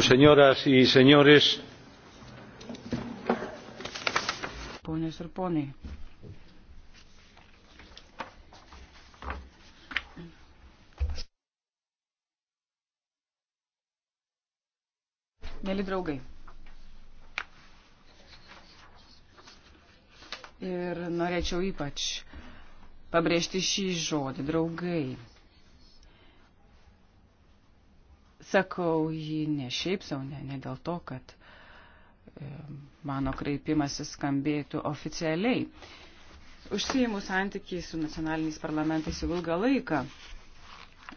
señoras y señores ponios ir ponai mieli draugai ir norėčiau ypač pabrėžti šį žodį draugai Sakau jį ne šiaip savo, ne, ne dėl to, kad e, mano kreipimasis skambėtų oficialiai. Užsijimu santykiai su nacionaliniais parlamentais jau ilgą laiką.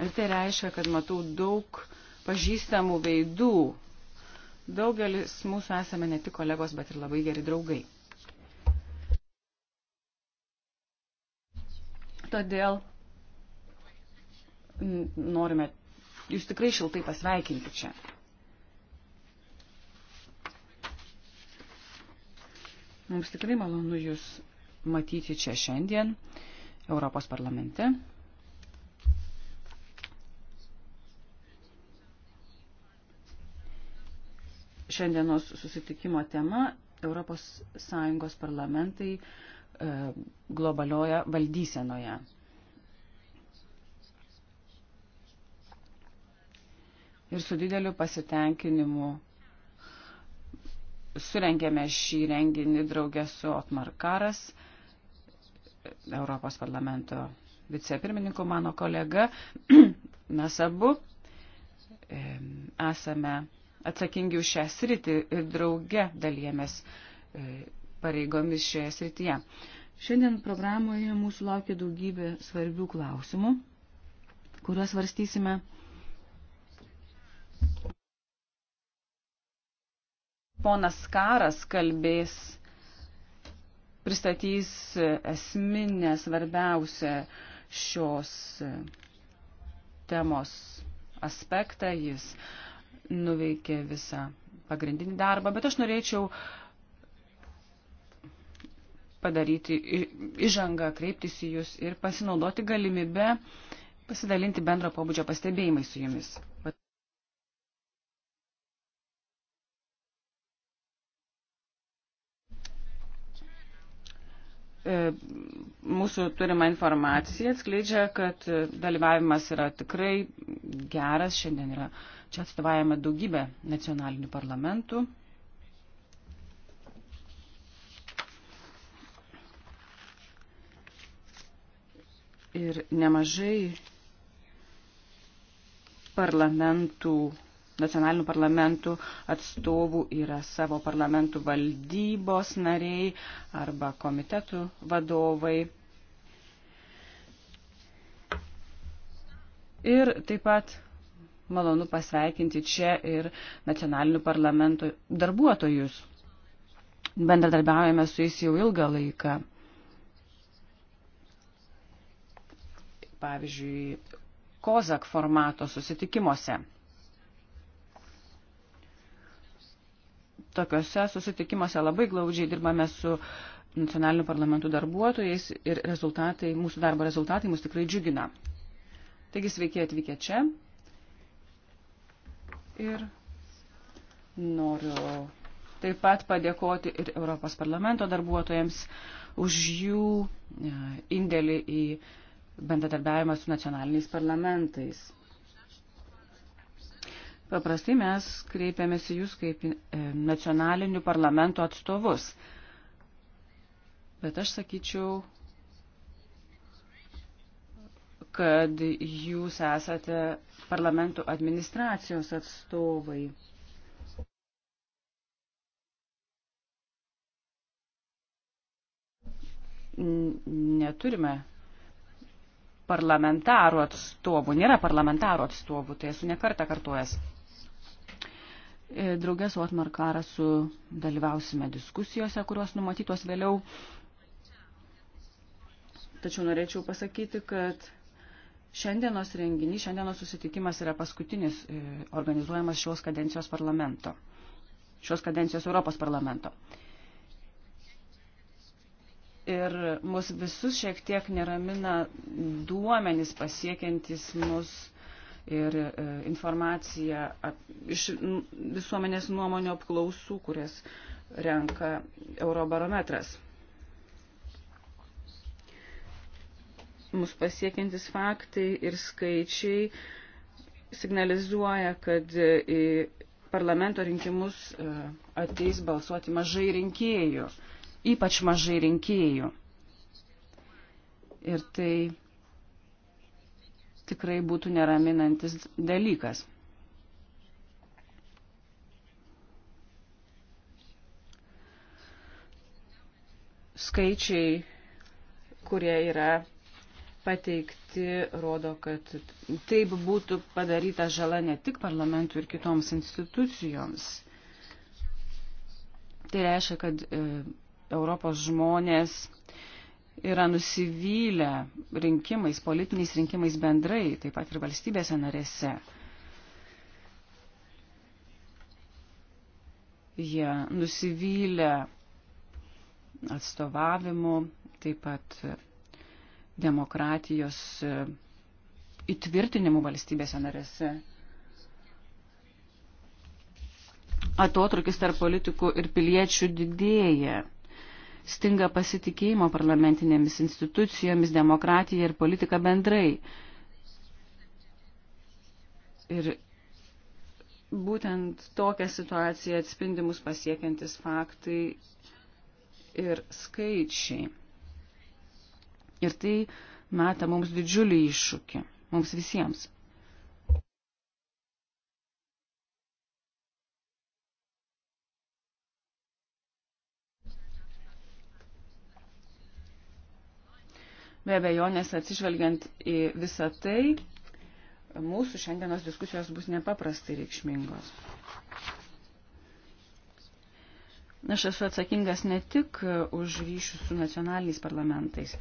Ir tai reiškia, kad matau daug pažįstamų veidų. Daugelis mūsų esame ne tik kolegos, bet ir labai geri draugai. Todėl norime jūs tikrai šiltai pasveikinti čia. Mums tikrai malonu jūs matyti čia šiandien Europos parlamente. Šiandienos susitikimo tema Europos Sąjungos parlamentai e, globalioje valdysenoje. ir su dideliu pasitenkinimu surengėme šį renginį draugę su Otmar Karas, Europos parlamento vicepirmininku, mano kolega. Mes abu esame atsakingi už šią sritį ir drauge dalyjėmės e, pareigomis šioje srityje. Šiandien programoje mūsų laukia daugybė svarbių klausimų, kuriuos varstysime Ponas Karas kalbės, pristatys esminę svarbiausią šios temos aspektą. Jis nuveikė visą pagrindinį darbą, bet aš norėčiau padaryti įžangą, kreiptis į Jūs ir pasinaudoti galimybę pasidalinti bendro pobūdžio pastebėjimai su Jumis. E, mūsų turima informacija atskleidžia, kad dalyvavimas yra tikrai geras. Šiandien yra čia atstovavime daugybę nacionalinių parlamentų. Ir nemažai parlamentų nacionalinių parlamentų atstovų yra savo parlamentų valdybos nariai arba komitetų vadovai. Ir taip pat malonu pasveikinti čia ir nacionalinių parlamentų darbuotojus. Bendradarbiaujame su jais jau ilgą laiką. Pavyzdžiui, Kozak formato susitikimuose. tokiuose susitikimuose labai glaudžiai dirbame su nacionaliniu parlamentu darbuotojais ir rezultatai, mūsų darbo rezultatai mus tikrai džiugina. Taigi sveiki atvykę čia ir noriu taip pat padėkoti ir Europos parlamento darbuotojams už jų e, indėlį į bendradarbiavimą su nacionaliniais parlamentais. Paprastai mes kreipiamės į jūs kaip e, nacionalinių parlamento atstovus. Bet aš sakyčiau, kad jūs esate parlamentų administracijos atstovai. Neturime parlamentarų atstovų, nėra parlamentarų atstovų, tai esu nekartą kartuojęs. E, Draugės su Otmar Karasu dalyvausime diskusijose, kurios numatytos vėliau. Tačiau norėčiau pasakyti, kad šiandienos renginys, šiandienos susitikimas yra paskutinis e, organizuojamas šios kadencijos parlamento, šios kadencijos Europos parlamento. Ir mus visus šiek tiek neramina duomenys pasiekiantis mus ir e, informacija iš visuomenės nuomonio apklausų, kurias renka Eurobarometras. Mus pasiekiantis faktai ir skaičiai signalizuoja, kad į parlamento rinkimus e, ateis balsuoti mažai rinkėjų, ypač mažai rinkėjų. Ir tai tikrai būtų neraminantis dalykas. Skaičiai, kurie yra pateikti, rodo, kad taip būtų padaryta žala ne tik parlamentui ir kitoms institucijoms. Tai reiškia, kad e, Europos žmonės yra nusivylę rinkimais, politiniais rinkimais bendrai, taip pat ir valstybėse narėse. Jie nusivylę atstovavimu, taip pat demokratijos įtvirtinimu valstybėse narėse. Atotrukis tarp politikų ir piliečių didėja stinga pasitikėjimo parlamentinėmis institucijomis, demokratija ir politika bendrai. Ir būtent tokią situaciją atspindimus pasiekiantis faktai ir skaičiai. Ir tai meta mums didžiulį iššūkį, mums visiems. Be abejonės atsižvelgiant į visą tai, mūsų šiandienos diskusijos bus nepaprastai reikšmingos. Aš esu atsakingas ne tik už ryšius su nacionaliniais parlamentais.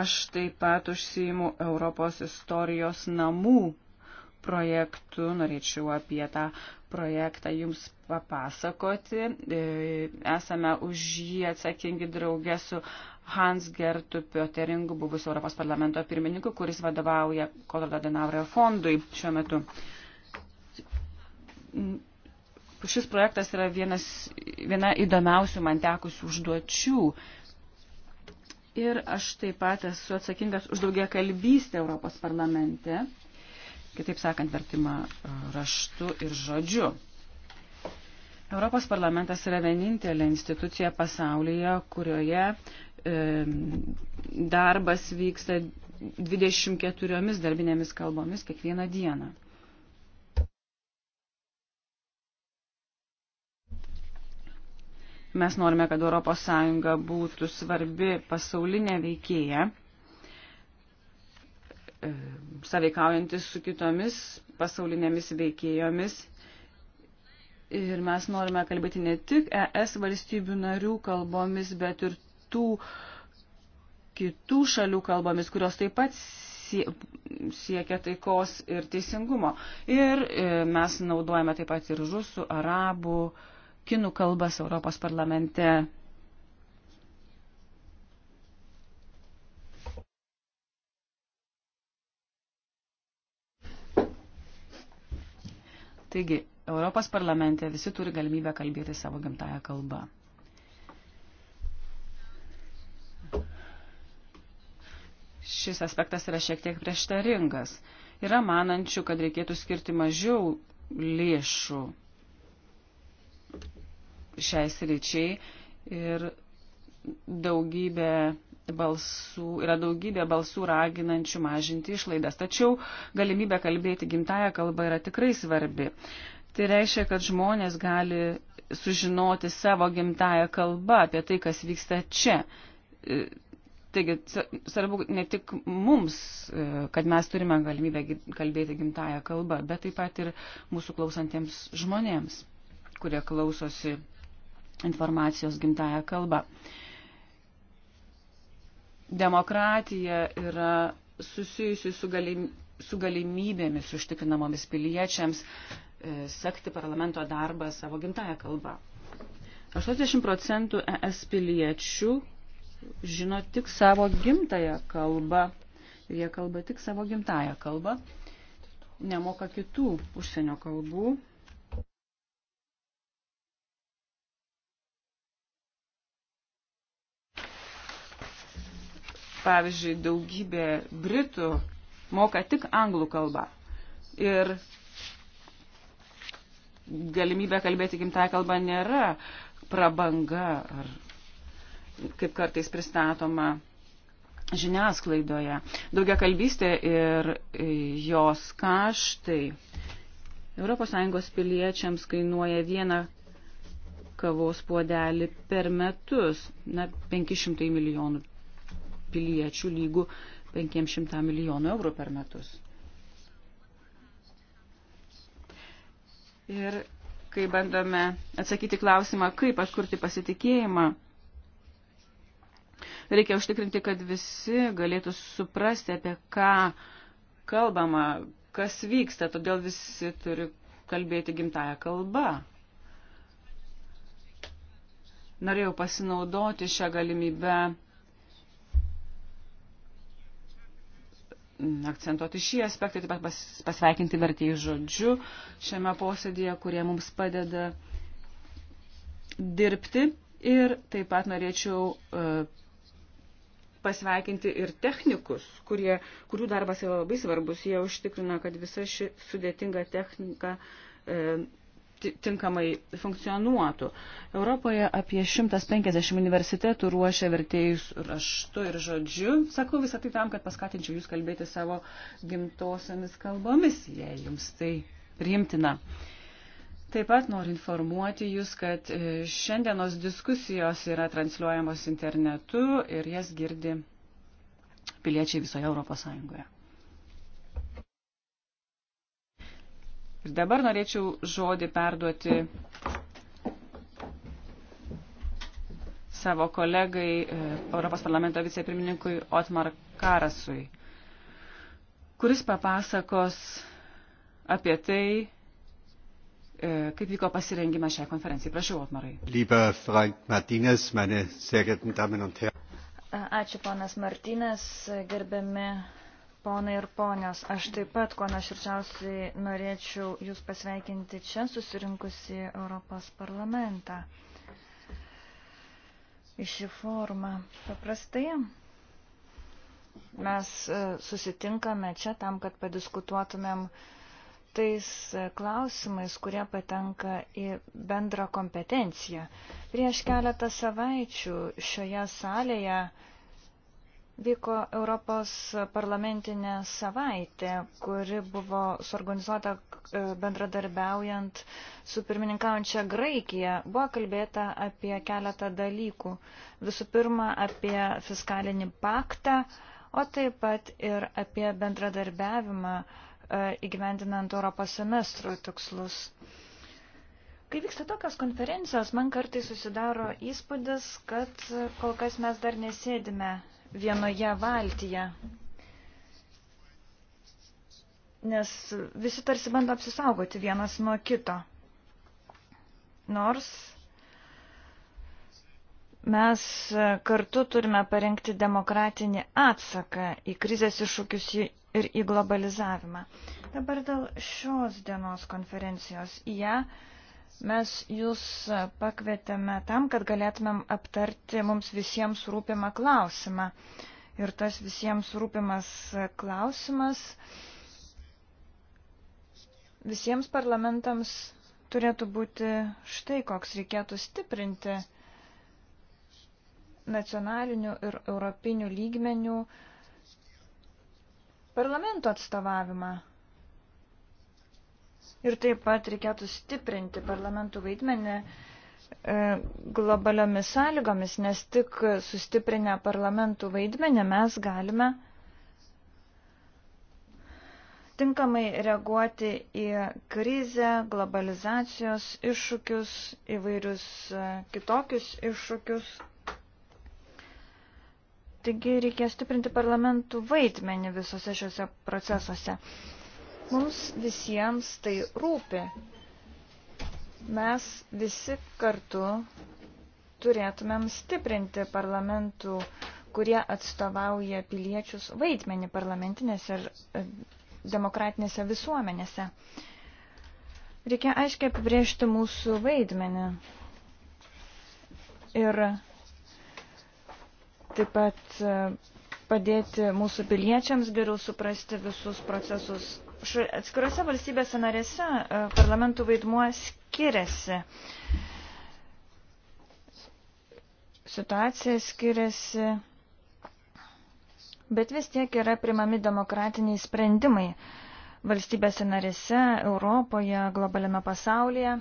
Aš taip pat užsijimu Europos istorijos namų projektu, norėčiau apie tą projektą jums papasakoti. E, esame už jį atsakingi draugė su Hans Gertu Pioteringu, buvusiu Europos parlamento pirmininku, kuris vadovauja Kolorado Denaurio fondui šiuo metu. Šis projektas yra vienas, viena įdomiausių man tekusių užduočių. Ir aš taip pat esu atsakingas už daugia kalbystę Europos parlamente kitaip sakant, vertimą raštu ir žodžiu. Europos parlamentas yra vienintelė institucija pasaulyje, kurioje e, darbas vyksta 24 darbinėmis kalbomis kiekvieną dieną. Mes norime, kad ES būtų svarbi pasaulinė veikėja E, saveikaujantis su kitomis pasaulinėmis veikėjomis. Ir mes norime kalbėti ne tik ES valstybių narių kalbomis, bet ir tų kitų šalių kalbomis, kurios taip pat siekia taikos ir teisingumo. Ir e, mes naudojame taip pat ir rusų, arabų, kinų kalbas Europos parlamente Taigi, Europos parlamente visi turi galimybę kalbėti savo gimtają kalbą. Šis aspektas yra šiek tiek prieštaringas. Yra manančių, kad reikėtų skirti mažiau lėšų šiai sričiai ir daugybė balsų, yra daugybė balsų raginančių mažinti išlaidas. Tačiau galimybė kalbėti gimtają kalbą yra tikrai svarbi. Tai reiškia, kad žmonės gali sužinoti savo gimtają kalbą apie tai, kas vyksta čia. E, taigi, svarbu ne tik mums, e, kad mes turime galimybę kalbėti gimtają kalbą, bet taip pat ir mūsų klausantiems žmonėms, kurie klausosi informacijos gimtają kalbą. Uh, Demokratija yra susijusi su, galim, su galimybėmis užtikrinamomis piliečiams e, sekti parlamento darbą savo gimtają kalbą. 80 procentų ES piliečių žino tik savo gimtają kalbą. Jie kalba tik savo gimtają kalbą, nemoka kitų užsienio kalbų Pavyzdžiui, daugybė Britų moka tik anglų kalbą. Ir galimybė kalbėti gimtąją kalbą nėra prabanga ar kaip kartais pristatoma žiniasklaidoje. Daugia kalbystė ir jos kaštai ES piliečiams kainuoja vieną kavos puodelį per metus, na, 500 milijonų piliečių lygų 500 milijonų eurų per metus. Ir kai bandome atsakyti klausimą, kaip atkurti pasitikėjimą, reikia užtikrinti, kad visi galėtų suprasti, apie ką kalbama, kas vyksta, todėl visi turi kalbėti gimtają kalbą. Norėjau pasinaudoti šią galimybę akcentuoti šį aspektą, taip pat pasveikinti vertėjų žodžiu šiame posėdėje, kurie mums padeda dirbti. Ir taip pat norėčiau e, pasveikinti ir technikus, kurie, kurių darbas yra labai svarbus. Jie užtikrina, kad visa ši sudėtinga technika e, tinkamai funkcionuotų. Europoje apie 150 universitetų ruošia vertėjus raštu ir žodžiu. Sakau visą tai tam, kad paskatinčiau jūs kalbėti savo gimtosiamis kalbomis, jei jums tai priimtina. Taip pat noriu informuoti Jūs, kad e, šiandienos diskusijos yra transliuojamos internetu ir jas girdi piliečiai visoje Europos Sąjungoje. Ir dabar norėčiau žodį perduoti savo kolegai e, Europos parlamento vicepirmininkui Otmar Karasui, kuris papasakos apie tai, e, kaip vyko pasirengimas šią konferenciją. Prašau, Otmarai. Lieber Frank Martinez, meine sehr geehrten Damen und Herren. Ačiū, ponas Martinez, gerbiami Ponai ir ponios, aš taip pat, kuo nuoširdžiausiai norėčiau Jūs pasveikinti čia susirinkusi Europos parlamentą. Į šį formą. Paprastai mes e, susitinkame čia tam, kad padiskutuotumėm tais e, klausimais, kurie patenka į bendrą kompetenciją. Prieš keletą savaičių šioje salėje Vyko Europos parlamentinė savaitė, kuri buvo suorganizuota e, bendradarbiaujant su pirmininkaujančia Graikija. Buvo kalbėta apie keletą dalykų. Visų pirma, apie fiskalinį paktą, o taip pat ir apie bendradarbiavimą e, įgyvendinant Europos semestrų tikslus. Kai vyksta tokios konferencijos, man kartai susidaro įspūdis, kad kol kas mes dar nesėdime vienoje valtyje. Nes visi tarsi bando apsisaugoti vienas nuo kito. Nors mes kartu turime parengti demokratinį atsaką į krizės iššūkius ir į globalizavimą. Dabar dėl šios dienos konferencijos į ją Mes jūs pakvietėme tam, kad galėtumėm aptarti mums visiems rūpimą klausimą. Ir tas visiems rūpimas klausimas visiems parlamentams turėtų būti štai koks reikėtų stiprinti nacionalinių ir europinių lygmenių parlamento atstovavimą. Ir taip pat reikėtų stiprinti parlamentų vaidmenį e, globaliomis sąlygomis, nes tik sustiprinę parlamentų vaidmenį mes galime tinkamai reaguoti į krizę, globalizacijos iššūkius, įvairius e, kitokius iššūkius. Taigi reikia stiprinti parlamentų vaidmenį visose šiuose procesuose. Mm. Mums visiems tai rūpi. Mes visi kartu turėtumėm stiprinti parlamentų, kurie atstovauja piliečius vaidmenį parlamentinėse ir e, demokratinėse visuomenėse. Reikia aiškiai apibriežti mūsų vaidmenį. Ir taip pat e, padėti mūsų piliečiams geriau suprasti visus procesus atskiruose valstybėse narėse e, parlamentų vaidmuo skiriasi. Situacija skiriasi, bet vis tiek yra primami demokratiniai sprendimai valstybėse narėse, Europoje, globaliame pasaulyje.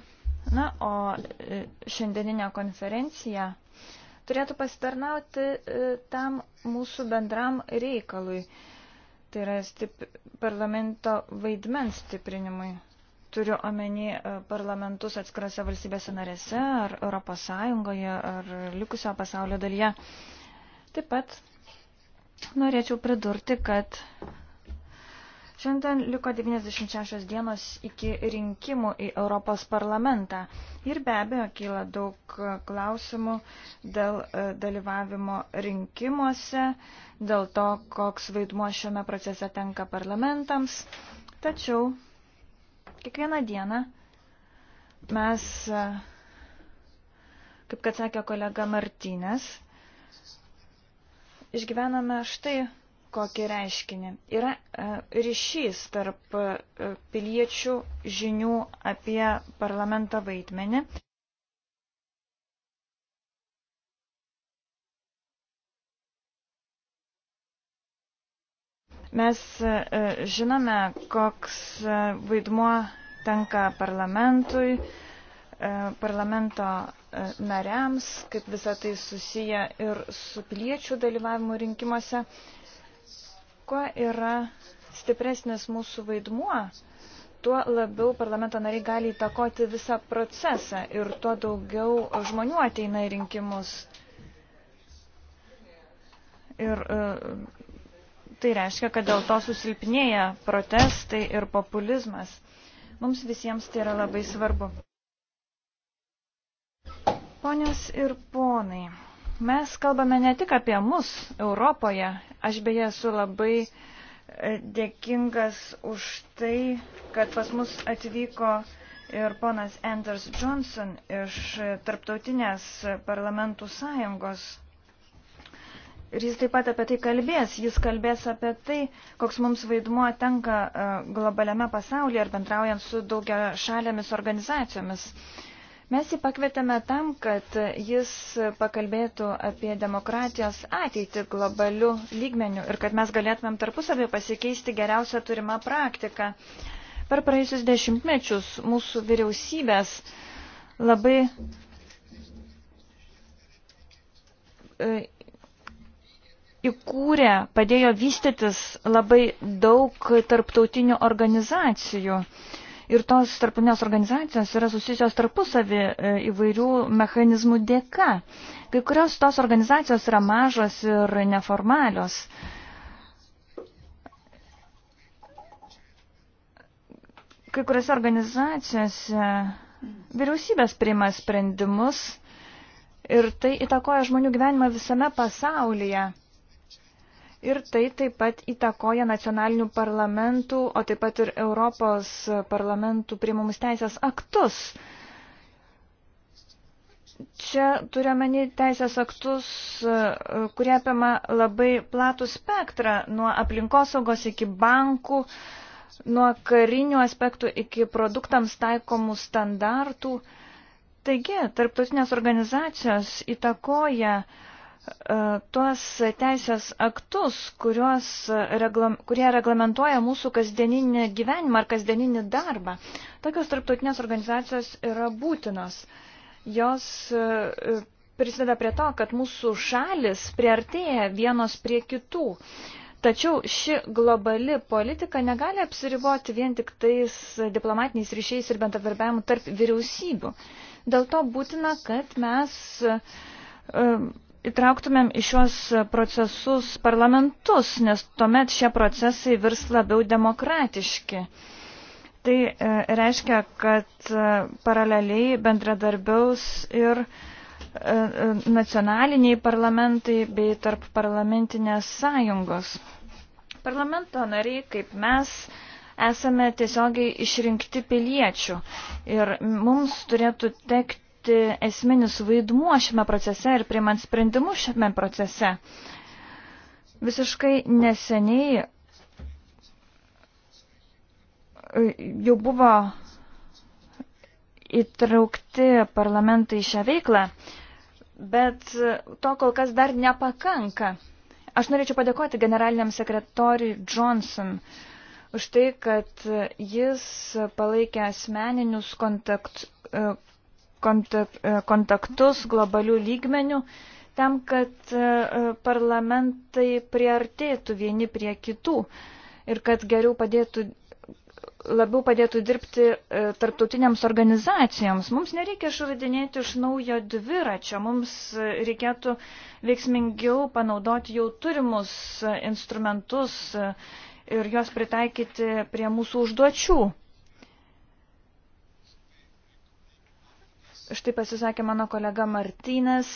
Na, o e, šiandieninė konferencija turėtų pasitarnauti e, tam mūsų bendram reikalui tai yra stip, parlamento vaidmens stiprinimui. Turiu omeny e, parlamentus atskirose valstybėse narėse, ar Europos Sąjungoje, ar likusio pasaulio dalyje. Taip pat norėčiau pridurti, kad Šiandien liko 96 dienos iki rinkimų į Europos parlamentą ir be abejo kyla daug klausimų dėl e, dalyvavimo rinkimuose, dėl to, koks vaidmuo šiame procese tenka parlamentams. Tačiau kiekvieną dieną mes, e, kaip kad sakė kolega Martynės, išgyvename štai kokį reiškinį. Yra e, ryšys tarp e, piliečių žinių apie parlamento vaidmenį. Mes e, žinome, koks vaidmuo tenka parlamentui, parlamento nariams, kaip visą tai susiję ir su piliečių dalyvavimu rinkimuose. Kuo yra stipresnis mūsų vaidmuo, tuo labiau parlamento nariai gali įtakoti visą procesą ir tuo daugiau žmonių ateina į rinkimus. Ir e, tai reiškia, kad dėl to susilpnėja protestai ir populizmas. Mums visiems tai yra labai svarbu. Ponios ir ponai. Mes kalbame ne tik apie mus Europoje. Aš beje esu labai e, dėkingas už tai, kad pas mus atvyko ir ponas Anders Johnson iš Tarptautinės parlamentų sąjungos. Ir jis taip pat apie tai kalbės. Jis kalbės apie tai, koks mums vaidmuo tenka e, globaliame pasaulyje ir bendraujant su daugia šalėmis organizacijomis. Mes jį pakvietėme tam, kad jis pakalbėtų apie demokratijos ateitį globalių lygmenių ir kad mes galėtumėm tarpusavį pasikeisti geriausią turimą praktiką. Per praėjusius dešimtmečius mūsų vyriausybės labai e, įkūrė, padėjo vystytis labai daug tarptautinių organizacijų. Ir tos tarptautinės organizacijos yra susijusios tarpusavį e, įvairių mechanizmų dėka. Kai kurios tos organizacijos yra mažos ir neformalios. Kai kuriuose organizacijose vyriausybės priima sprendimus ir tai įtakoja žmonių gyvenimą visame pasaulyje. Ir tai taip pat įtakoja nacionalinių parlamentų, o taip pat ir Europos parlamentų priimamus teisės aktus. Čia turiuomenį teisės aktus, kurie apima labai platų spektrą nuo aplinkosaugos iki bankų, nuo karinių aspektų iki produktams taikomų standartų. Taigi, tarptautinės organizacijos įtakoja uh, E, tuos teisės aktus, kuriuos, reglam, kurie reglamentuoja mūsų kasdieninį gyvenimą ar kasdieninį darbą. Tokios tarptautinės organizacijos yra būtinos. Jos e, prisideda prie to, kad mūsų šalis priartėja vienos prie kitų. Tačiau ši globali politika negali apsiriboti vien tik tais diplomatiniais ryšiais ir bendradarbiavimu tarp vyriausybių. Dėl to būtina, kad mes e, įtrauktumėm į šios procesus parlamentus, nes tuomet šie procesai virs labiau demokratiški. Tai e, reiškia, kad e, paraleliai bendradarbiaus ir e, nacionaliniai parlamentai bei tarp parlamentinės sąjungos. Parlamento nariai, kaip mes, esame tiesiogiai išrinkti piliečių ir mums turėtų tekti tekti esminis vaidmuo šiame procese ir priimant sprendimus šiame procese. Visiškai neseniai e, jau buvo įtraukti parlamentai šią veiklą, bet to kol kas dar nepakanka. Aš norėčiau padėkoti generaliniam sekretoriui Johnson už tai, kad jis palaikė asmeninius kontakt, e, kontaktus globalių lygmenių, tam, kad e, parlamentai priartėtų vieni prie kitų ir kad geriau padėtų, labiau padėtų dirbti e, tarptautiniams organizacijoms. Mums nereikia išradinėti iš naujo dviračio, mums e, reikėtų veiksmingiau panaudoti jau turimus instrumentus ir juos pritaikyti prie mūsų užduočių. Štai pasisakė mano kolega Martynas.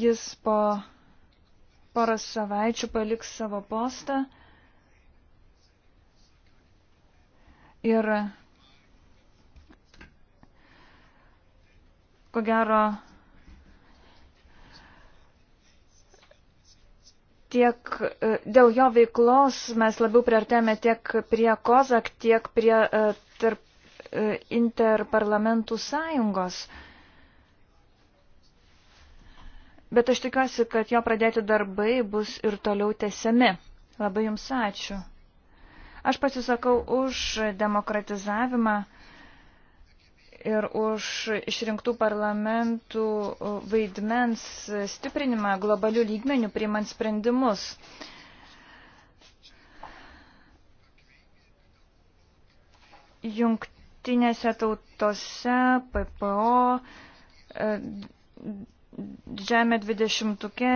Jis po poros savaičių paliks savo postą. Ir ko gero tiek e, dėl jo veiklos mes labiau priartėjome tiek prie Kozak, tiek prie e, tarp E, interparlamentų sąjungos. Bet aš tikiuosi, kad jo pradėti darbai bus ir toliau tesiami. Labai Jums ačiū. Aš pasisakau už demokratizavimą ir už išrinktų parlamentų vaidmens stiprinimą globalių lygmenių priimant sprendimus. Jungt jungtinėse tautose, PPO, e, didžiajame dvidešimtuke,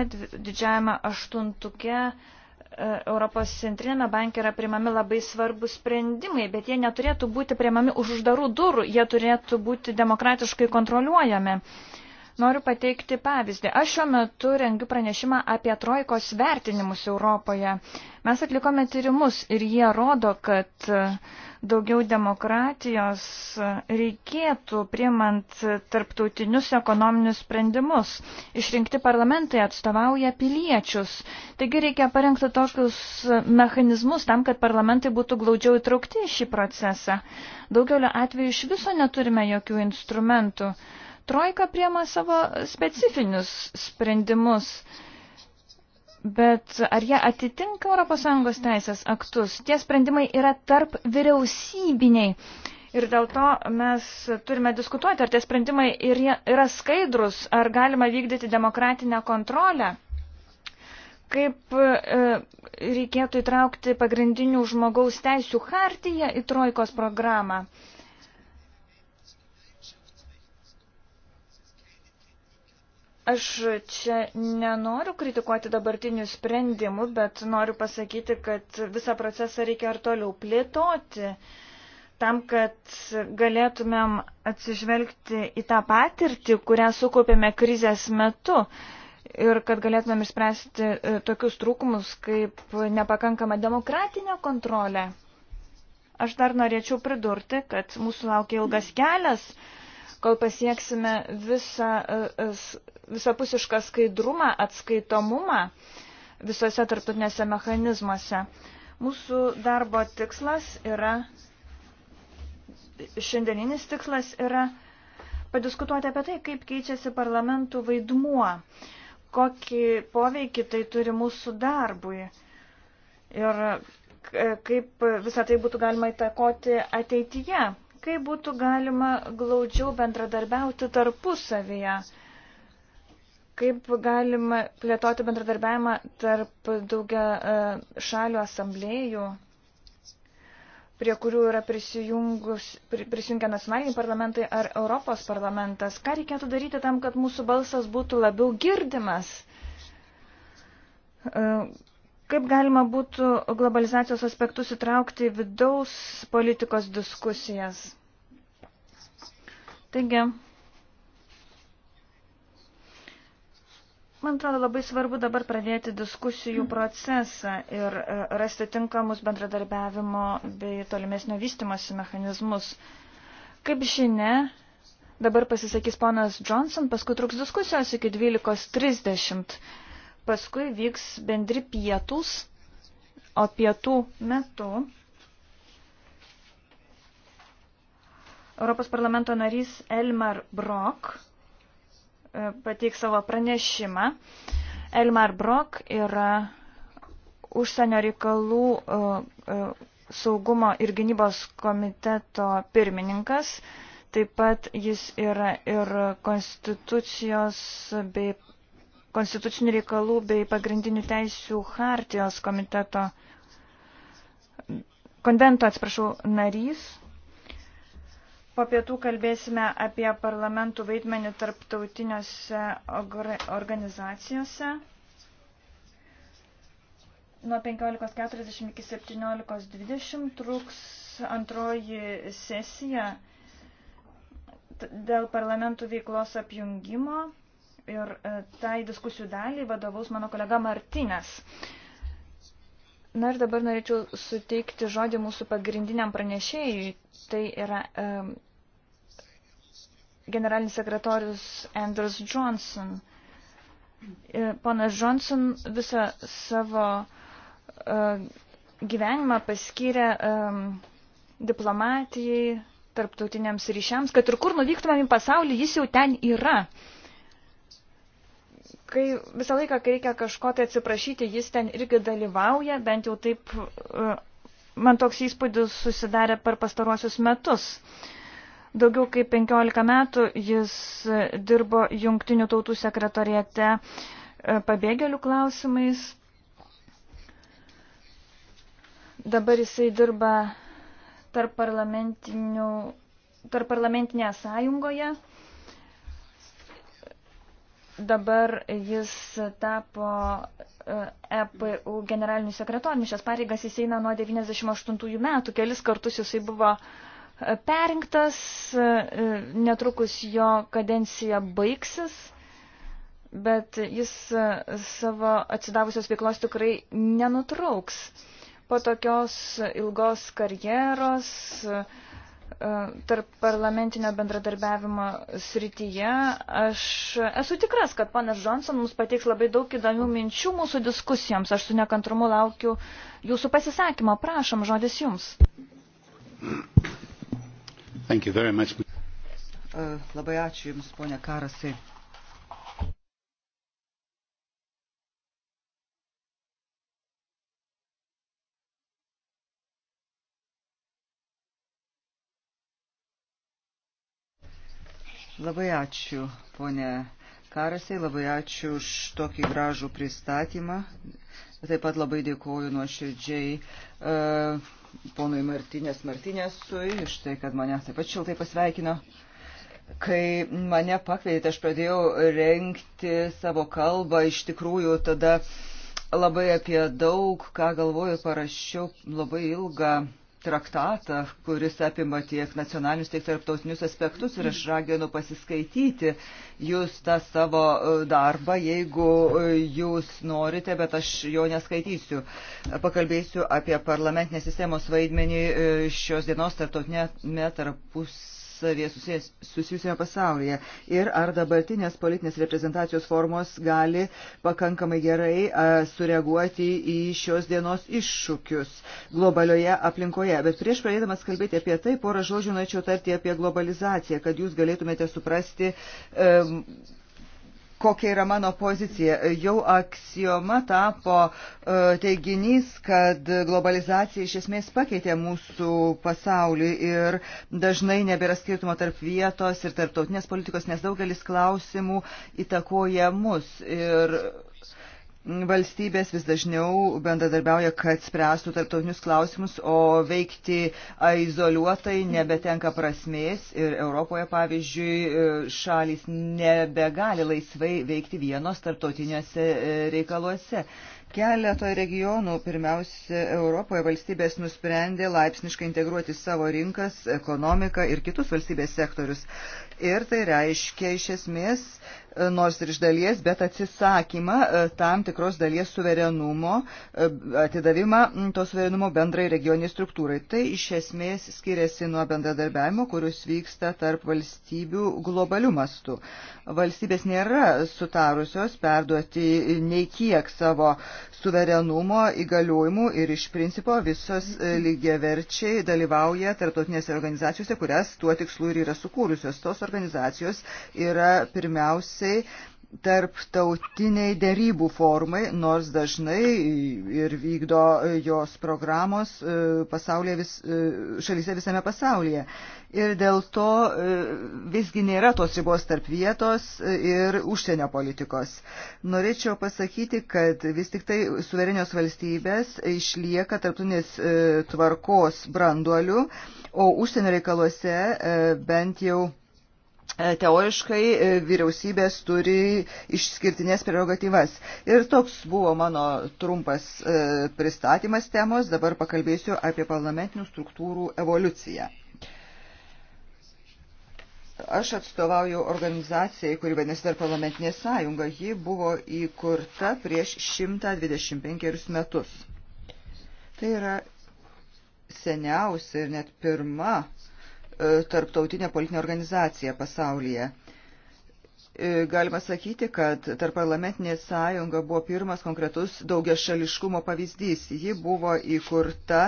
didžiajame aštuntuke e, Europos centrinėme banke yra primami labai svarbus sprendimai, bet jie neturėtų būti primami už uždarų durų, jie turėtų būti demokratiškai kontroliuojami. Uh, Noriu pateikti pavyzdį. Aš šiuo metu rengiu pranešimą apie trojkos vertinimus Europoje. Mes atlikome tyrimus ir jie rodo, kad daugiau demokratijos reikėtų priemant tarptautinius ekonominius sprendimus. Išrinkti parlamentai atstovauja piliečius. Taigi reikia parengti tokius mechanizmus tam, kad parlamentai būtų glaudžiau įtraukti į šį procesą. Daugelio atveju iš viso neturime jokių instrumentų. Trojka priema savo specifinius sprendimus, bet ar jie atitinka ES teisės aktus? Tie sprendimai yra tarp vyriausybiniai. Ir dėl to mes turime diskutuoti, ar tie sprendimai yra skaidrus, ar galima vykdyti demokratinę kontrolę kaip e, reikėtų įtraukti pagrindinių žmogaus teisų hartiją į trojkos programą. Aš čia nenoriu kritikuoti dabartinių sprendimų, bet noriu pasakyti, kad visą procesą reikia ir toliau plėtoti, tam, kad galėtumėm atsižvelgti į tą patirtį, kurią sukaupėme krizės metu ir kad galėtumėm išspręsti e, tokius trūkumus kaip nepakankama demokratinė kontrolė. Aš dar norėčiau pridurti, kad mūsų laukia ilgas kelias kol pasieksime visą, e, e, visapusišką skaidrumą, atskaitomumą visose tarptautinėse mechanizmuose. Mūsų darbo tikslas yra, šiandieninis tikslas yra padiskutuoti apie tai, kaip keičiasi parlamentų vaidmuo, kokį poveikį tai turi mūsų darbui ir e, kaip visą tai būtų galima įtakoti ateityje kaip būtų galima glaudžiau bendradarbiauti tarpusavyje, kaip galima plėtoti bendradarbiavimą tarp daugia e, šalių asamblėjų, prie kurių yra prisijungę nacionaliniai parlamentai ar Europos parlamentas. Ką reikėtų daryti tam, kad mūsų balsas būtų labiau girdimas? E, Kaip galima būtų globalizacijos aspektus įtraukti į vidaus politikos diskusijas? Taigi, man atrodo labai svarbu dabar pradėti diskusijų procesą ir e, rasti tinkamus bendradarbiavimo bei tolimesnio vystimosi mechanizmus. Kaip žinia, dabar pasisakys ponas Johnson, paskui truks diskusijos iki 12.30. Paskui vyks bendri pietus, o pietų metu Europos parlamento narys Elmar Brok e, pateiks savo pranešimą. Elmar Brok yra užsienio reikalų e, e, saugumo ir gynybos komiteto pirmininkas. Taip pat jis yra ir konstitucijos bei konstitucinių reikalų bei pagrindinių teisių hartijos komiteto, konvento, atsiprašau, narys. Po pietų kalbėsime apie parlamentų vaidmenį tarptautiniuose organizacijose. Nuo 15.40 iki 17.20 truks antroji sesija dėl parlamentų veiklos apjungimo. Ir e, tai diskusijų dalį vadovaus mano kolega Martinės. Na ir dabar norėčiau suteikti žodį mūsų pagrindiniam pranešėjui. Tai yra um, generalinis sekretorius Andrews Johnson. E, ponas Johnson visą savo uh, gyvenimą paskyrė um, diplomatijai, tarptautiniams ryšiams, kad ir kur nuvyktumėm į pasaulį, jis jau ten yra. Uh, kai visą laiką, kai reikia kažko tai atsiprašyti, jis ten irgi dalyvauja, bent jau taip e, man toks įspūdis susidarė per pastaruosius metus. Daugiau kaip 15 metų jis e, dirbo jungtinių tautų sekretoriete e, pabėgėlių klausimais. Dabar jisai dirba tarp, tarp parlamentinėje sąjungoje. Dabar jis tapo EPU e generaliniu sekretoriumi. Šias pareigas jis eina nuo 98 metų. Kelis kartus jisai buvo e, perinktas, e, netrukus jo kadencija baigsis, bet jis savo atsidavusios veiklos tikrai nenutrauks. Po tokios ilgos karjeros, uh, E, tarp parlamentinio bendradarbiavimo srityje. Aš esu tikras, kad panas Johnson mums pateiks labai daug įdomių minčių mūsų diskusijoms. Aš su nekantrumu laukiu jūsų pasisakymą. Prašom, žodis jums. E, labai ačiū Jums, ponia Karasai. Labai ačiū, ponė Karasai, labai ačiū už tokį gražų pristatymą. Taip pat labai dėkoju nuoširdžiai uh, ponui Martinės Martinėsui iš tai, kad mane taip pat šiltai pasveikino. Kai mane pakvietėte, aš pradėjau renkti savo kalbą, iš tikrųjų tada labai apie daug, ką galvoju, parašiau labai ilgą traktatą, kuris apima tiek nacionalinius, tiek tarptautinius aspektus ir aš raginu pasiskaityti jūs tą savo e, darbą, jeigu e, jūs norite, bet aš jo neskaitysiu. Pakalbėsiu apie parlamentinės sistemos vaidmenį e, šios dienos tarptautinėme tarpus tarpusavyje susijusiame pasaulyje ir ar dabartinės politinės reprezentacijos formos gali pakankamai gerai sureaguoti į šios dienos iššūkius globalioje aplinkoje. Bet prieš pradėdamas kalbėti apie tai, porą žodžių norėčiau tarti apie globalizaciją, kad jūs galėtumėte suprasti. Um, kokia yra mano pozicija. Jau aksijoma tapo e, teiginys, kad globalizacija iš esmės pakeitė mūsų pasaulį ir dažnai nebėra skirtumo tarp vietos ir tarptautinės politikos, nes daugelis klausimų įtakoja mus. Ir valstybės vis dažniau bendradarbiauja, kad spręstų tarptautinius klausimus, o veikti izoliuotai nebetenka prasmės ir Europoje, pavyzdžiui, šalis nebegali laisvai veikti vienos tarptautiniuose e, reikaluose. Keletą regionų, pirmiausia, Europoje valstybės nusprendė laipsniškai integruoti savo rinkas, ekonomiką ir kitus valstybės sektorius. Ir tai reiškia iš esmės nors ir iš dalies, bet atsisakymą e, tam tikros dalies suverenumo, e, atidavimą to suverenumo bendrai regioniai struktūrai. Tai iš esmės skiriasi nuo bendradarbiavimo, kuris vyksta tarp valstybių globalių mastų. Valstybės nėra sutarusios perduoti nei kiek savo suverenumo įgaliojimų ir iš principo visos e, lygiaverčiai dalyvauja tarptautinėse organizacijose, kurias tuo tikslu ir yra sukūrusios. Tos organizacijos yra pirmiausiai tarptautiniai dėrybų formai, nors dažnai ir vykdo jos programos e, vis, e, šalyse visame pasaulyje. Ir dėl to e, visgi nėra tos ribos tarp vietos ir užsienio politikos. Norėčiau pasakyti, kad vis tik tai suverenios valstybės išlieka tarptautinės tvarkos branduoliu, o užsienio reikaluose bent jau E, teoriškai e, vyriausybės turi išskirtinės prerogatyvas. Ir toks buvo mano trumpas e, pristatymas temos, dabar pakalbėsiu apie parlamentinių struktūrų evoliuciją. Aš atstovauju organizacijai, kuri vadinasi dar parlamentinė sąjunga. Ji buvo įkurta prieš 125 metus. Tai yra seniausia ir net pirma uh, E, tarptautinė politinė organizacija pasaulyje. E, galima sakyti, kad tarp parlamentinė sąjunga buvo pirmas konkretus daugiašališkumo pavyzdys. Ji buvo įkurta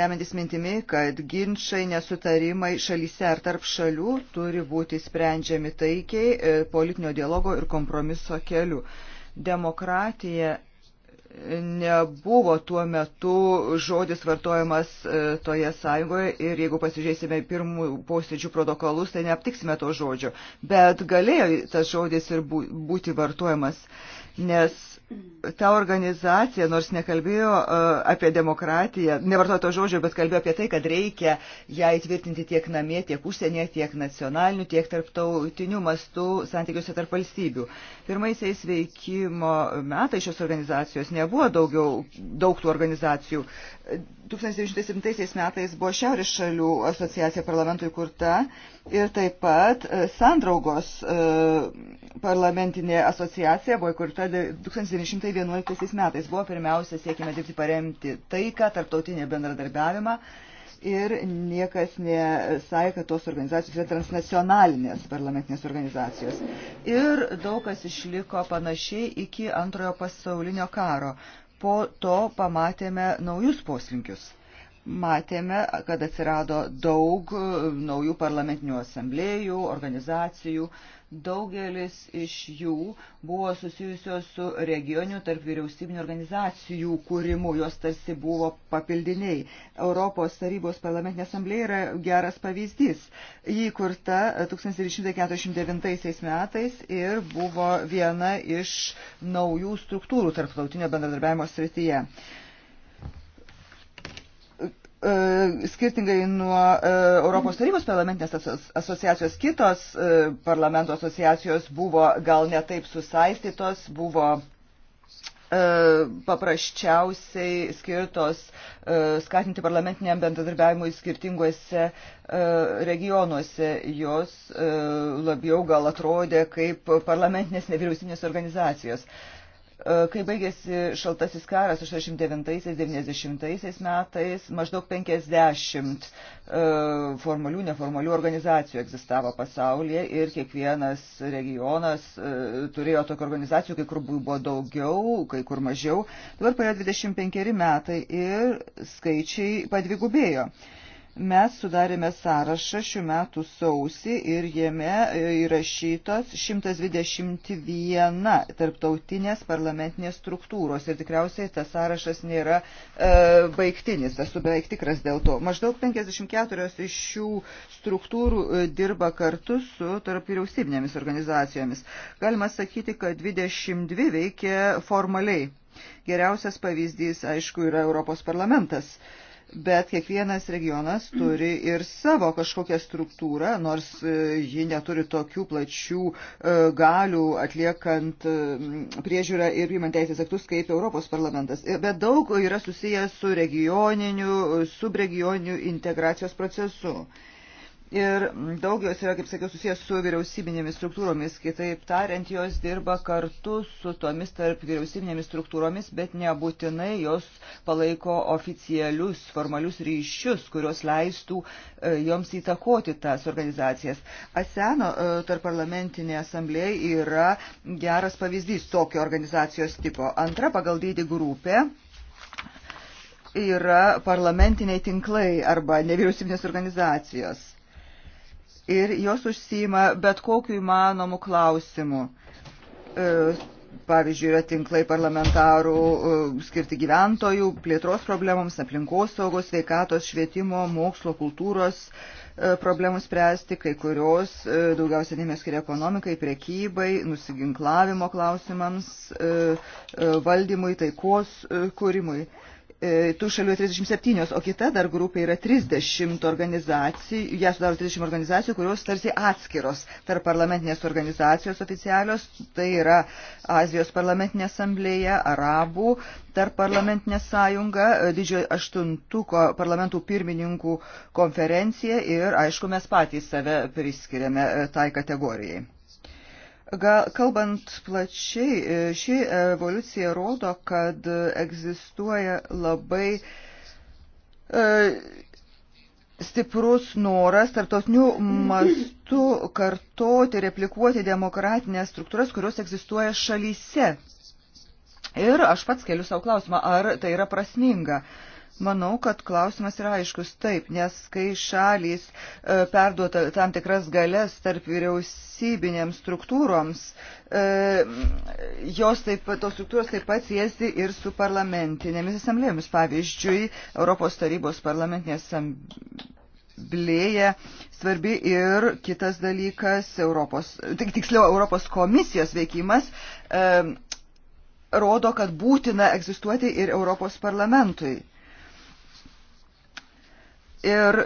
remiantis mintimi, kad ginčiai, nesutarimai šalyse ar tarp šalių turi būti sprendžiami taikiai e, politinio dialogo ir kompromiso keliu. Demokratija nebuvo tuo metu žodis vartojamas e, toje sąjungoje ir jeigu pasižiūrėsime pirmų posėdžių protokolus, tai neaptiksime to žodžio. Bet galėjo tas žodis ir būti vartojamas, nes ta organizacija, nors nekalbėjo e, apie demokratiją, nevartojo to žodžio, bet kalbėjo apie tai, kad reikia ją įtvirtinti tiek namie, tiek užsienyje, tiek nacionaliniu, tiek tarptautiniu mastu santykiuose tarp valstybių. Pirmaisiais veikimo metais šios organizacijos nebuvo daugiau, daug tų organizacijų. 1907 e, metais buvo Šiaurės šalių asociacija parlamentui kurta Ir taip pat e, Sandraugos e, parlamentinė asociacija buvo įkurta 1911 metais. Buvo pirmiausia siekime dirbti paremti taiką, tarptautinį bendradarbiavimą ir niekas nesai, kad tos organizacijos yra transnacionalinės parlamentinės organizacijos. Ir daug kas išliko panašiai iki antrojo pasaulinio karo. Po to pamatėme naujus poslinkius matėme, kad atsirado daug e, naujų parlamentinių asamblėjų, organizacijų. Daugelis iš jų buvo susijusios su regionių tarp vyriausybinio organizacijų kūrimu, jos tarsi buvo papildiniai. Europos tarybos parlamentinė asamblėja yra geras pavyzdys. Ji kurta 1949 e, metais ir buvo viena iš naujų struktūrų tarptautinio bendradarbiavimo srityje. E, skirtingai nuo e, Europos tarybos parlamentinės asociacijos, kitos e, parlamento asociacijos buvo gal netaip susaistytos, buvo paprasčiausiai skirtos skatinti parlamentiniam bendradarbiavimui skirtinguose regionuose. Jos labiau gal atrodė kaip parlamentinės nevyriausybinės organizacijos. E, kai baigėsi šaltasis karas 89-90 metais, maždaug 50 e, formalių, neformalių organizacijų egzistavo pasaulyje ir kiekvienas regionas e, turėjo tokių organizacijų, kai kur buvo daugiau, kai kur mažiau. Dabar praėjo 25 metai ir skaičiai padvigubėjo. Mes sudarėme sąrašą šių metų sausį ir jame įrašytos 121 tarptautinės parlamentinės struktūros. Ir tikriausiai tas sąrašas nėra e, baigtinis, esu beveik tikras dėl to. Maždaug 54 iš šių struktūrų e, dirba kartu su tarp vyriausybinėmis organizacijomis. Galima sakyti, kad 22 veikia formaliai. Geriausias pavyzdys, aišku, yra Europos parlamentas. E, bet kiekvienas regionas turi ir savo kažkokią struktūrą, nors e, ji neturi tokių plačių e, galių atliekant e, priežiūrą ir priimant teisės aktus kaip Europos parlamentas. Bet daug yra susijęs su regioniniu, subregioniniu integracijos procesu. Ir daug jos yra, kaip sakiau, susijęs su vyriausybinėmis struktūromis. Kitaip tariant, jos dirba kartu su tomis tarp vyriausybinėmis struktūromis, bet nebūtinai jos palaiko oficialius, formalius ryšius, kurios leistų e, joms įtakoti tas organizacijas. ASENO e, tarp parlamentinė asamblėje yra geras pavyzdys tokio organizacijos tipo. Antra pagal dydį grupė yra parlamentiniai tinklai arba nevyriausybinės organizacijos ir jos užsima bet kokiu įmanomu klausimu. E, pavyzdžiui, yra tinklai parlamentarų e, skirti gyventojų, plėtros problemams, aplinkos saugos, sveikatos, švietimo, mokslo, kultūros e, problemų spręsti, kai kurios daugiausia dėmesio skiria ekonomikai, priekybai, nusiginklavimo klausimams, valdymui, taikos kūrimui. E, tų šalių 37, o kita dar grupė yra 30 organizacijų, ją sudaro 30 organizacijų, kurios tarsi atskiros tarp parlamentinės organizacijos oficialios, tai yra Azijos parlamentinė asamblėja, Arabų tarp parlamentinė sąjunga, didžiojo aštuntuko parlamentų pirmininkų konferencija ir, aišku, mes patys save priskiriame e, tai kategorijai. Gal, kalbant plačiai, e, ši evoliucija rodo, kad egzistuoja labai e, stiprus noras tarptautinių mastų kartoti, replikuoti demokratinės struktūras, kurios egzistuoja šalyse. Ir aš pats keliu savo klausimą, ar tai yra prasminga. Uh, Manau, kad klausimas yra aiškus taip, nes kai šalys e, perduota tam tikras galės tarp vyriausybinėms struktūroms, e, jos taip, tos struktūros taip pat siesi ir su parlamentinėmis asamblėjomis. Pavyzdžiui, Europos tarybos parlamentinė asamblėja svarbi ir kitas dalykas, Europos, tik, tiksliau, Europos komisijos veikimas. E, rodo, kad būtina egzistuoti ir Europos parlamentui. Ir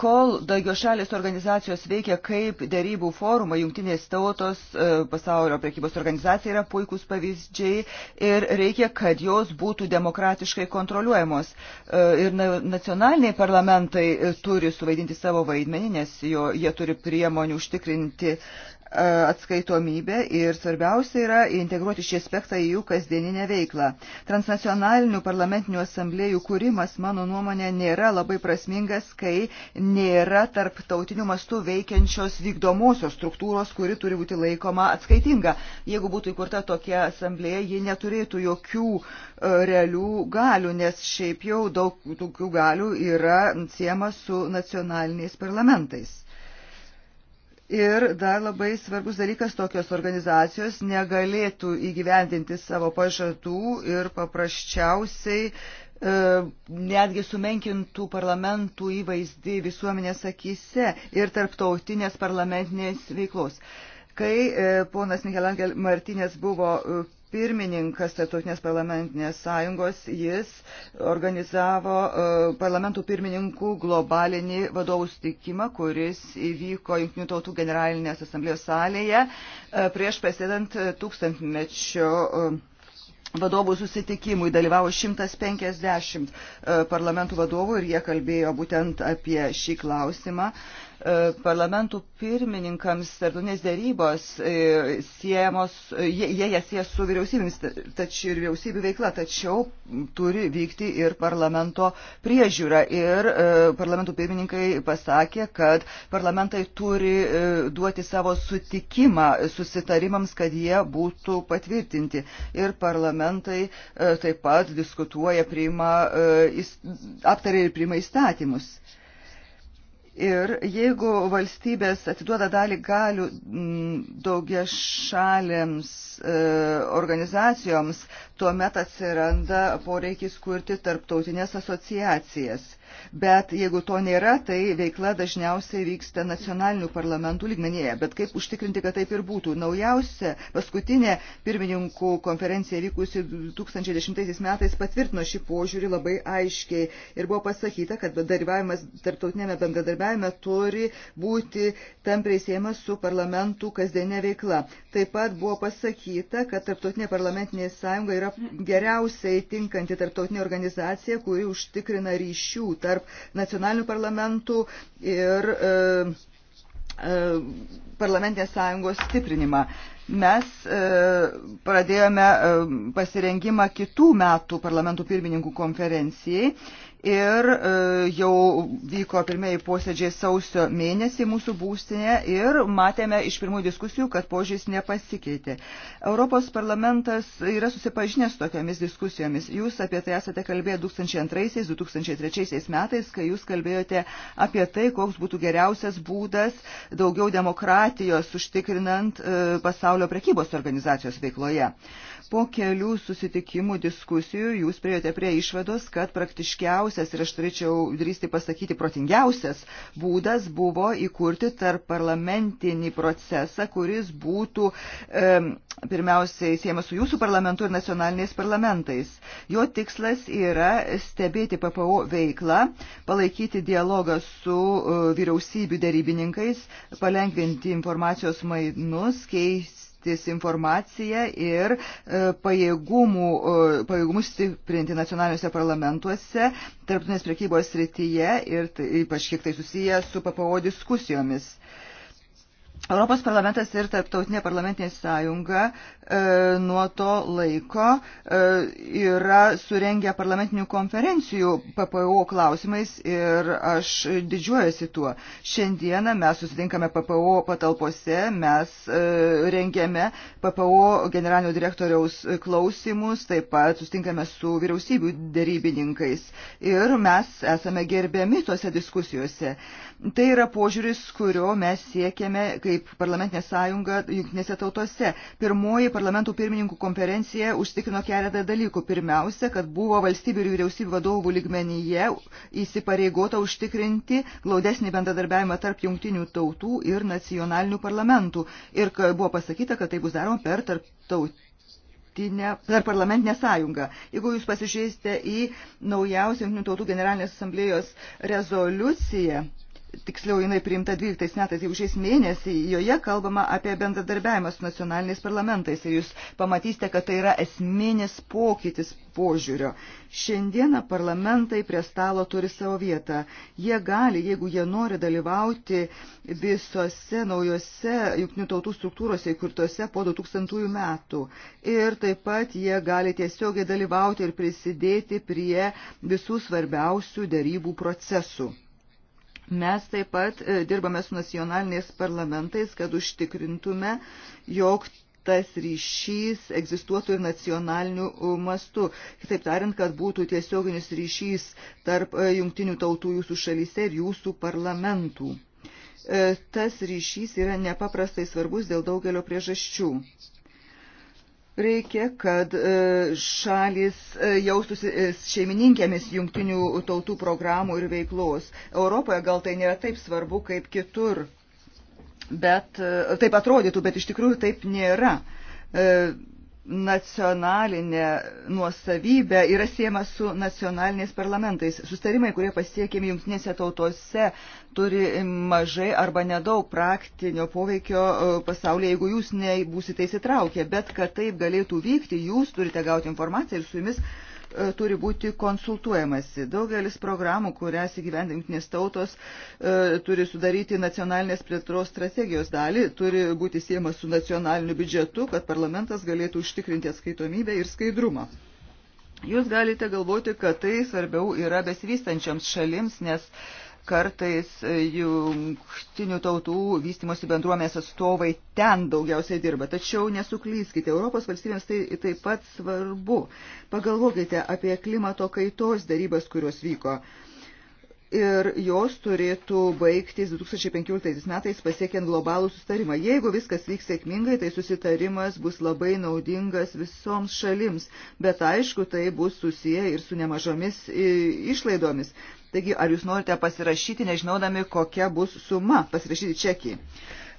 kol daugiau šalės organizacijos veikia kaip darybų forumai, jungtinės tautos, e, pasaulio prekybos organizacija yra puikūs pavyzdžiai ir reikia, kad jos būtų demokratiškai kontroliuojamos. E, ir nacionaliniai parlamentai e, turi suvaidinti savo vaidmenį, nes jo, jie turi priemonių užtikrinti uh, E, atskaitomybę ir svarbiausia yra integruoti šį aspektą į jų kasdieninę veiklą. Transnacionalinių parlamentinių asamblėjų kūrimas, mano nuomonė, nėra labai prasmingas, kai nėra tarptautinių mastų veikiančios vykdomosios struktūros, kuri turi būti laikoma atskaitinga. Jeigu būtų įkurta tokia asamblėja, ji neturėtų jokių e, realių galių, nes šiaip jau daug tokių galių yra siema su nacionaliniais parlamentais. Ir dar labai svarbus dalykas, tokios organizacijos negalėtų įgyvendinti savo pažadų ir paprasčiausiai e, netgi sumenkintų parlamentų įvaizdį visuomenės akise ir tarptautinės parlamentinės veiklos. Kai e, ponas Michelangel Martinės buvo e, pirmininkas Tartautinės parlamentinės sąjungos, jis organizavo e, parlamentų pirmininkų globalinį vadovų sutikimą, kuris įvyko Junktinių tautų generalinės asamblėjos salėje e, prieš prasidant tūkstantmečio e, vadovų susitikimui dalyvavo 150 parlamentų vadovų ir jie kalbėjo būtent apie šį klausimą. E, parlamentų pirmininkams tarptautinės dėrybos e, siejamos, e, jie, jie jas sieja su vyriausybėmis tačiau, ir vyriausybių veikla, tačiau turi vykti ir parlamento priežiūra. Ir parlamentų pirmininkai pasakė, kad parlamentai turi duoti savo sutikimą susitarimams, kad jie būtų patvirtinti. Ir parlamentai taip pat diskutuoja, priima, aptarė ir priima įstatymus. Ir jeigu valstybės atiduoda dalį galių mm, daugia šalėms e, organizacijoms, tuomet atsiranda poreikis kurti tarptautinės asociacijas. E, bet jeigu to nėra, tai veikla dažniausiai vyksta nacionalinių parlamentų lygmenyje. Bet kaip užtikrinti, kad taip ir būtų? Naujausia, paskutinė pirmininkų konferencija vykusi 2010 metais patvirtino šį požiūrį labai aiškiai ir buvo pasakyta, kad dalyvavimas tarptautinėme bendradarbiavime turi būti tampriai siejamas su parlamentų kasdienė veikla. Taip pat buvo pasakyta, kad tarptautinė parlamentinė sąjunga yra geriausiai tinkanti tarptautinė organizacija, kuri užtikrina ryšių tarp tarp nacionalinių parlamentų ir e, e, parlamentinės sąjungos stiprinimą. E, mes e, pradėjome e, pasirengimą kitų metų parlamentų pirmininkų konferencijai ir e, jau vyko pirmieji posėdžiai sausio mėnesį mūsų būstinė ir matėme iš pirmų diskusijų, kad požiūris nepasikeitė. Europos parlamentas yra susipažinęs tokiamis diskusijomis. Jūs apie tai esate kalbėję 2002-2003 metais, kai jūs kalbėjote apie tai, koks būtų geriausias būdas daugiau demokratijos užtikrinant pasaulio pasaulio prekybos organizacijos veikloje. Po kelių susitikimų diskusijų jūs priejote prie išvados, kad praktiškiausias ir aš turėčiau drįsti pasakyti protingiausias būdas buvo įkurti tarp parlamentinį procesą, kuris būtų e, pirmiausiai siejamas su jūsų parlamentu ir nacionaliniais parlamentais. Jo tikslas yra stebėti PPO veiklą, palaikyti dialogą su e, vyriausybių darybininkais, palengvinti informacijos mainus, keisti keistis informaciją ir e, pajėgumų, e, pajėgumus stiprinti nacionaliniuose parlamentuose, tarptautinės priekybos srityje ir tai ypač kiek tai susiję su PPO diskusijomis. Uh, Europos parlamentas ir Tarptautinė parlamentinė sąjunga e, nuo to laiko e, yra surengę parlamentinių konferencijų PPO klausimais ir aš didžiuojasi tuo. Šiandieną mes susitinkame PPO patalpose, mes e, rengiame PPO generalinio direktoriaus klausimus, taip pat susitinkame su vyriausybių dėrybininkais ir mes esame gerbiami tose diskusijose. Tai yra požiūris, kurio mes siekiame kaip parlamentinė sąjunga jungtinėse tautose. Pirmoji parlamentų pirmininkų konferencija užtikrino keletą dalykų. Pirmiausia, kad buvo valstybių ir vyriausybių vadovų lygmenyje įsipareigota užtikrinti glaudesnį bendradarbiavimą tarp jungtinių tautų ir nacionalinių parlamentų. Ir buvo pasakyta, kad tai bus daroma per tarptautinį tarptautinę, per parlamentinę sąjungą. Jeigu jūs pasižiūrėsite į naujausią Junktinių tautų generalinės asamblėjos rezoliuciją, tiksliau jinai priimta 12 metais, jau šiais mėnesį, joje kalbama apie bendradarbiavimą su nacionaliniais parlamentais ir jūs pamatysite, kad tai yra esminis pokytis požiūrio. Šiandieną parlamentai prie stalo turi savo vietą. Jie gali, jeigu jie nori dalyvauti visose naujose jungtinių tautų struktūrose įkurtose po 2000 metų. Ir taip pat jie gali tiesiogiai dalyvauti ir prisidėti prie visų svarbiausių darybų procesų. Mes taip pat e, dirbame su nacionaliniais parlamentais, kad užtikrintume, jog tas ryšys egzistuotų ir nacionaliniu e, mastu. Kitaip tariant, kad būtų tiesioginis ryšys tarp e, jungtinių tautų jūsų šalyse ir jūsų parlamentų. Tas ryšys yra nepaprastai svarbus dėl daugelio priežasčių. Reikia, kad e, šalis e, jaustųsi e, šeimininkėmis jungtinių tautų programų ir veiklos. Europoje gal tai nėra taip svarbu kaip kitur, bet taip atrodytų, bet iš tikrųjų taip nėra nacionalinė nuosavybė yra siejama su nacionaliniais parlamentais. Sustarimai, kurie pasiekėmi jungtinėse tautose, turi mažai arba nedaug praktinio poveikio e, pasaulyje, jeigu jūs nebūsite įsitraukę. Bet kad taip galėtų vykti, jūs turite gauti informaciją ir su jumis E, turi būti konsultuojamasi. Daugelis programų, kurias įgyvendintinės tautos e, turi sudaryti nacionalinės plėtros strategijos dalį, turi būti siejamas su nacionaliniu biudžetu, kad parlamentas galėtų užtikrinti atskaitomybę ir skaidrumą. Jūs galite galvoti, kad tai svarbiau yra besivystančiams šalims, nes uh, kartais e, jungtinių tautų vystimosi bendruomenės atstovai ten daugiausiai dirba. Tačiau nesuklyskite, Europos valstybėms tai taip pat svarbu. Pagalvokite apie klimato kaitos darybas, kurios vyko. Uh, ir jos turėtų baigtis 2015 metais pasiekiant globalų sustarimą. Jeigu viskas vyks sėkmingai, tai susitarimas bus labai naudingas visoms šalims, bet aišku, tai bus susiję ir su nemažomis e, išlaidomis. Taigi, ar jūs norite pasirašyti, nežinodami, kokia bus suma, pasirašyti čekį?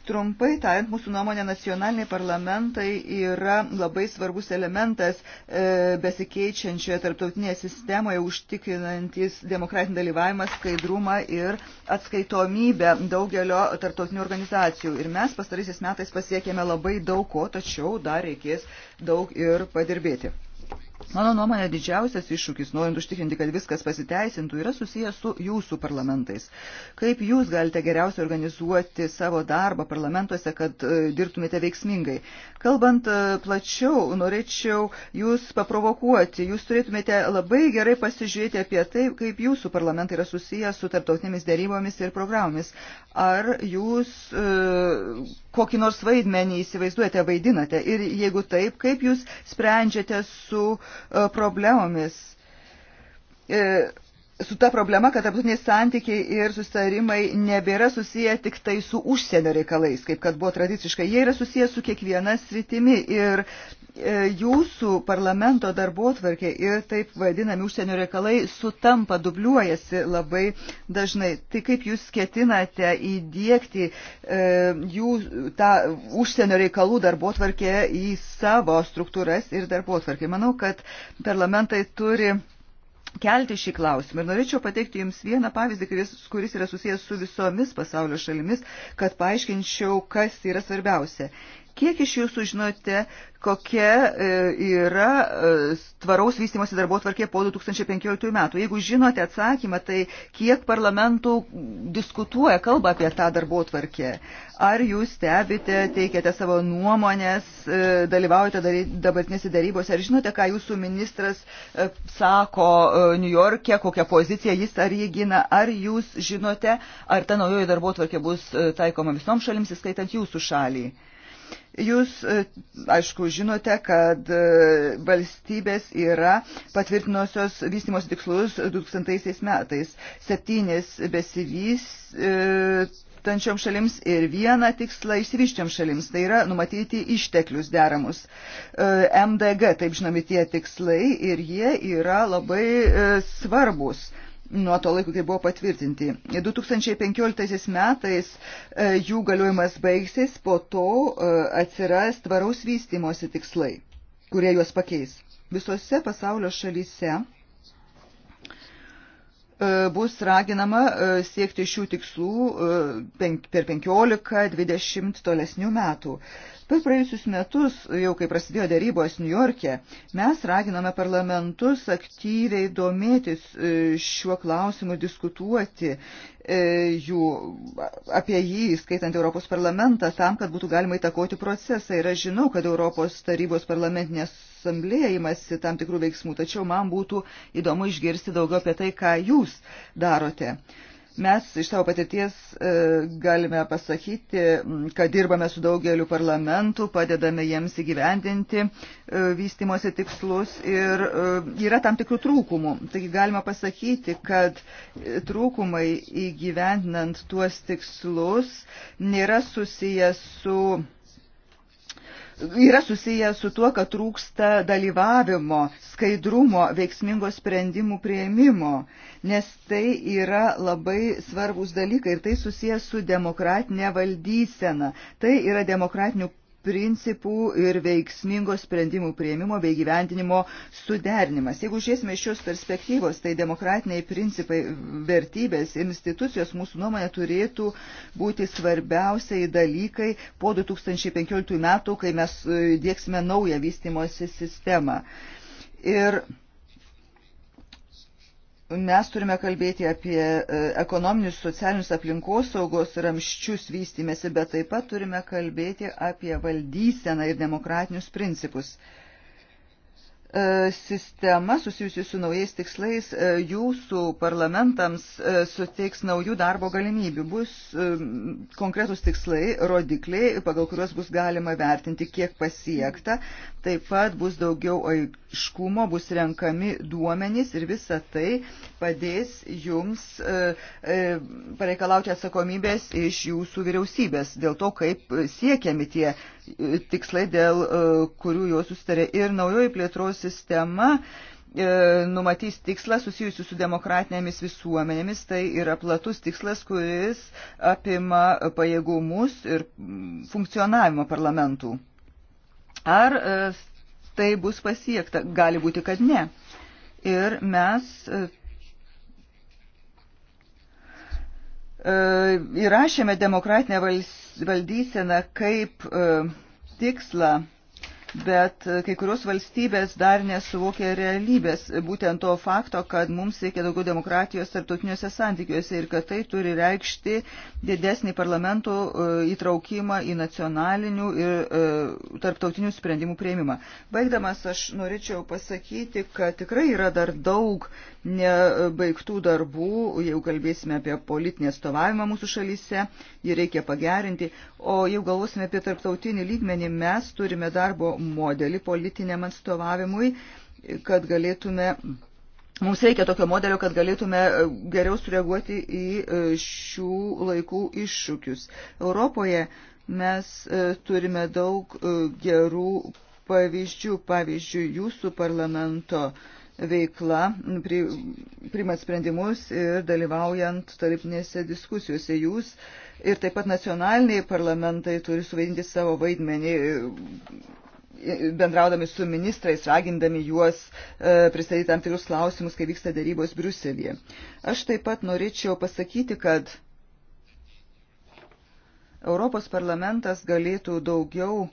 Trumpai tariant, mūsų nuomonė nacionaliniai parlamentai yra labai svarbus elementas e, besikeičiančioje tarptautinėje sistemoje užtikrinantis demokratinį dalyvavimą, skaidrumą ir atskaitomybę daugelio tarptautinių organizacijų. Ir mes pastarysiais metais pasiekėme labai daug ko, tačiau dar reikės daug ir padirbėti. Mano nuomonė didžiausias iššūkis, norint užtikrinti, kad viskas pasiteisintų, yra susijęs su jūsų parlamentais. Kaip jūs galite geriausiai organizuoti savo darbą parlamentuose, kad e, dirbtumėte veiksmingai? Kalbant e, plačiau, norėčiau jūs paprovokuoti. Jūs turėtumėte labai gerai pasižiūrėti apie tai, kaip jūsų parlamentai yra susijęs su tarptautinėmis dėrybomis ir programomis. Ar jūs e, kokį nors vaidmenį įsivaizduojate, vaidinate? Ir jeigu taip, kaip jūs sprendžiate su E, problemomis. E, su ta problema, kad tarptautiniai santykiai ir sustarimai nebėra susiję tik tai su užsienio reikalais, kaip kad buvo tradiciškai. Jie yra susiję su kiekviena sritimi ir E, jūsų parlamento darbotvarkė ir taip vadinami užsienio reikalai sutampa, dubliuojasi labai dažnai. Tai kaip jūs ketinate įdėkti e, jų tą užsienio reikalų darbotvarkę į savo struktūras ir darbotvarkę? Manau, kad parlamentai turi kelti šį klausimą. Ir norėčiau pateikti Jums vieną pavyzdį, kuris, kuris yra susijęs su visomis pasaulio šalimis, kad paaiškinčiau, kas yra svarbiausia. Kiek iš jūsų žinote, kokia e, yra e, tvaraus vystimosi darbo tvarkė po 2015 metų? Jeigu žinote atsakymą, tai kiek parlamentų diskutuoja, kalba apie tą darbo tvarkę? Ar jūs stebite, teikiate savo nuomonės, e, dalyvaujate dabartinėse darybose, ar žinote, ką jūsų ministras sako New York'e, kokią poziciją jis ar jį gina, ar jūs žinote, ar ta naujoji darbo tvarkė bus taikoma visoms šalims, įskaitant jūsų šalį? Jūs, e, aišku, žinote, kad e, valstybės yra patvirtinusios vystimos tikslus 2000 metais. Septynis besivystančiom šalims ir vieną tikslą išsivyščiam šalims. Tai yra numatyti išteklius deramus. E, MDG, taip žinomi, tie tikslai ir jie yra labai svarbus nuo to laiko, kai buvo patvirtinti. 2015 metais e, jų galiojimas baigsis, po to e, atsiras tvaraus vystimosi tikslai, kurie juos pakeis. Visose pasaulio šalyse E, bus raginama e, siekti šių tikslų e, per 15-20 tolesnių metų. Per praėjusius metus, jau kai prasidėjo darybos New York'e, mes raginame parlamentus aktyviai domėtis šiuo klausimu, diskutuoti jų apie jį, skaitant Europos parlamentą, tam, kad būtų galima įtakoti procesą. Ir aš žinau, kad Europos tarybos parlamentinės asamblėje imasi tam tikrų veiksmų, tačiau man būtų įdomu išgirsti daugiau apie tai, ką jūs darote. Mes iš savo patirties e, galime pasakyti, kad dirbame su daugeliu parlamentų, padedame jiems įgyvendinti e, vystimosi tikslus ir e, yra tam tikrų trūkumų. Taigi galima pasakyti, kad trūkumai įgyvendinant tuos tikslus nėra susijęs su yra susijęs su tuo, kad trūksta dalyvavimo, skaidrumo, veiksmingo sprendimų prieimimo, nes tai yra labai svarbus dalykai ir tai susijęs su demokratinė valdysena. Tai yra demokratinių principų ir veiksmingo sprendimų prieimimo bei gyventinimo suderinimas. Jeigu žiūrėsime iš šios perspektyvos, tai demokratiniai principai, vertybės, institucijos mūsų nuomonė turėtų būti svarbiausiai dalykai po 2015 metų, kai mes e, dėksime naują vystimosi sistemą. Ir mes turime kalbėti apie e, ekonominius, socialinius aplinkos saugos ramščius vystymėsi, bet taip pat turime kalbėti apie valdyseną ir demokratinius principus. E, sistema susijusi su naujais tikslais e, jūsų parlamentams e, suteiks naujų darbo galimybių. Bus konkretus tikslai, rodikliai, pagal kuriuos bus galima vertinti, kiek pasiekta. Taip pat bus daugiau aiškumo, bus renkami duomenys ir visa tai padės jums pareikalauti atsakomybės iš jūsų vyriausybės dėl to, kaip siekiami tie tikslai tikslai, dėl e, kurių jos sustarė. Ir naujoji plėtros sistema e, numatys tikslą susijusiu su demokratinėmis visuomenėmis. Tai yra platus tikslas, kuris apima pajėgumus ir funkcionavimą parlamentų. Ar e, tai bus pasiekta? Gali būti, kad ne. Ir mes E, įrašėme demokratinę valdyseną kaip e, tikslą, bet e, kai kurios valstybės dar nesuvokė realybės, būtent to fakto, kad mums reikia daugiau demokratijos tarptautiniuose santykiuose ir kad tai turi reikšti didesnį parlamentų įtraukimą į nacionalinių ir tarptautinių sprendimų prieimimą. Baigdamas aš norėčiau pasakyti, kad tikrai yra dar daug nebaigtų darbų, jeigu kalbėsime apie politinį atstovavimą mūsų šalyse, jį reikia pagerinti. O jeigu galvosime apie tarptautinį lygmenį, mes turime darbo modelį politiniam atstovavimui, kad galėtume. Mums reikia tokio modelio, kad galėtume e, geriau sureaguoti į e, šių laikų iššūkius. Europoje mes e, turime daug gerų pavyzdžių, pavyzdžiui, jūsų parlamento uh, veikla, pri, primant sprendimus ir dalyvaujant tarpinėse diskusijose. Jūs ir taip pat nacionaliniai parlamentai turi suvaidinti savo vaidmenį e, bendraudami su ministrais, ragindami juos e, pristatyti tam tikrus klausimus, kai vyksta darybos Briuselėje. Aš taip pat norėčiau pasakyti, kad Europos parlamentas galėtų daugiau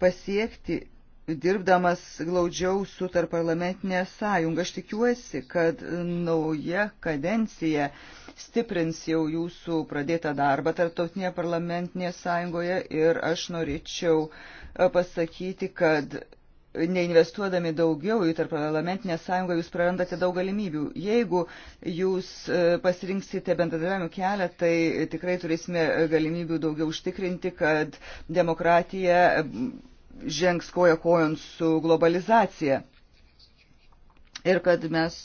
pasiekti dirbdamas glaudžiau su tarparlamentinė sąjunga. Aš tikiuosi, kad nauja kadencija stiprins jau jūsų pradėtą darbą tarptautinėje parlamentinėje sąjungoje ir aš norėčiau e, pasakyti, kad neinvestuodami daugiau į tarparlamentinę sąjungą jūs prarandate daug galimybių. Jeigu jūs e, pasirinksite bendradarbiavimo kelią, tai tikrai turėsime galimybių daugiau užtikrinti, kad demokratija žengs koja kojant su globalizacija. Ir kad mes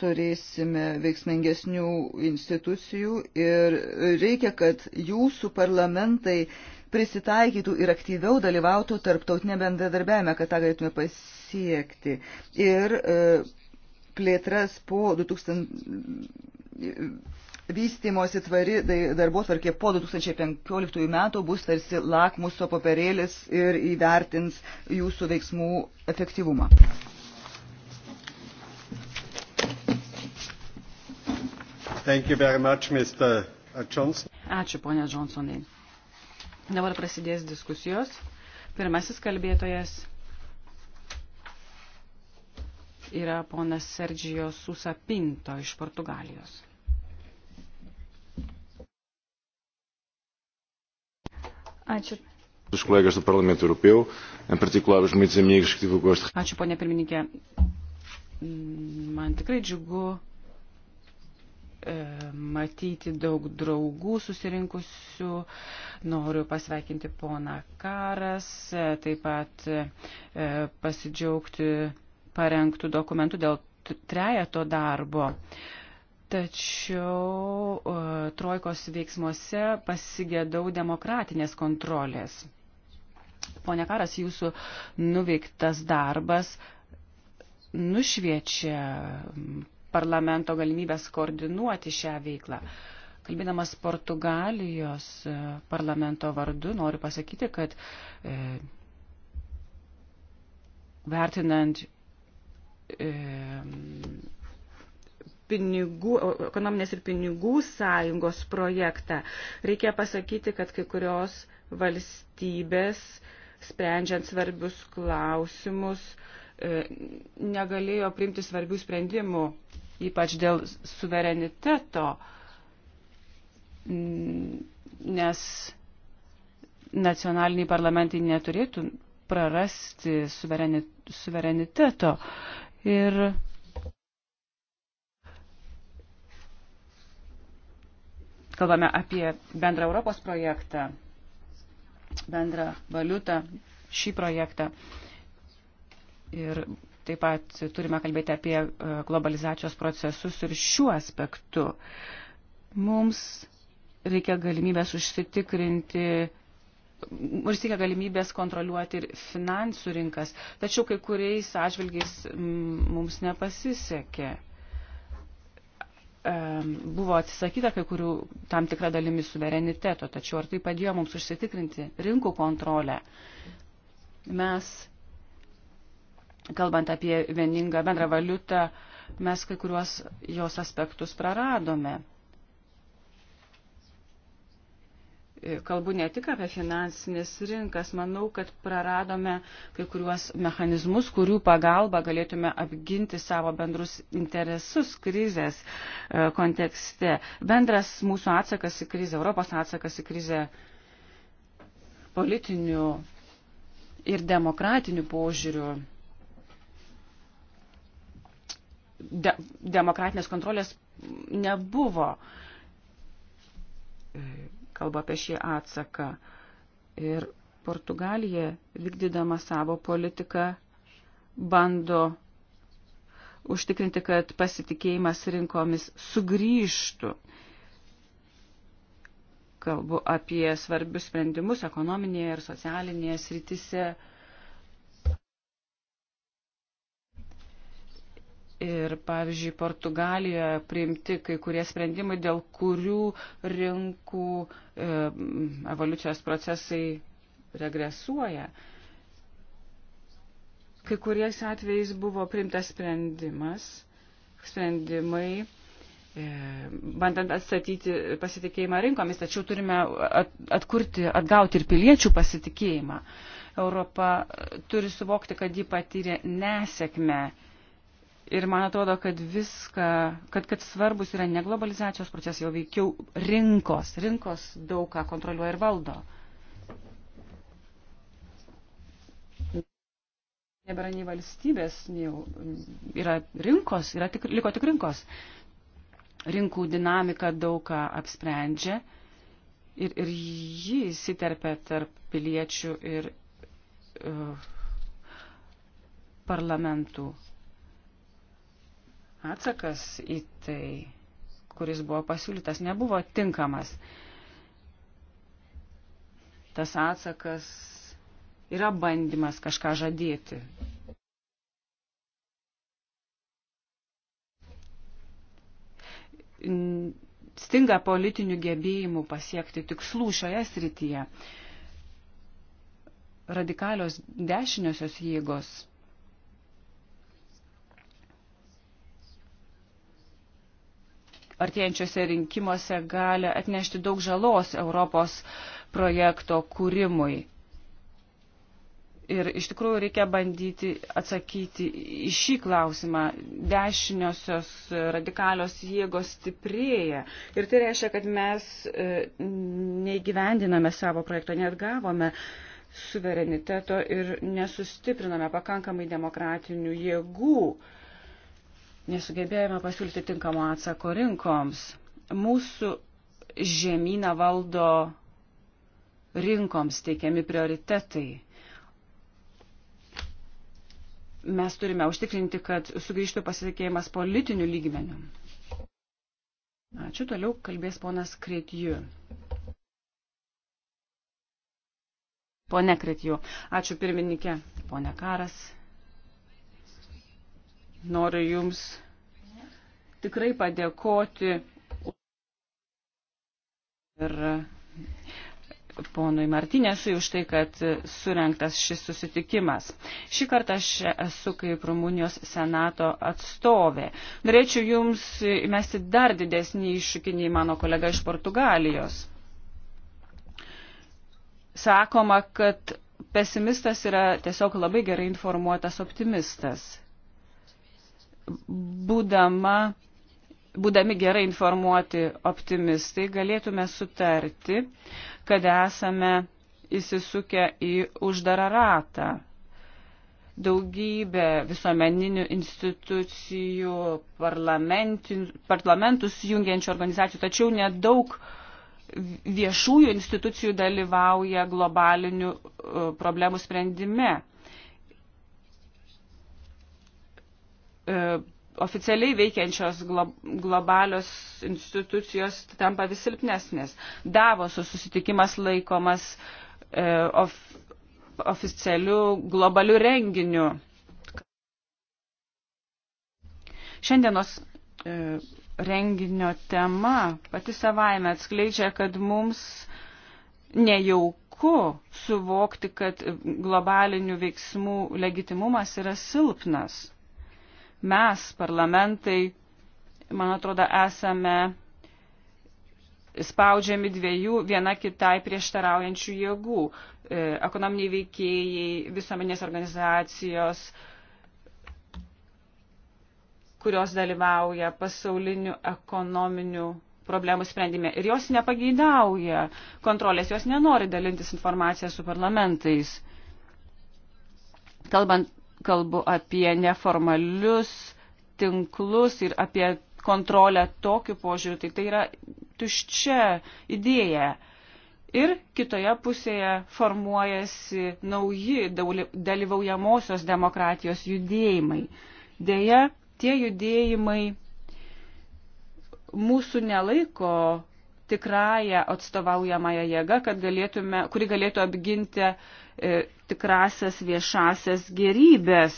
turėsime veiksmingesnių institucijų ir reikia, kad jūsų parlamentai prisitaikytų ir aktyviau dalyvautų tarptautinė bendradarbiavime, kad tą galėtume pasiekti. Ir e, plėtras po 2000 vystimosi tvari darbotvarkė po 2015 metų bus tarsi lakmuso papirėlis ir įvertins jūsų veiksmų efektyvumą. Thank you very much, Mr. Johnson. Ačiū, ponia Johnsonai. Dabar prasidės diskusijos. Pirmasis kalbėtojas yra ponas Sergio Susa Pinto iš Portugalijos. Ačiū. Ačiū, ponė pirmininkė. Man tikrai džiugu eh, matyti daug draugų susirinkusių. Noriu pasveikinti poną Karas, eh, taip pat eh, pasidžiaugti parengtų dokumentų dėl trejato darbo. E, Tačiau e, trojkos veiksmuose pasigėdau demokratinės kontrolės. Pone Karas, jūsų nuveiktas darbas nušviečia parlamento galimybės koordinuoti šią veiklą. Kalbėdamas Portugalijos e, parlamento vardu, noriu pasakyti, kad e, vertinant e, pinigų, ekonominės ir pinigų sąjungos projektą, reikia pasakyti, kad kai kurios valstybės, sprendžiant svarbius klausimus, e, negalėjo priimti svarbių sprendimų, ypač dėl suvereniteto, nes nacionaliniai parlamentai neturėtų prarasti suvereniteto. Ir kalbame apie bendrą Europos projektą, bendrą valiutą, šį projektą. Ir taip pat turime kalbėti apie e, globalizacijos procesus ir šiuo aspektu. Mums reikia galimybės užsitikrinti mums reikia galimybės kontroliuoti ir finansų rinkas, tačiau kai kuriais atžvilgiais mums nepasisekė buvo atsisakyta kai kurių tam tikrą dalimi suvereniteto, tačiau ar tai padėjo mums užsitikrinti rinkų kontrolę? Mes, kalbant apie vieningą bendrą valiutą, mes kai kuriuos jos aspektus praradome. kalbu ne tik apie finansinės rinkas, manau, kad praradome kai kuriuos mechanizmus, kurių pagalba galėtume apginti savo bendrus interesus krizės e, kontekste. Bendras mūsų atsakas į krizę, Europos atsakas į krizę politinių ir demokratinių požiūrių. De demokratinės kontrolės nebuvo e, kalba apie šį atsaką. Ir Portugalija, vykdydama savo politiką, bando užtikrinti, kad pasitikėjimas rinkomis sugrįžtų. Kalbu apie svarbius sprendimus ekonominėje ir socialinėje srityse Ir, pavyzdžiui, Portugalijoje priimti kai kurie sprendimai, dėl kurių rinkų e, evoliucijos procesai regresuoja. Kai kuriais atvejais buvo priimtas sprendimas, sprendimai, e, bandant atstatyti pasitikėjimą rinkomis, tačiau turime at, atkurti, atgauti ir piliečių pasitikėjimą. Europa turi suvokti, kad ji patyrė nesėkmę Ir man atrodo, kad viską, kad, kad svarbus yra ne globalizacijos procesai, o veikiau rinkos. Rinkos daug ką kontroliuoja ir valdo. Nebėra nei valstybės, nei yra rinkos, yra tik, liko tik rinkos. Rinkų dinamika daug ką apsprendžia ir, ir ji įsiterpia tarp piliečių ir uh, parlamentų atsakas į tai, kuris buvo pasiūlytas, nebuvo tinkamas. Tas atsakas yra bandymas kažką žadėti. Stinga politinių gebėjimų pasiekti tikslų šioje srityje. Radikalios dešiniosios jėgos artėjančiose rinkimuose gali atnešti daug žalos Europos projekto kūrimui. Ir iš tikrųjų reikia bandyti atsakyti į šį klausimą. Dešiniosios radikalios jėgos stiprėja. Ir tai reiškia, kad mes e, neįgyvendiname savo projekto, neatgavome suvereniteto ir nesustipriname pakankamai demokratinių jėgų. Uh, nesugebėjome pasiūlyti tinkamo atsako rinkoms. Mūsų žemyną valdo rinkoms teikiami prioritetai. Mes turime užtikrinti, kad sugrįžtų pasitikėjimas politiniu lygmeniu. Ačiū, toliau kalbės ponas Kretijų. Pone Kretijų, ačiū pirmininkė, pone Karas, Noriu Jums tikrai padėkoti ir ponui Martinėsui už tai, kad surinktas šis susitikimas. Šį kartą aš esu kaip Rumunijos senato atstovė. Norėčiau Jums įmesti dar didesnį iššūkį nei mano kolega iš Portugalijos. Sakoma, kad pesimistas yra tiesiog labai gerai informuotas optimistas būdama, būdami gerai informuoti optimistai, galėtume sutarti, kad esame įsisukę į uždarą ratą. Daugybė visuomeninių institucijų, parlamentus jungiančių organizacijų, tačiau nedaug viešųjų institucijų dalyvauja globalinių e, problemų sprendime. E, oficialiai veikiančios glo globalios institucijos tampa vis silpnesnės. Davoso susitikimas laikomas e, of, oficialiu globaliu renginiu. Šiandienos e, renginio tema pati savaime atskleidžia, kad mums nejauku suvokti, kad globalinių veiksmų legitimumas yra silpnas mes, parlamentai, man atrodo, esame spaudžiami dviejų viena kitai prieštaraujančių jėgų e, - ekonominiai veikėjai, visuomenės organizacijos, kurios dalyvauja pasaulinių ekonominių problemų sprendime. Ir jos nepageidauja kontrolės, jos nenori dalintis informaciją su parlamentais. Kalbant kalbu apie neformalius tinklus ir apie kontrolę tokiu požiūriu, tai tai yra tuščia idėja. Ir kitoje pusėje formuojasi nauji dalyvaujamosios demokratijos judėjimai. Deja, tie judėjimai mūsų nelaiko tikrąją atstovaujamąją jėgą, galėtume, kuri galėtų apginti e, tikrasias viešasias gerybės.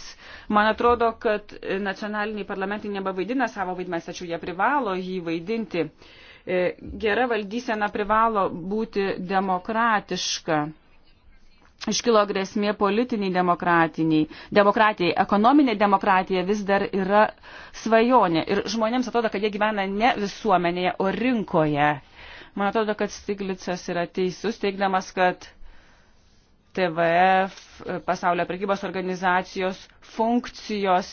Man atrodo, kad nacionaliniai parlamentai nebevaidina savo vaidmens, tačiau jie privalo jį vaidinti. E, gera valdysena privalo būti demokratiška. Iškilo grėsmė politiniai demokratiniai. Demokratijai, ekonominė demokratija vis dar yra svajonė. Ir žmonėms atrodo, kad jie gyvena ne visuomenėje, o rinkoje. Man atrodo, kad Stiglicas yra teisus, teikdamas, kad TVF, pasaulio prekybos organizacijos funkcijos,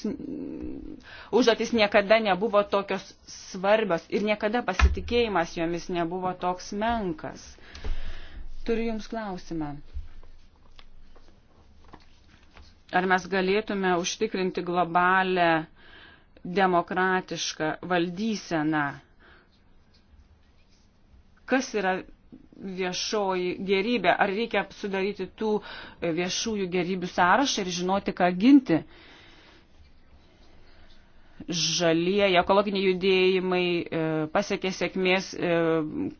užduotis niekada nebuvo tokios svarbios ir niekada pasitikėjimas jomis nebuvo toks menkas. Turiu Jums klausimą. Ar mes galėtume užtikrinti globalę demokratišką valdyseną? Kas yra viešoji gerybė, ar reikia sudaryti tų viešųjų gerybių sąrašą ir žinoti, ką ginti. Žalieji, ekologiniai judėjimai e, pasiekė sėkmės, e,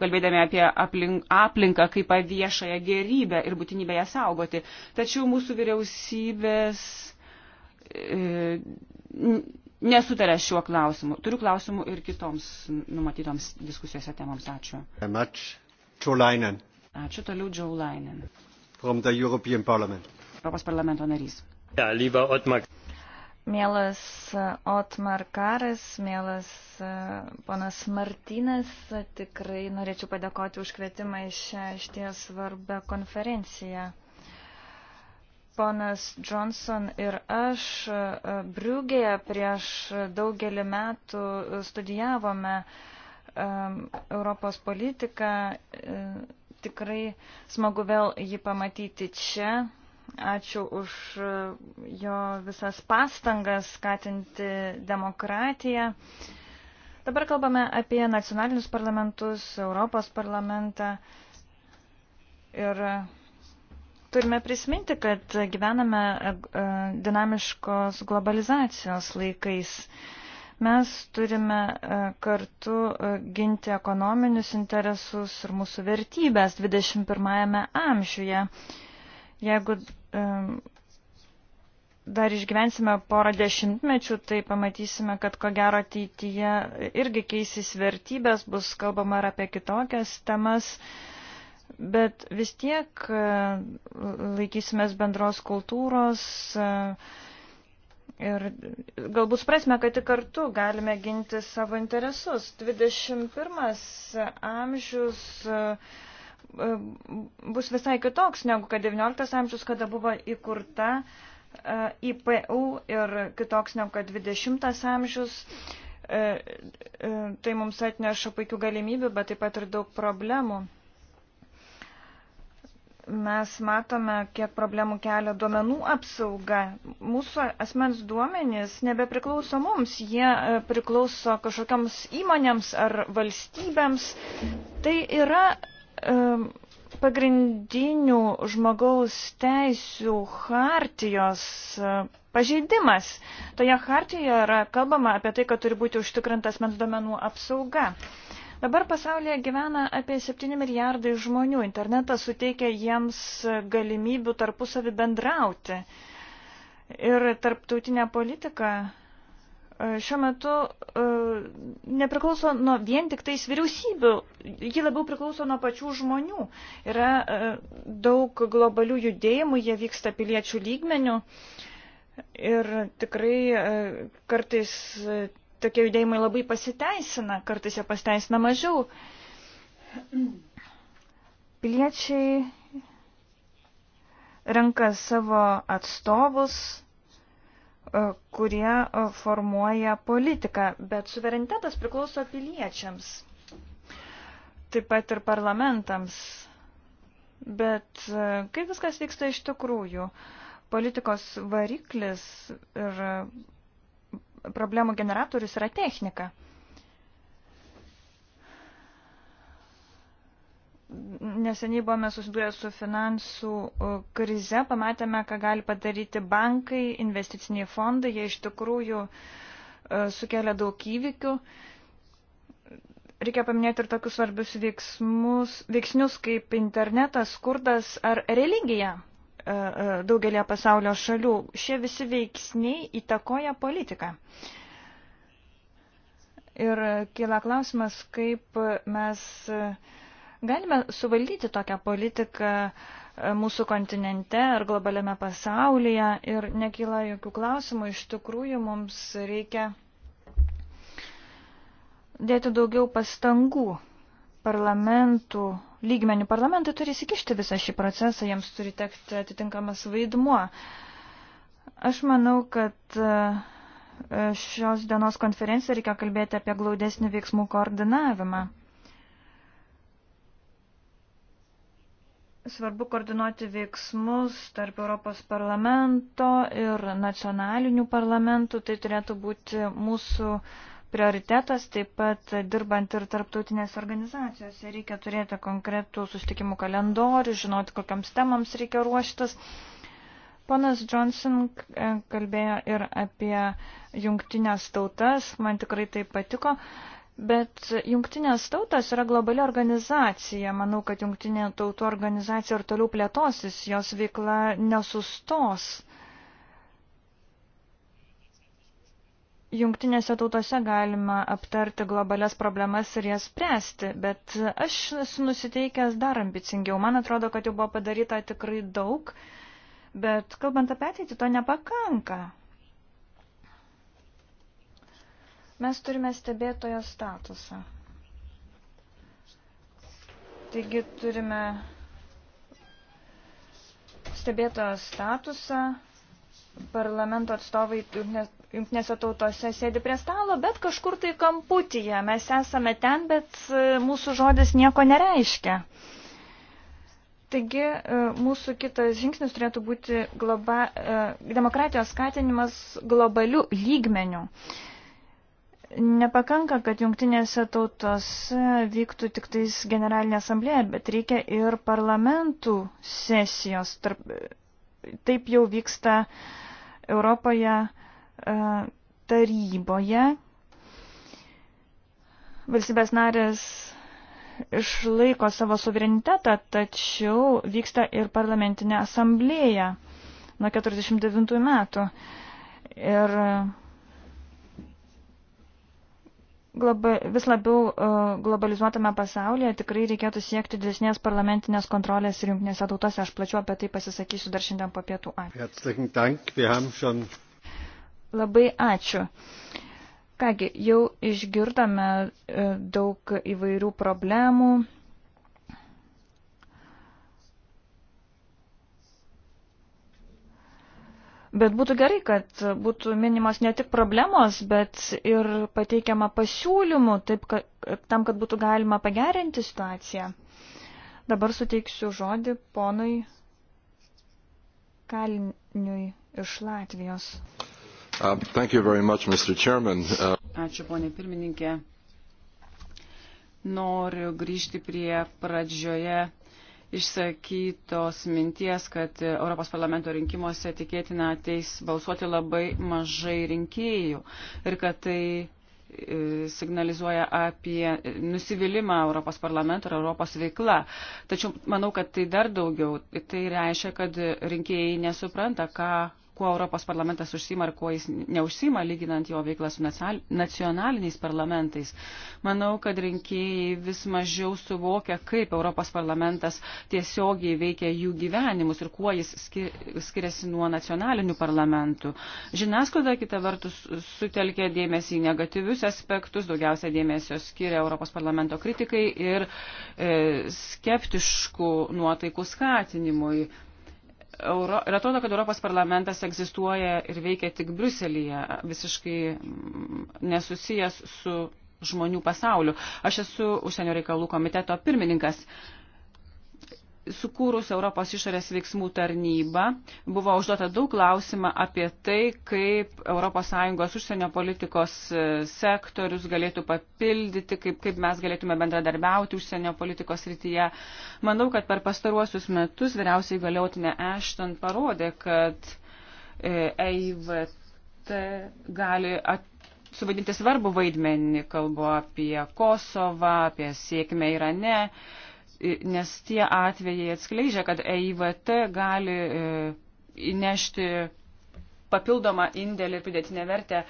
kalbėdami apie aplink, aplinką kaip viešąją gerybę ir būtinybę ją saugoti. Tačiau mūsų vyriausybės e, nesutarė šiuo klausimu. Turiu klausimų ir kitoms numatytoms diskusijose temams. Ačiū. Much. Džiaulainen. Ačiū toliau Džiaulainen. From the European Parliament. Europos parlamento narys. Ja, lieber Otmar. Mielas uh, Otmar Karas, mielas uh, ponas Martynas, tikrai norėčiau padėkoti už kvietimą į šią išties svarbę konferenciją. Ponas Johnson ir aš uh, Briugėje prieš daugelį metų studijavome uh, Europos politiką. E, tikrai smagu vėl jį pamatyti čia. Ačiū už e, jo visas pastangas skatinti demokratiją. Dabar kalbame apie nacionalinius parlamentus, Europos parlamentą. Ir e, turime prisiminti, kad gyvename dinamiškos globalizacijos laikais. Mes turime e, kartu e, ginti ekonominius interesus ir mūsų vertybės 21-ame amžiuje. Jeigu e, dar išgyvensime porą dešimtmečių, tai pamatysime, kad ko gero ateityje irgi keisys vertybės, bus kalbama ir apie kitokias temas, bet vis tiek laikysimės bendros kultūros, Ir galbūt suprasme, kad tik kartu galime ginti savo interesus. 21 amžius e, e, bus visai kitoks negu kad 19 amžius, kada buvo įkurta e, IPU ir kitoks negu kad 20 amžius. Tai mums atneša puikių galimybių, bet taip pat ir daug problemų mes matome, kiek problemų kelia duomenų apsauga. Mūsų asmens duomenys nebepriklauso mums, jie e, priklauso kažkokiams įmonėms ar valstybėms. Tai yra e, pagrindinių žmogaus teisių hartijos e, pažeidimas. Toje hartijoje yra kalbama apie tai, kad turi būti užtikrintas asmens duomenų apsauga. E, Dabar pasaulyje gyvena apie 7 milijardai žmonių. Internetas suteikia jiems galimybių tarpusavį bendrauti. Ir tarptautinė politika e, šiuo metu e, nepriklauso nuo vien tik tais vyriausybių, ji labiau priklauso nuo pačių žmonių. Yra e, daug globalių judėjimų, jie vyksta piliečių lygmenių. Ir tikrai kartais tokie judėjimai labai pasiteisina, kartais jie pasiteisina mažiau. Piliečiai renka savo atstovus, e, kurie e, formuoja politiką, bet suverenitetas priklauso piliečiams, taip pat ir parlamentams. Bet e, kaip viskas vyksta iš tikrųjų? Politikos variklis ir problemų generatorius yra technika. Neseniai buvome susidūrę su finansų krize, pamatėme, ką gali padaryti bankai, investiciniai fondai, jie iš tikrųjų e, sukelia daug įvykių. Reikia paminėti ir tokius svarbius veiksmus, veiksnius kaip internetas, skurdas ar religija. E, e, daugelie pasaulio šalių. Šie visi veiksniai įtakoja politiką. Ir kyla klausimas, kaip mes galime suvaldyti tokią politiką mūsų kontinente ar globaliame pasaulyje ir nekyla jokių klausimų. Iš tikrųjų, mums reikia dėti daugiau pastangų parlamentų lygmenių. Parlamentai turi įsikišti visą šį procesą, jiems turi tekti atitinkamas vaidmuo. Aš manau, kad e, šios dienos konferenciją reikia kalbėti apie glaudesnį veiksmų koordinavimą. Svarbu koordinuoti veiksmus tarp Europos parlamento ir nacionalinių parlamentų. Tai turėtų būti mūsų uh, prioritetas, taip pat dirbant ir tarptautinės organizacijose reikia turėti konkretų sustikimų kalendorių, žinoti, kokiams temams reikia ruoštis. Ponas Johnson e, kalbėjo ir apie jungtinės tautas, man tikrai tai patiko, bet jungtinės tautas yra globali organizacija. Manau, kad jungtinė tautų organizacija ir toliau plėtosis, jos veikla nesustos jungtinėse tautose galima aptarti globales problemas ir jas spręsti, bet aš esu nusiteikęs dar ambicingiau. Man atrodo, kad jau buvo padaryta tikrai daug, bet kalbant apie ateitį, to nepakanka. Mes turime stebėtojo statusą. Taigi turime stebėtojo statusą parlamento atstovai jungtinėse tautose sėdi prie stalo, bet kažkur tai kamputyje. Mes esame ten, bet e, mūsų žodis nieko nereiškia. Taigi e, mūsų kitas žingsnis turėtų būti globa, e, demokratijos skatinimas globalių lygmenių. Nepakanka, kad jungtinėse tautos vyktų tik tais generalinė asamblėje, bet reikia ir parlamentų sesijos. Tarp, taip jau vyksta Europoje uh, E, taryboje valstybės narės išlaiko savo suverenitetą, tačiau vyksta ir parlamentinė asamblėja nuo 49 metų. Ir globa, vis labiau uh, globalizuotame pasaulyje tikrai reikėtų siekti didesnės parlamentinės kontrolės ir jungtinėse tautose. Aš plačiu apie tai pasisakysiu dar šiandien po pietų. Ačiū. Labai ačiū. Kągi, jau išgirdome e, daug įvairių problemų. Bet būtų gerai, kad būtų minimos ne tik problemos, bet ir pateikiama pasiūlymų taip, kad, tam, kad būtų galima pagerinti situaciją. Dabar suteiksiu žodį ponui Kaliniui iš Latvijos. Uh, much, uh... Ačiū, ponė pirmininkė. Noriu grįžti prie pradžioje išsakytos minties, kad Europos parlamento rinkimuose tikėtina ateis balsuoti labai mažai rinkėjų ir kad tai e, signalizuoja apie nusivylimą Europos parlamento ir Europos veikla. Tačiau manau, kad tai dar daugiau. Tai reiškia, kad rinkėjai nesupranta, ką kuo Europos parlamentas užsima ir kuo jis neužsima, lyginant jo veiklą su nacionaliniais parlamentais. Manau, kad rinkėjai vis mažiau suvokia, kaip Europos parlamentas tiesiogiai veikia jų gyvenimus ir kuo jis skiriasi nuo nacionalinių parlamentų. Žiniasklaida kita vertus sutelkė dėmesį į negatyvius aspektus, daugiausia dėmesio skiria Europos parlamento kritikai ir e, skeptiškų nuotaikų skatinimui Euro, ir atrodo, kad Europos parlamentas egzistuoja ir veikia tik Bruselėje, visiškai mm, nesusijęs su žmonių pasauliu. Aš esu užsienio reikalų komiteto pirmininkas. Uh, Sukūrus Europos išorės veiksmų tarnybą buvo užduota daug klausimą apie tai, kaip ES užsienio politikos e, sektorius galėtų papildyti, kaip, kaip mes galėtume bendradarbiauti užsienio politikos rytyje. Manau, kad per pastaruosius metus vyriausiai galiotinė Ashton parodė, kad EIVT e gali at, suvaidinti svarbų vaidmenį, kalbu apie Kosovą, apie sėkmę Irane. E, nes tie atvejai atskleidžia, kad EIVT gali e, įnešti papildomą indėlį ir pridėtinę vertę e,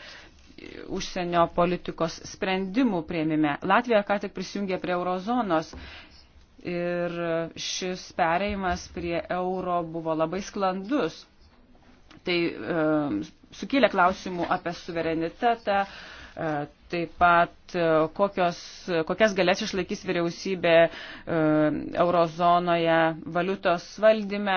užsienio politikos sprendimų prieimime. Latvija ką tik prisijungė prie eurozonos ir šis pereimas prie euro buvo labai sklandus. Tai e, sukėlė klausimų apie suverenitetą, e, E, taip pat e, kokios, kokias galės išlaikys vyriausybė e, eurozonoje valiutos valdyme.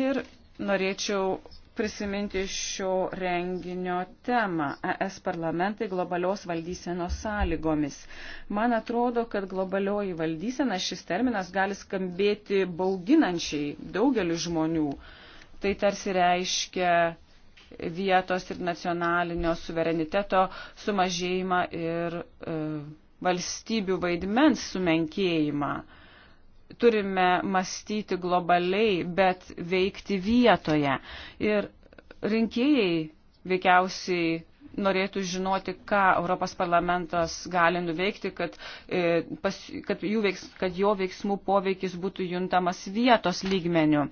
Ir norėčiau prisiminti šio renginio temą - ES parlamentai globalios valdysenos sąlygomis. Man atrodo, kad globalioji valdysena šis terminas gali skambėti bauginančiai daugeliu žmonių. Uh, Tai tarsi reiškia vietos ir nacionalinio suvereniteto sumažėjimą ir e, valstybių vaidmens sumenkėjimą. Turime mąstyti globaliai, bet veikti vietoje. Ir rinkėjai veikiausiai norėtų žinoti, ką Europos parlamentas gali nuveikti, kad, e, pas, kad, veiks, kad jo veiksmų poveikis būtų juntamas vietos lygmenių.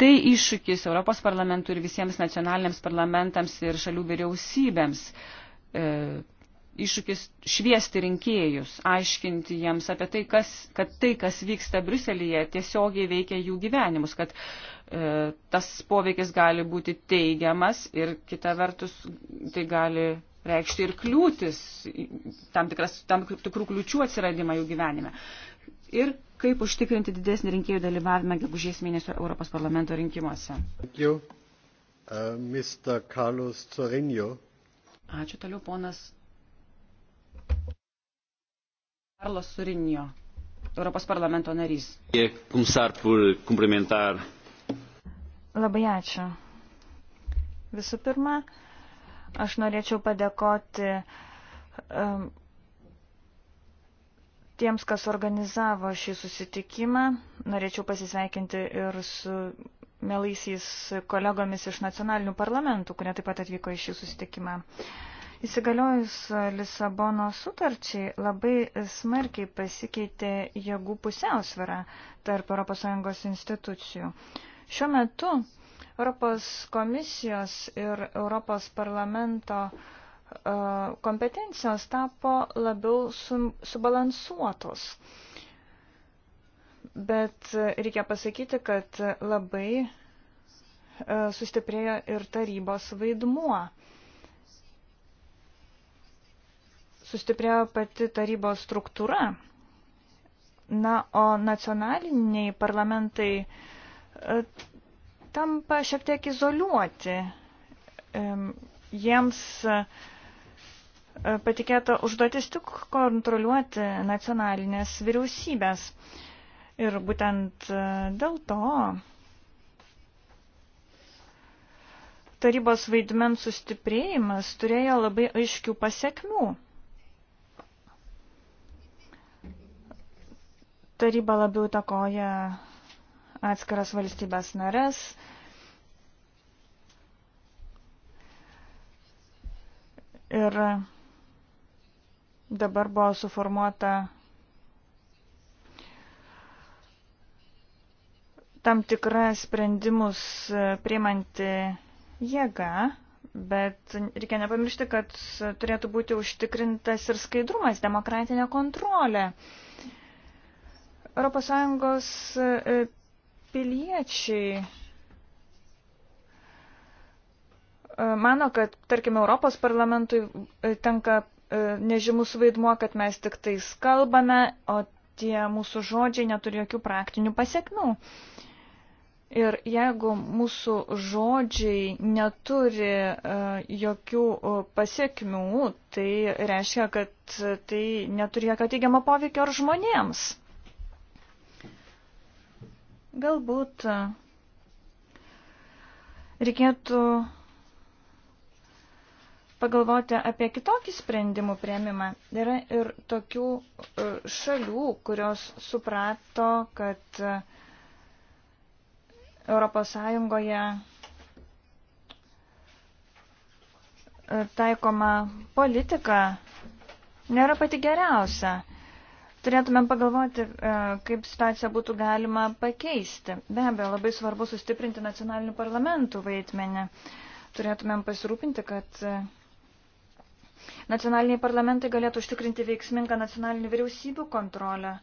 Tai iššūkis Europos parlamentui ir visiems nacionaliniams parlamentams ir šalių vyriausybėms e, iššūkis šviesti rinkėjus, aiškinti jiems apie tai, kas, kad tai, kas vyksta Bruselėje, tiesiogiai veikia jų gyvenimus, kad e, tas poveikis gali būti teigiamas ir kita vertus tai gali reikšti ir kliūtis, tam, tikras, tam tikrų kliūčių atsiradimą jų gyvenime. Ir kaip užtikrinti didesnį rinkėjų dalyvavimą gegužės mėnesio Europos parlamento rinkimuose. Ačiū, uh, Mr. Carlos Zorinio. Ačiū toliau, ponas Karlos Surinio, Europos parlamento narys. E Labai ačiū. Visų pirma, aš norėčiau padėkoti um, tiems, kas organizavo šį susitikimą. Norėčiau pasisveikinti ir su mielaisiais kolegomis iš nacionalinių parlamentų, kurie taip pat atvyko į šį susitikimą. Uh, Įsigaliojus Lisabono sutarčiai labai smarkiai pasikeitė jėgų pusiausvyrą tarp ES institucijų. Šiuo metu Europos komisijos ir Europos parlamento e, kompetencijos tapo labiau subalansuotos. Bet reikia pasakyti, kad labai e, sustiprėjo ir tarybos vaidmuo sustiprėjo pati tarybos struktūra. Na, o nacionaliniai parlamentai e, tampa šiek tiek izoliuoti. E, jiems e, patikėta užduotis tik kontroliuoti nacionalinės vyriausybės. Ir būtent dėl to tarybos vaidmens sustiprėjimas turėjo labai aiškių pasiekmių. taryba labiau takoja atskiras valstybės narės. Ir dabar buvo suformuota tam tikra sprendimus priimanti jėga, bet reikia nepamiršti, kad turėtų būti užtikrintas ir skaidrumas, demokratinė kontrolė. Uh, ES e, piliečiai e, mano, kad, tarkime, Europos parlamentui e, tenka nežymus vaidmuo, kad mes tik tais kalbame, o tie mūsų žodžiai neturi jokių praktinių pasiekmių. Ir jeigu mūsų žodžiai neturi uh, jokių pasiekmių, tai reiškia, kad tai neturi jokio teigiamo poveikio ir žmonėms. Galbūt e, reikėtų pagalvoti apie kitokį sprendimų prieimimą. Yra ir tokių e, šalių, kurios suprato, kad ES e, taikoma politika nėra pati geriausia turėtumėm pagalvoti, e, kaip situaciją būtų galima pakeisti. Be abejo, labai svarbu sustiprinti nacionalinių parlamentų vaidmenį. Turėtumėm pasirūpinti, kad e, nacionaliniai parlamentai galėtų užtikrinti veiksmingą nacionalinių vyriausybių kontrolę.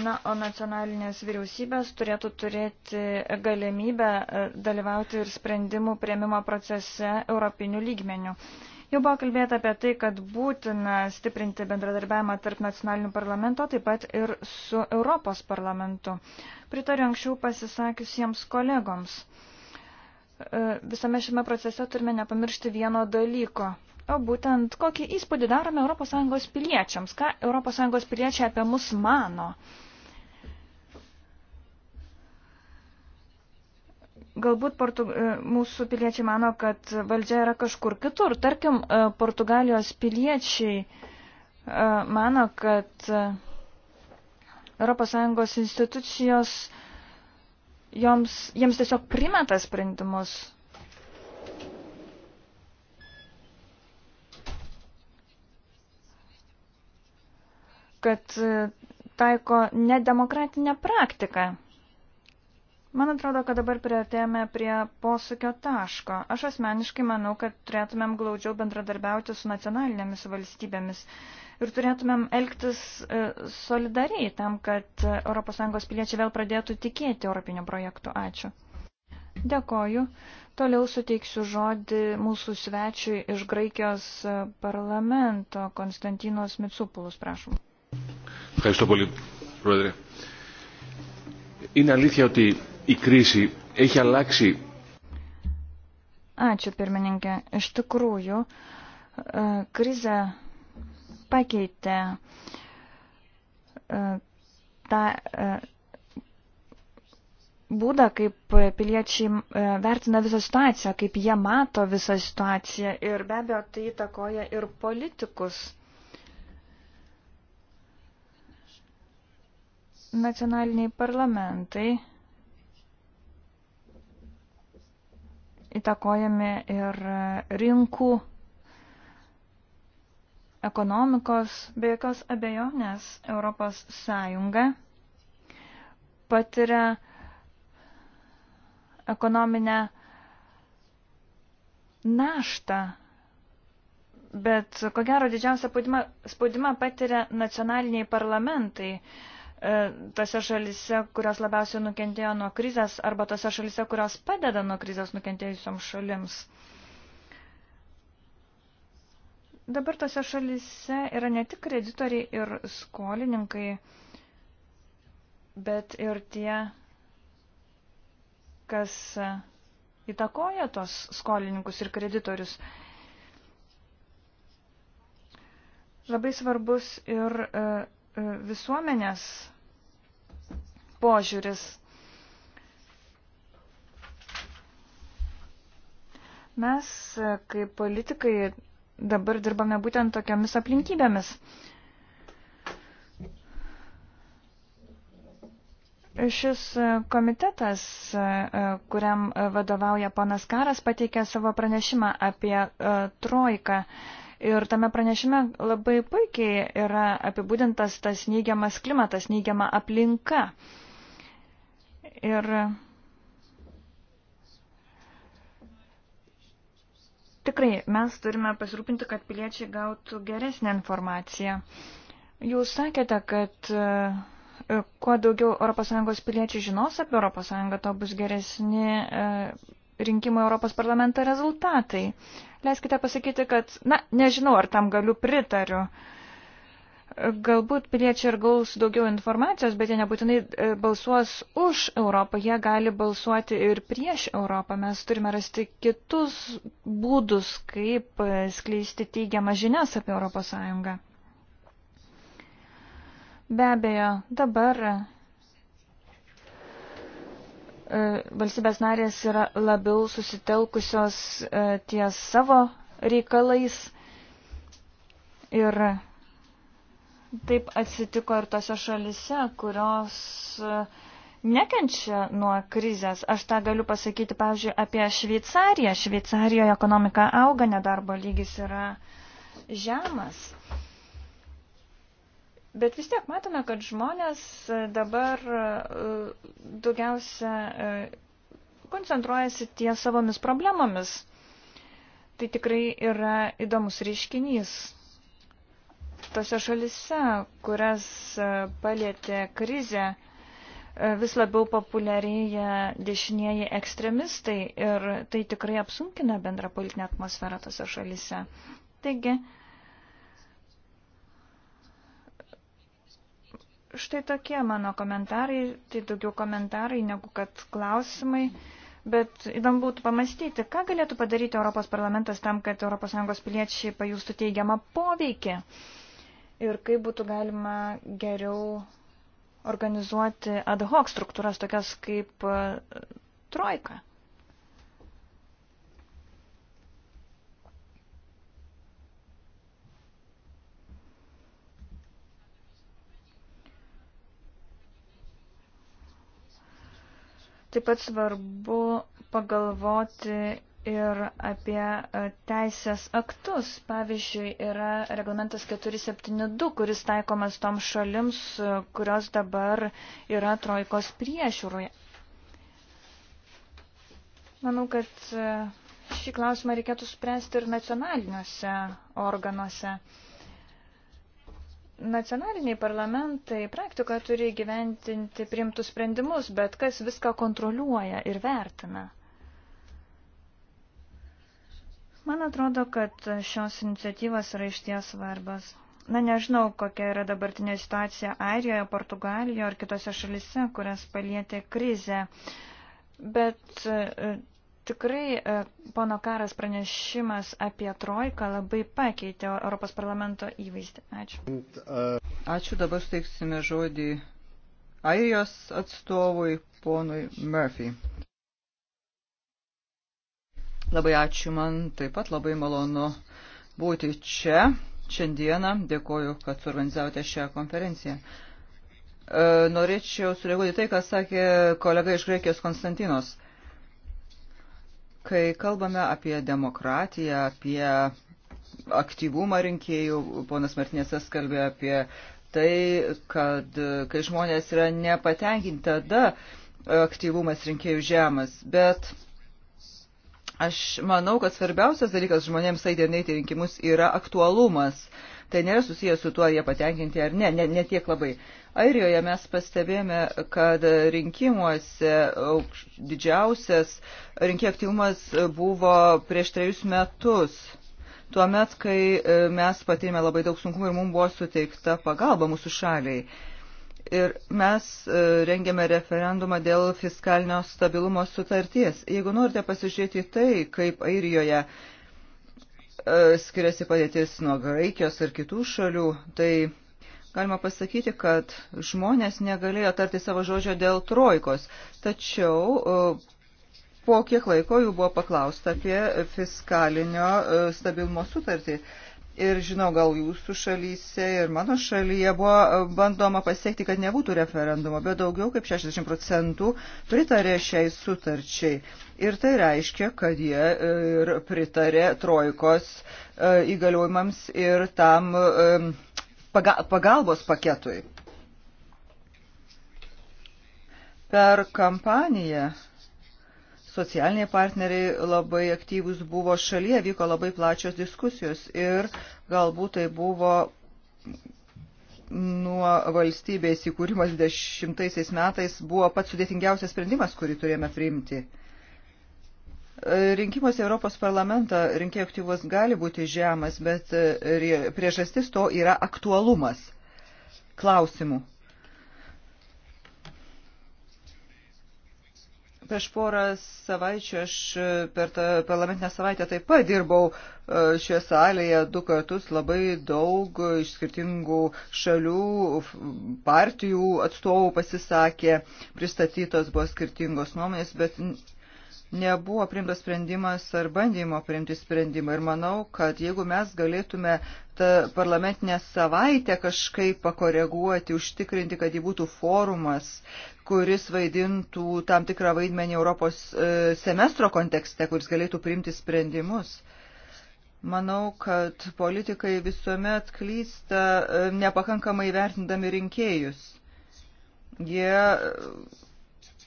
Na, o nacionalinės vyriausybės turėtų turėti galimybę e, dalyvauti ir sprendimų prieimimo procese europinių lygmenių. Jau buvo kalbėta apie tai, kad būtina stiprinti bendradarbiavimą tarp nacionalinių parlamento, taip pat ir su Europos parlamentu. Pritariu anksčiau pasisakiusiems kolegoms. E, visame šiame procese turime nepamiršti vieno dalyko. O būtent, kokį įspūdį darome ES piliečiams, ką ES piliečiai apie mus mano. Galbūt portu, e, mūsų piliečiai mano, kad valdžia yra kažkur kitur. Tarkim, e, Portugalijos piliečiai e, mano, kad ES institucijos joms, jiems tiesiog primeta sprendimus. kad taiko nedemokratinę praktiką. Man atrodo, kad dabar prieartėjame prie posūkio taško. Aš asmeniškai manau, kad turėtumėm glaudžiau bendradarbiauti su nacionalinėmis valstybėmis ir turėtumėm elgtis e, solidariai tam, kad ES piliečiai vėl pradėtų tikėti europinių projektų. Ačiū. Dėkoju. Toliau suteiksiu žodį mūsų svečiui iš Graikijos e, parlamento, Konstantinos Mitsupulus, prašom. Ευχαριστώ πολύ, Πρόεδρε. Είναι αλήθεια ότι η κρίση έχει αλλάξει. Ačiū pirmininkė. Iš tikrųjų, e, krize pakeitė e, tą e, būdą, kaip piliečiai vertina visą situaciją, kaip jie mato visą situaciją ir be abejo tai įtakoja ir politikus. Nacionaliniai parlamentai įtakojami ir rinkų ekonomikos, be jokios abejonės Europos Sąjunga patiria ekonominę naštą, bet ko gero didžiausią spaudimą, spaudimą patiria nacionaliniai parlamentai. Uh, E, tose šalise, kurios labiausiai nukentėjo nuo krizės, arba tose šalise, kurios padeda nuo krizės nukentėjusioms šalims. Dabar tose šalise yra ne tik kreditoriai ir skolininkai, bet ir tie, kas įtakoja tos skolininkus ir kreditorius. Labai svarbus ir uh, E, visuomenės požiūris. Mes, e, kaip politikai, dabar dirbame būtent tokiamis aplinkybėmis. Šis e, komitetas, kuriam vadovauja ponas Karas, pateikė savo pranešimą apie trojką Ir tame pranešime labai puikiai yra apibūdintas tas neigiamas klimatas, neigiama aplinka. Ir tikrai mes turime pasirūpinti, kad piliečiai gautų geresnę informaciją. Jūs sakėte, kad e, kuo daugiau ES piliečių žinos apie ES, to bus geresni e, rinkimų Europos parlamento rezultatai leiskite pasakyti, kad, na, nežinau, ar tam galiu pritariu. Galbūt piliečiai ir gaus daugiau informacijos, bet jie nebūtinai e, balsuos už Europą, jie gali balsuoti ir prieš Europą. Mes turime rasti kitus būdus, kaip e, skleisti teigiamą žinias apie Europos Sąjungą. Be abejo, dabar E, valstybės narės yra labiau susitelkusios e, ties savo reikalais ir taip atsitiko ir tose šalise, kurios e, nekenčia nuo krizės. Aš tą galiu pasakyti, pavyzdžiui, apie Šveicariją. Šveicarijoje ekonomika auga, nedarbo lygis yra žemas. Bet vis tiek matome, kad žmonės e, dabar e, daugiausia e, koncentruojasi ties savomis problemomis. Tai tikrai yra įdomus reiškinys. Tose šalise, kurias palėtė krizė, vis labiau populiarėja dešinieji ekstremistai ir tai tikrai apsunkina bendrą politinę atmosferą tose šalise. Taigi, Štai tokie mano komentarai, tai daugiau komentarai negu kad klausimai. Bet įdomu būtų pamastyti, ką galėtų padaryti Europos parlamentas tam, kad ES piliečiai pajustų teigiamą poveikį ir kaip būtų galima geriau organizuoti ad hoc struktūras tokias kaip e, trojka. Taip pat svarbu pagalvoti ir apie e, teisės aktus. Pavyzdžiui, yra reglamentas 472, kuris taikomas tom šalims, e, kurios dabar yra trojkos priešiūroje. Manau, kad e, šį klausimą reikėtų spręsti ir nacionaliniuose organuose. Nacionaliniai parlamentai praktiką turi gyventinti priimtus sprendimus, bet kas viską kontroliuoja ir vertina. Man atrodo, kad šios iniciatyvas yra išties svarbas. Na, nežinau, kokia yra dabartinė situacija Airijoje, Portugalijoje ar kitose šalise, kurias palietė krizė. Bet Tikrai e, pono Karas pranešimas apie Trojką labai pakeitė Europos parlamento įvaizdį. Ačiū. Ačiū, dabar steiksime žodį Airijos atstovui ponui Murphy. Labai ačiū, man taip pat labai malonu būti čia šiandieną. Dėkoju, kad suorganizavote šią konferenciją. E, norėčiau sureaguoti tai, ką sakė kolega iš Graikijos Konstantinos. Kai kalbame apie demokratiją, apie aktyvumą rinkėjų, ponas Martinėsas kalbėjo apie tai, kad kai žmonės yra nepatenkinti, tada aktyvumas rinkėjų žemas. Bet aš manau, kad svarbiausias dalykas žmonėms eiti rinkimus yra aktualumas. Tai nėra susijęs su tuo, ar jie patenkinti ar ne, ne, ne tiek labai. Uh, Airijoje mes pastebėjome, kad rinkimuose didžiausias rinkėjų aktyvumas buvo prieš trejus metus. Tuomet, kai e, mes patyrėme labai daug sunkumų ir mums buvo suteikta pagalba mūsų šaliai. Ir mes e, rengėme referendumą dėl fiskalinio stabilumo sutarties. Jeigu norite pasižiūrėti tai, kaip Airijoje e, skiriasi padėtis nuo Graikijos ir kitų šalių, tai galima pasakyti, kad žmonės negalėjo tarti savo žodžio dėl trojkos. Tačiau e, po kiek laiko jų buvo paklausta apie fiskalinio e, stabilumo sutartį. Ir žinau, gal jūsų šalyse ir mano šalyje buvo e, bandoma pasiekti, kad nebūtų referendumo, bet daugiau kaip 60 procentų pritarė šiai sutarčiai. Ir tai reiškia, kad jie ir pritarė trojkos įgaliojimams ir tam pagalbos paketui. Per kampaniją socialiniai partneriai labai aktyvus buvo šalyje, vyko labai plačios diskusijos ir galbūt tai buvo nuo valstybės įkūrimo 20 metais buvo pats sudėtingiausias sprendimas, kurį turėjome priimti. Rinkimuose Europos parlamentą rinkėjų aktyvus gali būti žemas, bet e, priežastis to yra aktualumas klausimų. prieš porą savaičių aš e, per tą parlamentinę savaitę taip pat dirbau e, šioje salėje du kartus labai daug iš skirtingų šalių, partijų atstovų pasisakė, pristatytos buvo skirtingos nuomonės, bet nebuvo priimtas sprendimas ar bandymo priimti sprendimą. Ir manau, kad jeigu mes galėtume tą parlamentinę savaitę kažkaip pakoreguoti, užtikrinti, kad ji būtų forumas, kuris vaidintų tam tikrą vaidmenį Europos e, semestro kontekste, kuris galėtų priimti sprendimus. Manau, kad politikai visuomet klysta e, nepakankamai vertindami rinkėjus. Jie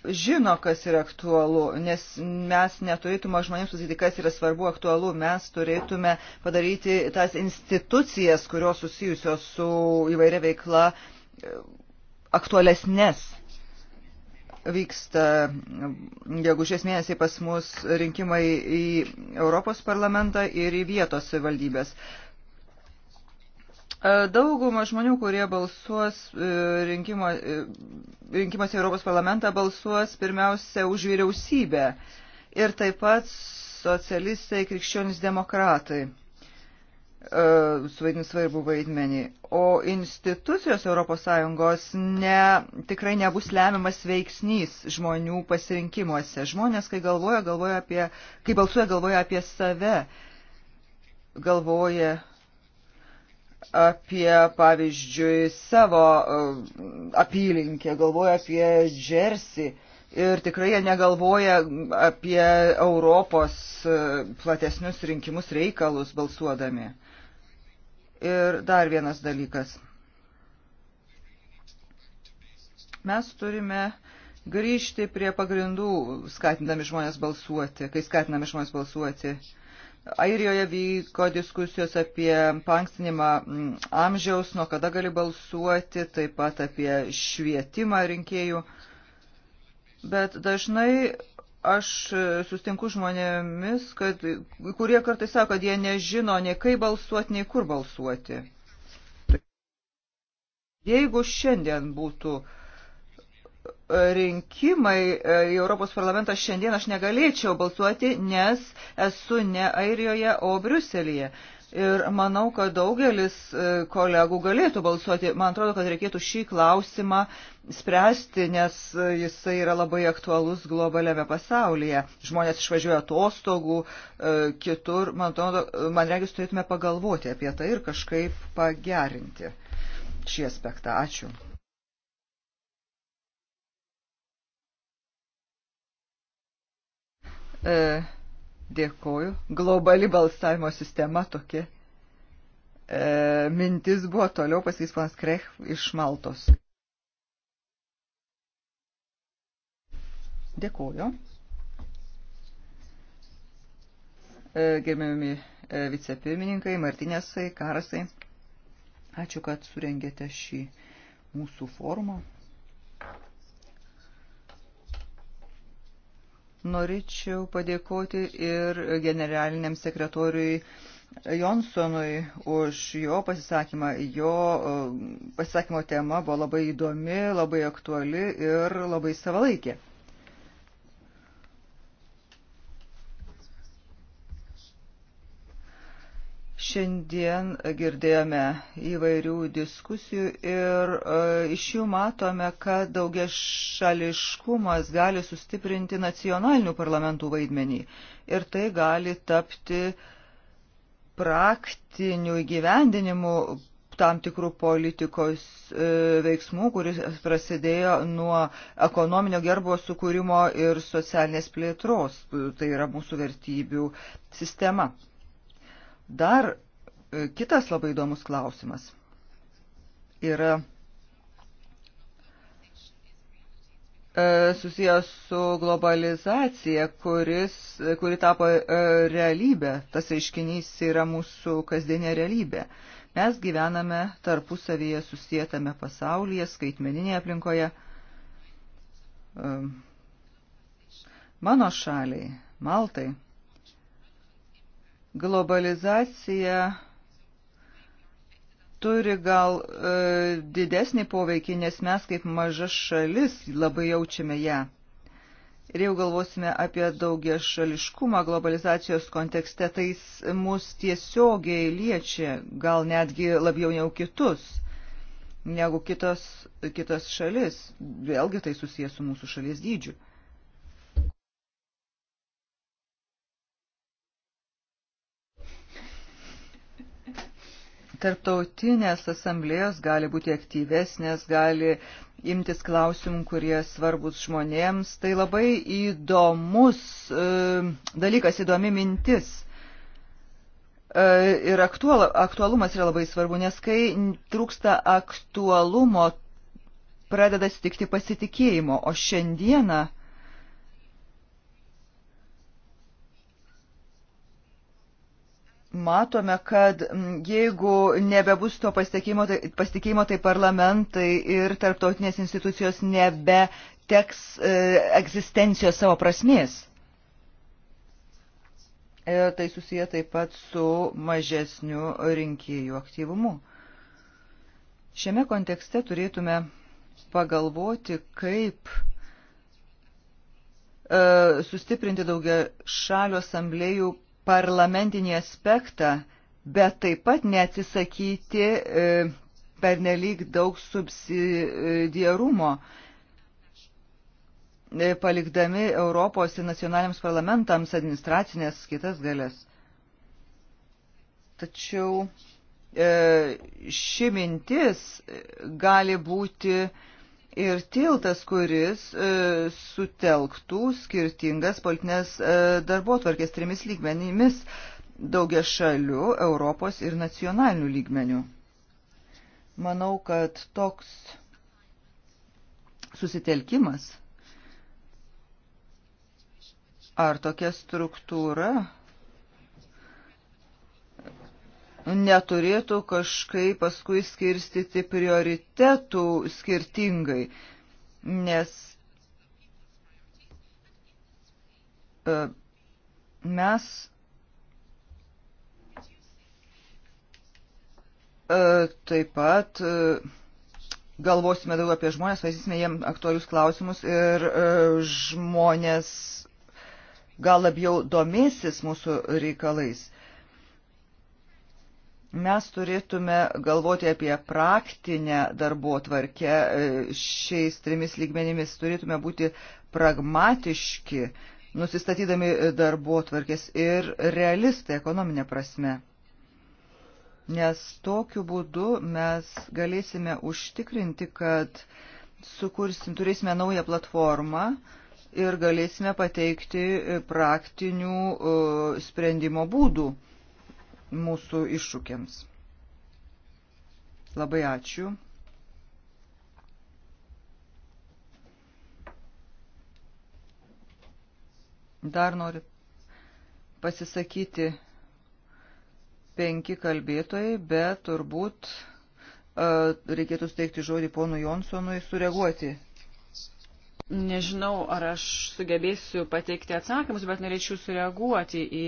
žino, kas yra aktualu, nes mes neturėtume žmonėms pasakyti, kas yra svarbu aktualu, mes turėtume padaryti tas institucijas, kurios susijusios su įvairia veikla, aktualesnės vyksta gegužės mėnesiai pas mus rinkimai į Europos parlamentą ir į vietos valdybės. E, dauguma žmonių, kurie balsuos e, rinkimo, e, rinkimuose Europos parlamentą, balsuos pirmiausia už vyriausybę ir taip pat socialistai, krikščionys demokratai suvaidins svarbų vaidmenį. O institucijos ES ne, tikrai nebus lemiamas veiksnys žmonių pasirinkimuose. Žmonės, kai, galvoja, galvoja apie, kai balsuoja, galvoja apie save, galvoja apie, pavyzdžiui, savo e, apylinkę, galvoja apie Džersį ir tikrai jie negalvoja apie Europos e, platesnius rinkimus reikalus balsuodami. Ir dar vienas dalykas. Mes turime grįžti prie pagrindų, skatindami žmonės balsuoti, kai skatinami žmonės balsuoti. Uh, Airijoje vyko diskusijos apie pankstinimą mm, amžiaus, nuo kada gali balsuoti, taip pat apie švietimą rinkėjų. Bet dažnai aš sustinku žmonėmis, kad, kurie kartais sako, kad jie nežino nei kaip balsuoti, nei kur balsuoti. Jeigu šiandien būtų uh, rinkimai e, į Europos parlamentą šiandien aš negalėčiau balsuoti, nes esu ne Airijoje, o Briuselėje. Ir manau, kad daugelis e, kolegų galėtų balsuoti. Man atrodo, kad reikėtų šį klausimą spręsti, nes e, jisai yra labai aktualus globaliame pasaulyje. Žmonės išvažiuoja atostogų kitur. Man, atrodo, man regis turėtume pagalvoti apie tai ir kažkaip pagerinti šį aspektą. Ačiū. E, dėkoju. Globali balsavimo sistema tokia. E, mintis buvo toliau, pasakys panas Krech iš Maltos. Dėkoju. E, gerbiami e, vicepirmininkai, Martinėsai, Karasai, ačiū, kad surengėte šį mūsų forumą. Norėčiau padėkoti ir generaliniam sekretoriui Jonsonui už jo pasisakymą. Jo e, pasisakymo tema buvo labai įdomi, labai aktuali ir labai savalaikė. Šiandien girdėjome įvairių diskusijų ir e, iš jų matome, kad daugia šališkumas gali sustiprinti nacionalinių parlamentų vaidmenį ir tai gali tapti praktiniu įgyvendinimu tam tikrų politikos e, veiksmų, kuris prasidėjo nuo ekonominio gerbo sukūrimo ir socialinės plėtros. Tai yra mūsų vertybių sistema. Dar kitas labai įdomus klausimas yra e, susijęs su globalizacija, kuris, kuri tapo e, realybė. Tas reiškinys yra mūsų kasdienė realybė. Mes gyvename tarpusavyje susijętame pasaulyje, skaitmeninėje aplinkoje. E, mano šaliai, Maltai, globalizacija turi gal e, didesnį poveikį, nes mes kaip maža šalis labai jaučiame ją. Ir jau galvosime apie daugia šališkumą globalizacijos kontekste, tai mus tiesiogiai liečia, gal netgi labiau negu kitus, negu kitos, kitos šalis. Vėlgi tai susijęs su mūsų šalies dydžiu. tarptautinės asamblėjos gali būti aktyvesnės, gali imtis klausimų, kurie svarbus žmonėms. Tai labai įdomus e, dalykas, įdomi mintis. E, ir aktual, aktualumas yra labai svarbu, nes kai trūksta aktualumo, pradeda stikti pasitikėjimo, o šiandieną matome, kad jeigu nebebus to pasitikėjimo, tai, pasitikėjimo, tai parlamentai ir tarptautinės institucijos nebeteks e, egzistencijos savo prasmės. Ir tai susiję taip pat su mažesniu rinkėjų aktyvumu. Šiame kontekste turėtume pagalvoti, kaip e, sustiprinti daugia šalių asamblėjų parlamentinį aspektą, bet taip pat neatsisakyti e, pernelyg daug subsidiarumo, e, palikdami Europos ir nacionaliniams parlamentams administracinės kitas galės. Tačiau e, ši mintis gali būti ir tiltas, kuris e, sutelktų skirtingas politinės e, darbo tvarkės trimis lygmenimis daugia šalių, Europos ir nacionalinių lygmenių. Manau, kad toks susitelkimas ar tokia struktūra neturėtų kažkaip paskui skirstyti prioritetų skirtingai, nes e, mes e, taip pat e, galvosime daugiau apie žmonės, vaizysime jiems aktualius klausimus ir žmonės gal labiau domėsis mūsų reikalais. Mes turėtume galvoti apie praktinę darbo tvarkę e, šiais trimis lygmenimis, turėtume būti pragmatiški, nusistatydami darbo tvarkės ir realistai ekonominė prasme. Nes tokiu būdu mes galėsime užtikrinti, kad sukursim, turėsime naują platformą ir galėsime pateikti praktinių e, sprendimo būdų mūsų iššūkiams. Labai ačiū. Dar noriu pasisakyti penki kalbėtojai, bet turbūt e, reikėtų steigti žodį ponu Jonsonui sureaguoti Nežinau, ar aš sugebėsiu pateikti atsakymus, bet norėčiau sureaguoti į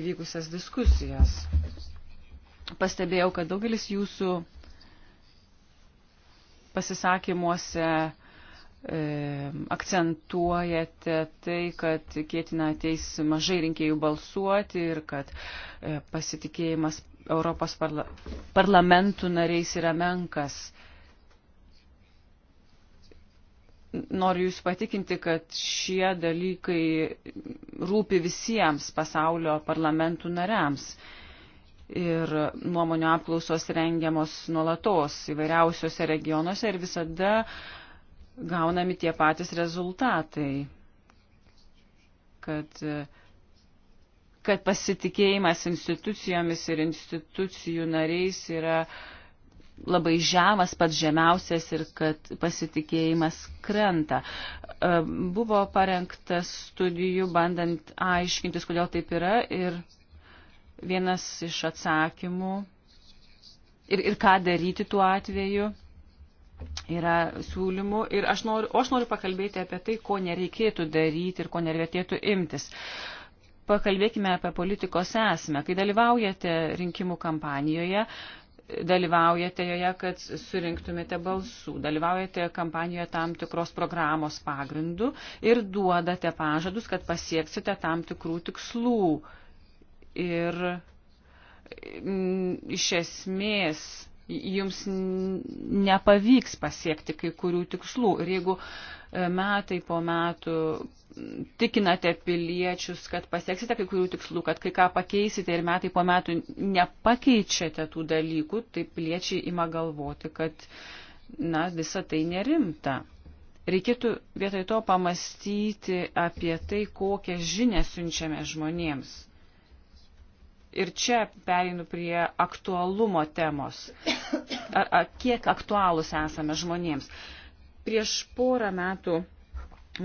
įvykusias diskusijas. Pastebėjau, kad daugelis jūsų pasisakymuose e, akcentuojate tai, kad tikėtina ateis mažai rinkėjų balsuoti ir kad e, pasitikėjimas Europos parla parlamentų nariais yra menkas. E, noriu Jūs patikinti, kad šie dalykai rūpi visiems pasaulio parlamentų nariams. Ir nuomonio apklausos rengiamos nuolatos įvairiausiose regionuose ir visada gaunami tie patys rezultatai, kad, kad pasitikėjimas institucijomis ir institucijų nariais yra uh, labai žemas, pats žemiausias ir kad pasitikėjimas krenta. E, buvo parengtas studijų, bandant aiškintis, kodėl taip yra ir vienas iš atsakymų ir, ir ką daryti tuo atveju yra siūlymų ir aš noriu, aš noriu pakalbėti apie tai, ko nereikėtų daryti ir ko nereikėtų imtis. Pakalbėkime apie politikos esmę. Kai dalyvaujate rinkimų kampanijoje, uh, dalyvaujate joje, kad surinktumėte balsų, dalyvaujate kampanijoje tam tikros programos pagrindų ir duodate pažadus, kad pasieksite tam tikrų tikslų. Ir m, mm, iš esmės jums nepavyks pasiekti kai kurių tikslų. Ir jeigu e, metai po metų tikinate piliečius, kad pasieksite kai kurių tikslų, kad kai ką pakeisite ir metai po metų nepakeičiate tų dalykų, tai piliečiai ima galvoti, kad na, visa tai nerimta. Reikėtų vietoj to pamastyti apie tai, kokią žinę siunčiame žmonėms Ir čia perinu prie aktualumo temos. A, a, kiek aktualūs esame žmonėms. Prieš porą metų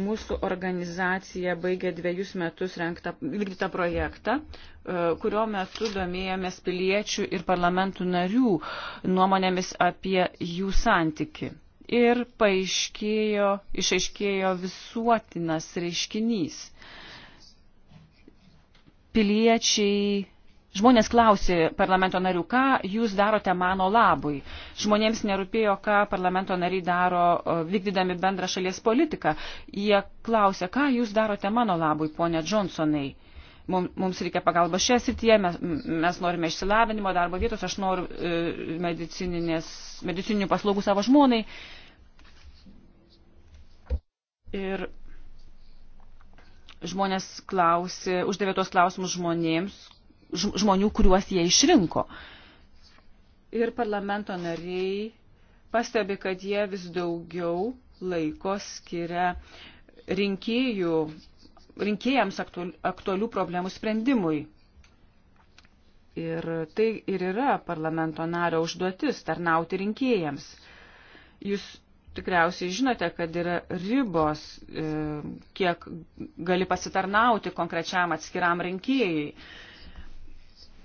mūsų organizacija baigė dviejus metus renktą, vykdytą projektą, e, kurio metu domėjomės piliečių ir parlamentų narių nuomonėmis apie jų santyki. Ir paaiškėjo, išaiškėjo visuotinas reiškinys. Piliečiai Žmonės klausė parlamento narių, ką jūs darote mano labui. Žmonėms nerūpėjo, ką parlamento nariai daro vykdydami bendrą šalies politiką. Jie klausė, ką jūs darote mano labui, ponia Johnsonai. Mums reikia pagalba šioje srityje, mes, mes norime išsilavinimo darbo vietos, aš noriu e, medicininių paslaugų savo žmonai. Ir žmonės klausė, uždavė tuos klausimus žmonėms, žmonių, kuriuos jie išrinko. Ir parlamento nariai pastebi, kad jie vis daugiau laiko skiria rinkėjų, rinkėjams aktualių problemų sprendimui. Ir tai ir yra parlamento nario užduotis - tarnauti rinkėjams. Jūs tikriausiai žinote, kad yra ribos, e, kiek gali pasitarnauti konkrečiam atskiram rinkėjai.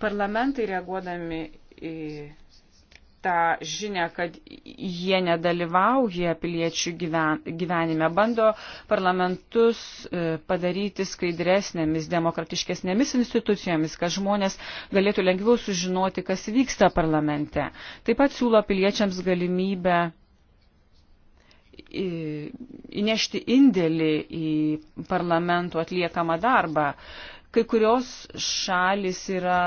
Parlamentai reaguodami į tą žinę, kad jie nedalyvauja piliečių gyven, gyvenime, bando parlamentus e, padaryti skaidresnėmis, demokratiškesnėmis institucijomis, kad žmonės galėtų lengviau sužinoti, kas vyksta parlamente. Taip pat siūlo piliečiams galimybę įnešti indėlį į parlamentų atliekamą darbą. Kai kurios šalis yra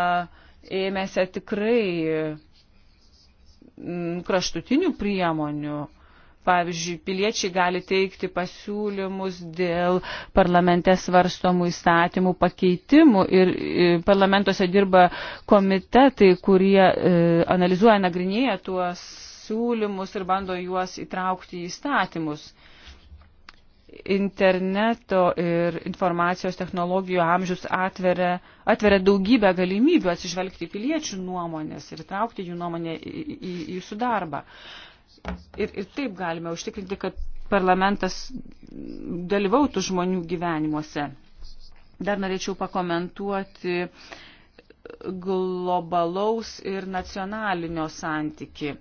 ėmėse tikrai mm, kraštutinių priemonių. Pavyzdžiui, piliečiai gali teikti pasiūlymus dėl parlamente svarstomų įstatymų pakeitimų ir e, parlamentuose dirba komitetai, kurie e, analizuoja, nagrinėja tuos siūlymus ir bando juos įtraukti į įstatymus interneto ir informacijos technologijų amžius atveria, atveria daugybę galimybių atsižvelgti į piliečių nuomonės ir traukti jų nuomonę į, į, į jūsų darbą. Ir, ir taip galime užtikrinti, kad parlamentas dalyvautų žmonių gyvenimuose. Dar norėčiau pakomentuoti globalaus ir nacionalinio santyki.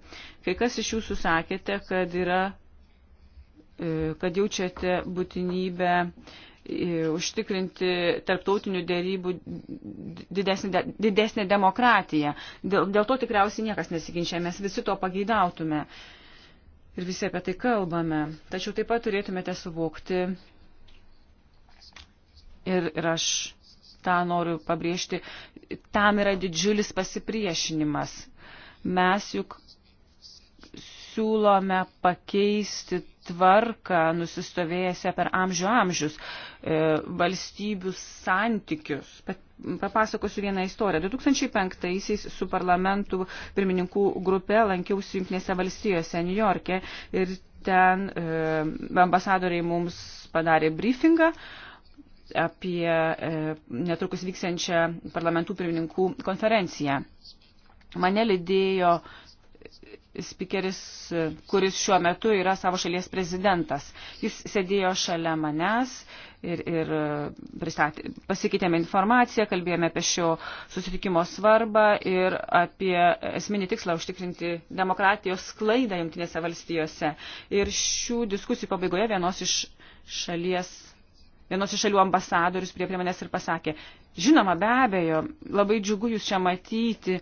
Kai kas iš jūsų sakėte, kad yra E, kad jaučiate būtinybę e, užtikrinti tarptautinių dėrybų didesnį, didesnį demokratiją. Dėl, dėl to tikriausiai niekas nesiginčia, mes visi to pageidautume ir visi apie tai kalbame. Tačiau taip pat turėtumėte suvokti ir, ir aš tą noriu pabrėžti, tam yra didžiulis pasipriešinimas. Mes juk siūlome pakeisti tvarką nusistovėjusią per amžių amžius e, valstybių santykius. Papasakosiu vieną istoriją. 2005-aisiais su parlamentų pirmininkų grupė lankiausi Junktinėse valstijose, New York'e ir ten e, ambasadoriai mums padarė briefingą apie e, netrukus vyksiančią parlamentų pirmininkų konferenciją. Mane lydėjo spikeris, kuris šiuo metu yra savo šalies prezidentas. Jis sėdėjo šalia manęs ir, ir pristatė, pasikeitėme informaciją, kalbėjome apie šio susitikimo svarbą ir apie esminį tikslą užtikrinti demokratijos sklaidą Junktinėse valstijose. Ir šių diskusijų pabaigoje vienos iš šalies vienos iš šalių ambasadorius prie, prie manęs ir pasakė, žinoma, be abejo, labai džiugu jūs čia matyti,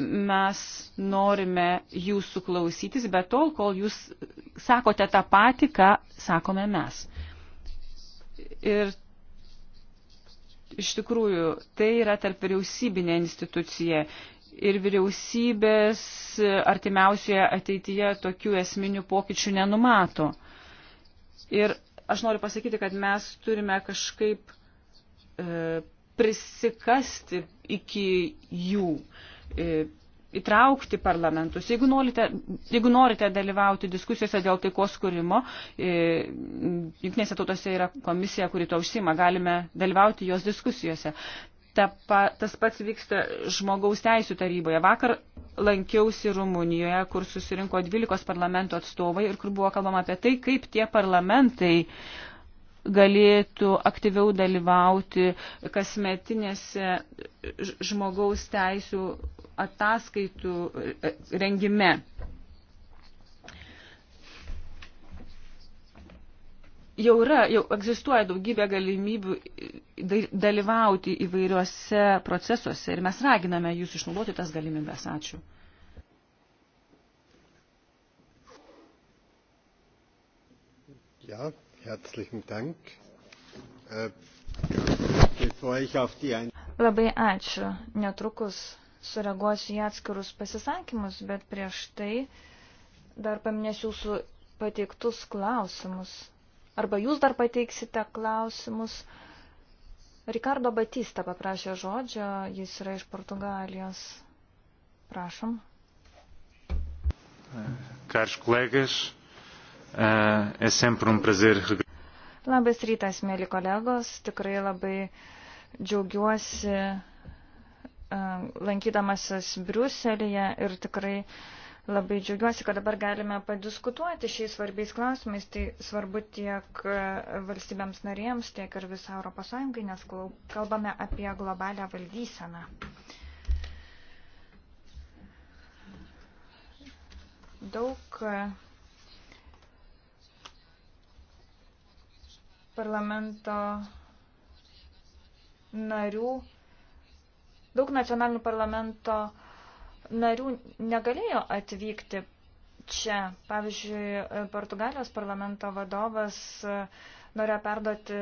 mes norime jūsų klausytis, bet tol, kol jūs sakote tą patį, ką sakome mes. Ir iš tikrųjų, tai yra tarp vyriausybinė institucija ir vyriausybės artimiausioje ateityje tokių esminių pokyčių nenumato. Ir aš noriu pasakyti, kad mes turime kažkaip e, prisikasti iki jų, e, įtraukti parlamentus. Jeigu norite, jeigu norite dalyvauti diskusijose dėl taikos kūrimo, e, jungtinėse tautose yra komisija, kuri to užsima, galime dalyvauti jos diskusijose ta pa, tas pats vyksta žmogaus teisų taryboje. Vakar lankiausi Rumunijoje, kur susirinko 12 parlamento atstovai ir kur buvo kalbama apie tai, kaip tie parlamentai galėtų aktyviau dalyvauti kasmetinėse žmogaus teisų ataskaitų rengime. jau yra, jau egzistuoja daugybė galimybių e, dalyvauti įvairiuose procesuose ir mes raginame jūs išnaudoti tas galimybės. Ačiū. Ja, herzlichen Dank. Äh, Labai ačiū. Netrukus sureaguosiu į atskirus pasisakymus, bet prieš tai dar paminėsiu jūsų pateiktus klausimus. Arba jūs dar pateiksite klausimus. Ricardo Batista paprašė žodžio, jis yra iš Portugalijos. Prašom. Caros colegas, eh, é sempre um prazer. Labas rytas, mėly kolegos. Tikrai labai džiaugiuosi eh, lankydamasis Briuselėje ir tikrai uh, Labai džiaugiuosi, kad dabar galime padiskutuoti šiais svarbiais klausimais. Tai svarbu tiek valstybėms narėms, tiek ir visą Europos Sąjungai, nes kalbame apie globalią valdyseną. Daug parlamento narių, daug nacionalinių parlamento narių narių negalėjo atvykti čia. Pavyzdžiui, Portugalijos parlamento vadovas e, norėjo perduoti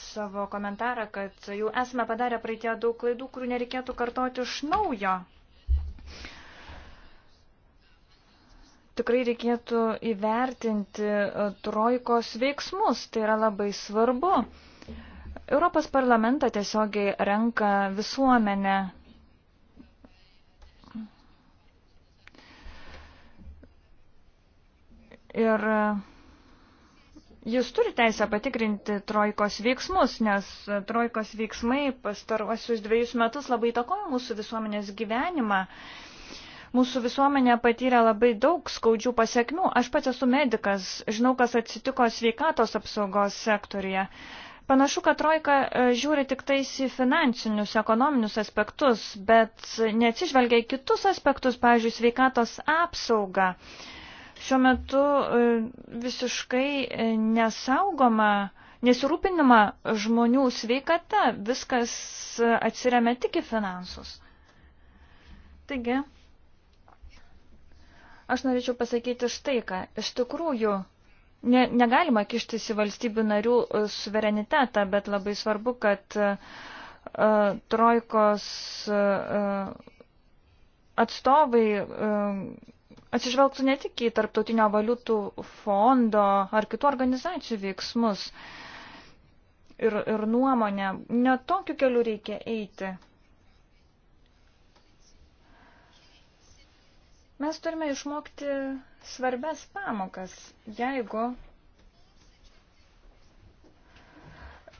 savo komentarą, kad jau esame padarę praeitie daug klaidų, kurių nereikėtų kartoti iš naujo. Tikrai reikėtų įvertinti e, trojkos veiksmus, tai yra labai svarbu. Europos parlamentą tiesiogiai renka visuomenė, Ir e, jis turi teisę patikrinti trojkos veiksmus, nes e, trojkos veiksmai pastaruosius dviejus metus labai takoja mūsų visuomenės gyvenimą. Mūsų visuomenė patyrė labai daug skaudžių pasiekmių. Aš pats esu medikas, žinau, kas atsitiko sveikatos apsaugos sektorija. Panašu, kad trojka e, žiūri tik tais į finansinius, ekonominius aspektus, bet neatsižvelgia į kitus aspektus, pavyzdžiui, sveikatos apsaugą. Uh, Šiuo metu e, visiškai e, nesaugoma, nesirūpinima žmonių sveikata, viskas e, atsiriame tik į finansus. Taigi, aš norėčiau pasakyti štai ką. Iš tikrųjų, ne, negalima kištis į valstybių narių suverenitetą, bet labai svarbu, kad uh, trojkos uh, atstovai uh, atsižvelgtų ne tik į tarptautinio valiutų fondo ar kitų organizacijų veiksmus ir, ir nuomonę. Ne tokiu keliu reikia eiti. Mes turime išmokti svarbes pamokas, jeigu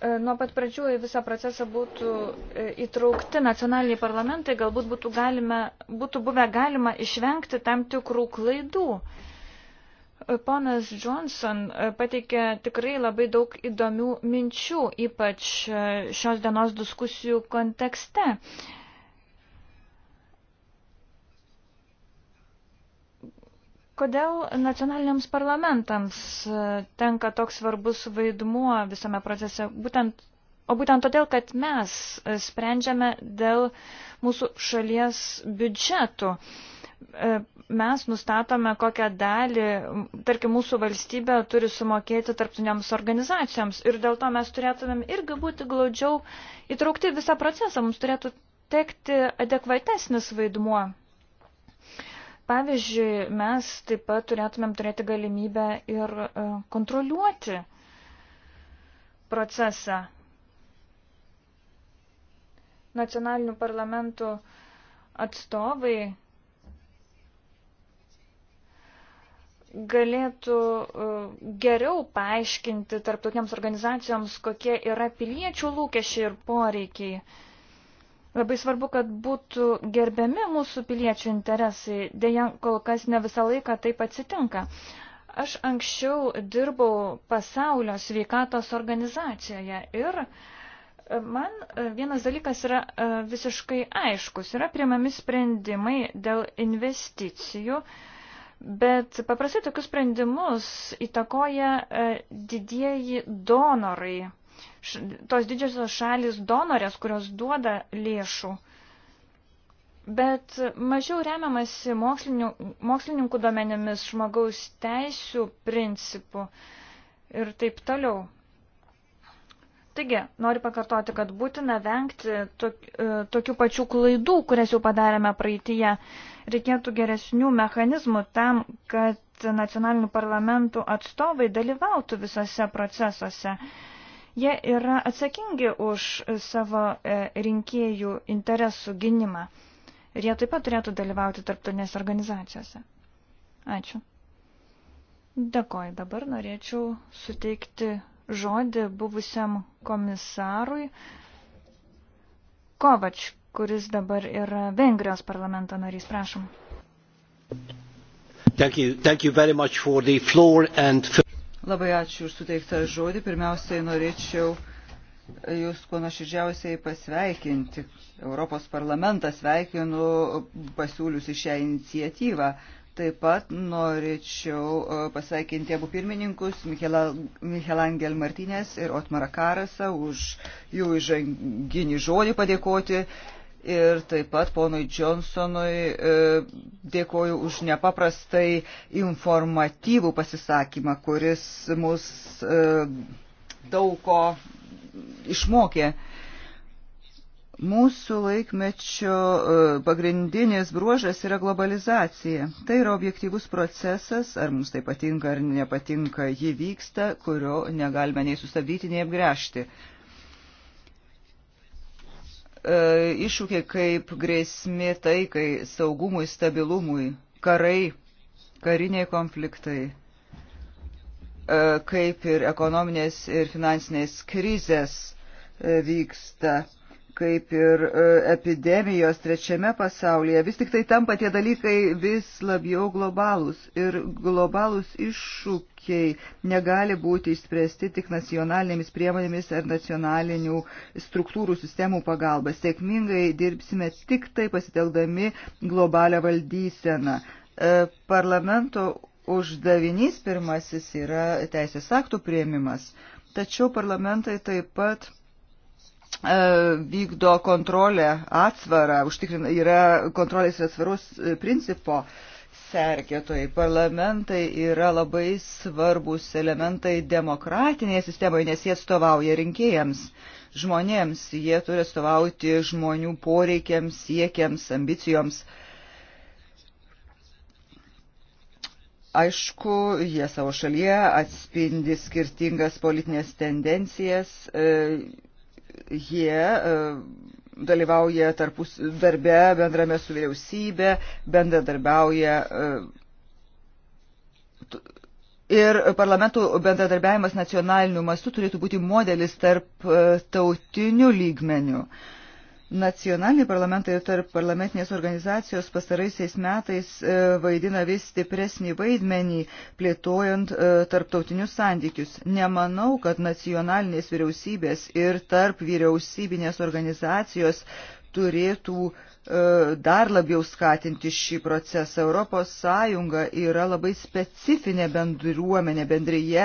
E, nuo pat pradžių į visą procesą būtų e, įtraukti nacionaliniai parlamentai, galbūt būtų, galime, būtų buvę galima išvengti tam tikrų klaidų. E, ponas Johnson pateikė tikrai labai daug įdomių minčių, ypač šios dienos diskusijų kontekste. Kodėl nacionaliniams parlamentams e, tenka toks svarbus vaidmuo visame procese, būtent, o būtent todėl, kad mes e, sprendžiame dėl mūsų šalies biudžetų. E, mes nustatome, kokią dalį, tarkim, mūsų valstybė turi sumokėti tarptautiniams organizacijoms ir dėl to mes turėtumėm irgi būti glaudžiau įtraukti visą procesą, mums turėtų tekti adekvatesnis vaidmuo. Pavyzdžiui, mes taip pat turėtumėm turėti galimybę ir e, kontroliuoti procesą. Nacionalinių parlamentų atstovai galėtų e, geriau paaiškinti tarptautiniams organizacijoms, kokie yra piliečių lūkesčiai ir poreikiai. Labai svarbu, kad būtų gerbiami mūsų piliečių interesai. Deja, kol kas ne visą laiką taip atsitinka. Aš anksčiau dirbau pasaulio sveikatos organizacijoje ir e, man e, vienas dalykas yra e, visiškai aiškus. Yra priemami sprendimai dėl investicijų, bet paprastai tokius sprendimus įtakoja didieji donorai tos didžiosios šalis donorės, kurios duoda lėšų. Bet mažiau remiamasi mokslininkų duomenėmis, žmogaus teisų principų ir taip toliau. Taigi, noriu pakartoti, kad būtina vengti e, tokių pačių klaidų, kurias jau padarėme praeitįje. Reikėtų geresnių mechanizmų tam, kad nacionalinių parlamentų atstovai dalyvautų visose procesuose. Uh, Jie yra atsakingi už savo e, rinkėjų interesų gynimą. Ir jie taip pat turėtų dalyvauti tarptautinėse organizacijose. Ačiū. Dėkoju. Dabar norėčiau suteikti žodį buvusiam komisarui Kovač, kuris dabar yra Vengrijos parlamento narys. Prašom. Thank you. Thank you very much for the floor and... Labai ačiū už suteiktą žodį. Pirmiausiai norėčiau Jūs kuo nuoširdžiausiai pasveikinti. Europos parlamentas sveikinu pasiūliusi šią iniciatyvą. Taip pat norėčiau e, pasveikinti abu pirmininkus, Michelangel Martinės ir Otmarą Karasą, už jų įžanginį žodį padėkoti ir taip pat ponui Johnsonui e, dėkoju už nepaprastai informatyvų pasisakymą, kuris mus e, daug ko išmokė. Mūsų laikmečio e, pagrindinis bruožas yra globalizacija. Tai yra objektyvus procesas, ar mums tai patinka ar nepatinka, ji vyksta, kurio negalime nei sustabdyti, nei apgręžti. E, iššūkiai kaip grėsmė taikai, saugumui, stabilumui, karai, kariniai konfliktai, e, kaip ir ekonominės ir finansinės krizės e, vyksta kaip ir e, epidemijos trečiame pasaulyje, vis tik tai tampa tie dalykai vis labiau globalūs ir globalūs iššūkiai negali būti išspręsti tik nacionalinėmis priemonėmis ar nacionalinių struktūrų sistemų pagalba. Sėkmingai dirbsime tik tai pasitelkdami globalią valdyseną. E, parlamento uždavinys pirmasis yra teisės aktų prieimimas, tačiau parlamentai taip pat E, vykdo kontrolę, atsvarą, užtikrina, yra kontrolės ir atsvaros e, principo sergėtojai. Parlamentai yra labai svarbus elementai demokratinėje sistemoje, nes jie atstovauja rinkėjams, žmonėms, jie turi atstovauti žmonių poreikiams, siekiams, ambicijoms. aišku, jie savo šalyje atspindi skirtingas politinės tendencijas, e, jie e, dalyvauja tarpus darbe, bendrame su vyriausybė, bendradarbiauja e, Ir parlamentų bendradarbiavimas nacionaliniu mastu turėtų būti modelis tarp e, tautinių lygmenių. Uh, Nacionaliniai parlamentai ir tarp parlamentinės organizacijos pastaraisiais metais e, vaidina vis stipresnį vaidmenį plėtojant e, tarptautinius santykius. Nemanau, kad nacionalinės vyriausybės ir tarp vyriausybinės organizacijos turėtų uh, E, dar labiau skatinti šį procesą. Europos Sąjunga yra labai specifinė bendruomenė, bendryje,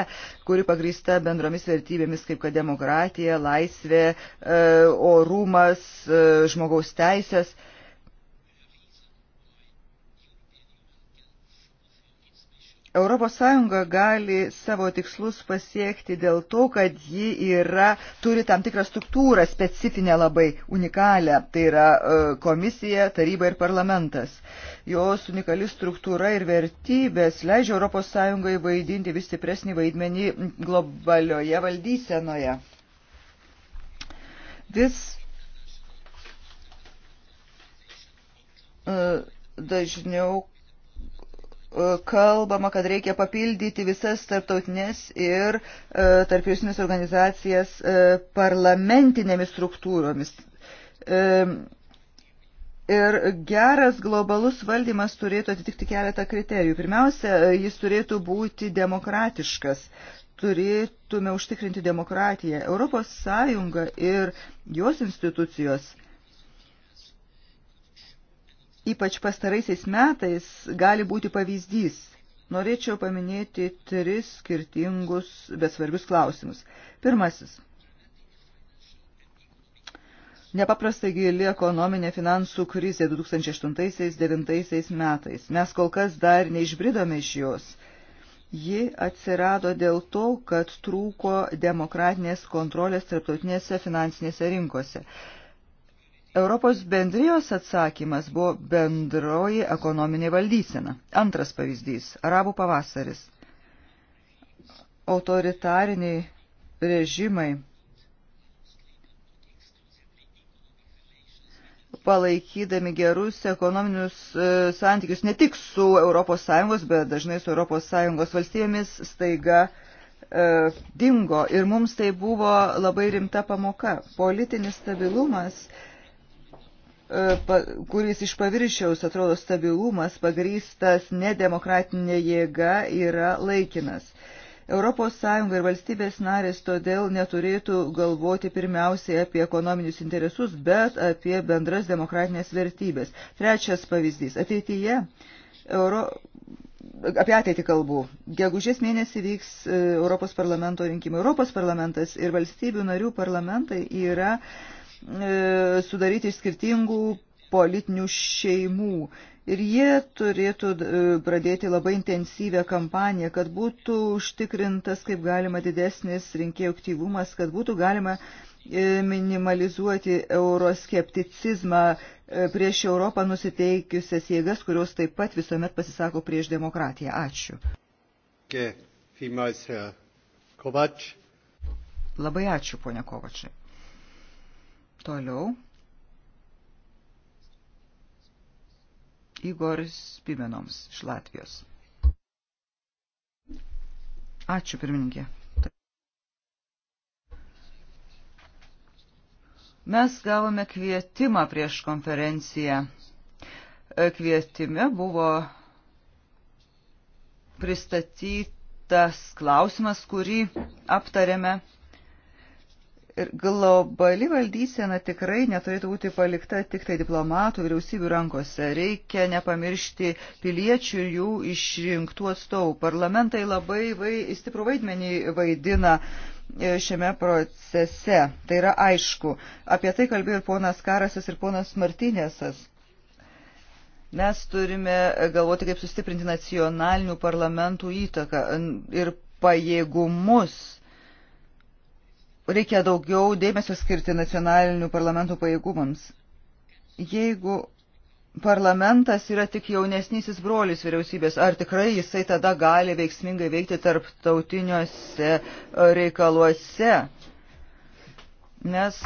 kuri pagrįsta bendromis vertybėmis, kaip kad demokratija, laisvė, e, orumas, e, žmogaus teisės. ES gali savo tikslus pasiekti dėl to, kad ji yra, turi tam tikrą struktūrą, specifinę labai unikalią, tai yra e, komisija, taryba ir parlamentas. Jos unikali struktūra ir vertybės leidžia ES vaidinti vis stipresnį vaidmenį globalioje valdysenoje. Vis e, dažniau E, kalbama, kad reikia papildyti visas tarptautinės ir e, tarpjūsinės organizacijas e, parlamentinėmis struktūromis. Ir geras globalus valdymas turėtų atitikti keletą kriterijų. Pirmiausia, jis turėtų būti demokratiškas. Turėtume užtikrinti demokratiją. Europos Sąjunga ir jos institucijos – ypač pastaraisiais metais, gali būti pavyzdys. Norėčiau paminėti tris skirtingus, bet svarbius klausimus. Pirmasis. Nepaprastai gili ekonominė finansų krizė 2008-2009 metais. Mes kol kas dar neišbridome iš jos. Ji atsirado dėl to, kad trūko demokratinės kontrolės tarptautinėse finansinėse rinkose. Europos bendrijos atsakymas buvo bendroji ekonominė valdysena. Antras pavyzdys – arabų pavasaris. Autoritariniai režimai palaikydami gerus ekonominius e, santykius ne tik su ES, bet dažnai su ES valstybėmis staiga e, dingo. Ir mums tai buvo labai rimta pamoka. Politinis stabilumas kuris iš paviršiaus atrodo stabilumas pagrystas nedemokratinė jėga yra laikinas. ES ir valstybės narės todėl neturėtų galvoti pirmiausiai apie ekonominius interesus, bet apie bendras demokratinės vertybės. Trečias pavyzdys. Ateityje Euro... Apie ateitį kalbu. Gegužės mėnesį vyks e, Europos parlamento rinkimai. Europos parlamentas ir valstybių narių parlamentai yra uh, E, sudaryti iš skirtingų politinių šeimų. Ir jie turėtų e, pradėti labai intensyvę kampaniją, kad būtų užtikrintas kaip galima didesnis rinkėjų aktyvumas, kad būtų galima e, minimalizuoti euroskepticizmą prieš Europą nusiteikiusias jėgas, kurios taip pat visuomet pasisako prieš demokratiją. Ačiū. Labai ačiū, ponia Kovačiai. Toliau. Igoris Pimenoms iš Latvijos. Ačiū, pirmininkė. Mes gavome kvietimą prieš konferenciją. E, kvietime buvo pristatytas klausimas, kurį aptarėme Ir globali valdysena tikrai neturėtų būti palikta tik tai diplomatų vyriausybių rankose. Reikia nepamiršti piliečių ir jų išrinktų atstovų. Parlamentai labai vai, stiprų vaidmenį vaidina e, šiame procese. Tai yra aišku. Apie tai kalbėjo ir ponas Karasas ir ponas Martinėsas. Mes turime galvoti, kaip sustiprinti nacionalinių parlamentų įtaką ir pajėgumus reikia daugiau dėmesio skirti nacionalinių parlamentų pajėgumams. Jeigu parlamentas yra tik jaunesnysis brolis vyriausybės, ar tikrai jisai tada gali veiksmingai veikti tarptautiniuose e, reikaluose? Mes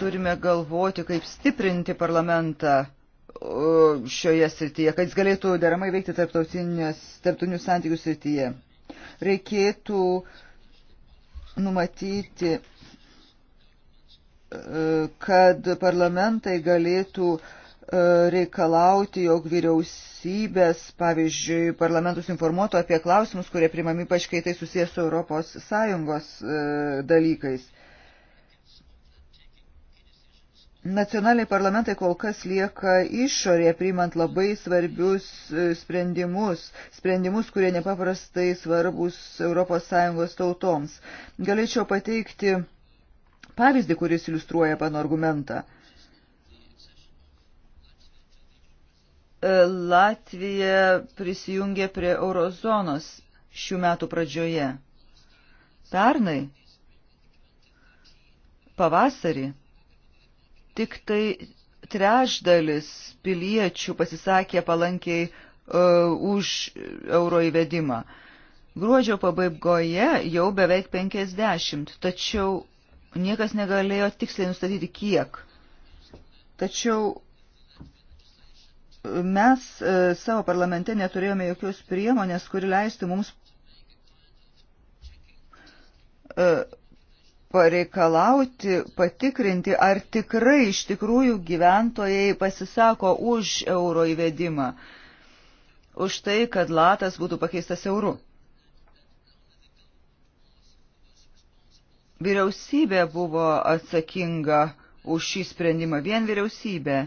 turime galvoti, kaip stiprinti parlamentą šioje srityje, kad jis galėtų deramai veikti tarptautinius santykius srityje. Reikėtų uh, numatyti, e, kad parlamentai galėtų e, reikalauti, jog vyriausybės, pavyzdžiui, parlamentus informuotų apie klausimus, kurie primami paškai tai susijęs su Europos Sąjungos e, dalykais. Nacionaliniai parlamentai kol kas lieka išorėje, priimant labai svarbius e, sprendimus, sprendimus, kurie nepaprastai svarbus ES tautoms. Galėčiau pateikti pavyzdį, kuris iliustruoja mano argumentą. E, Latvija prisijungė prie eurozonos šių metų pradžioje. Pernai, pavasarį, tik tai trešdalis piliečių pasisakė palankiai uh, už euro įvedimą. Gruodžio pabaigoje jau beveik 50, tačiau niekas negalėjo tiksliai nustatyti kiek. Tačiau mes uh, savo parlamente neturėjome jokios priemonės, kuri leistų mums uh, pareikalauti, patikrinti, ar tikrai iš tikrųjų gyventojai pasisako už euro įvedimą, už tai, kad latas būtų pakeistas euru. Vyriausybė buvo atsakinga už šį sprendimą, vien vyriausybė.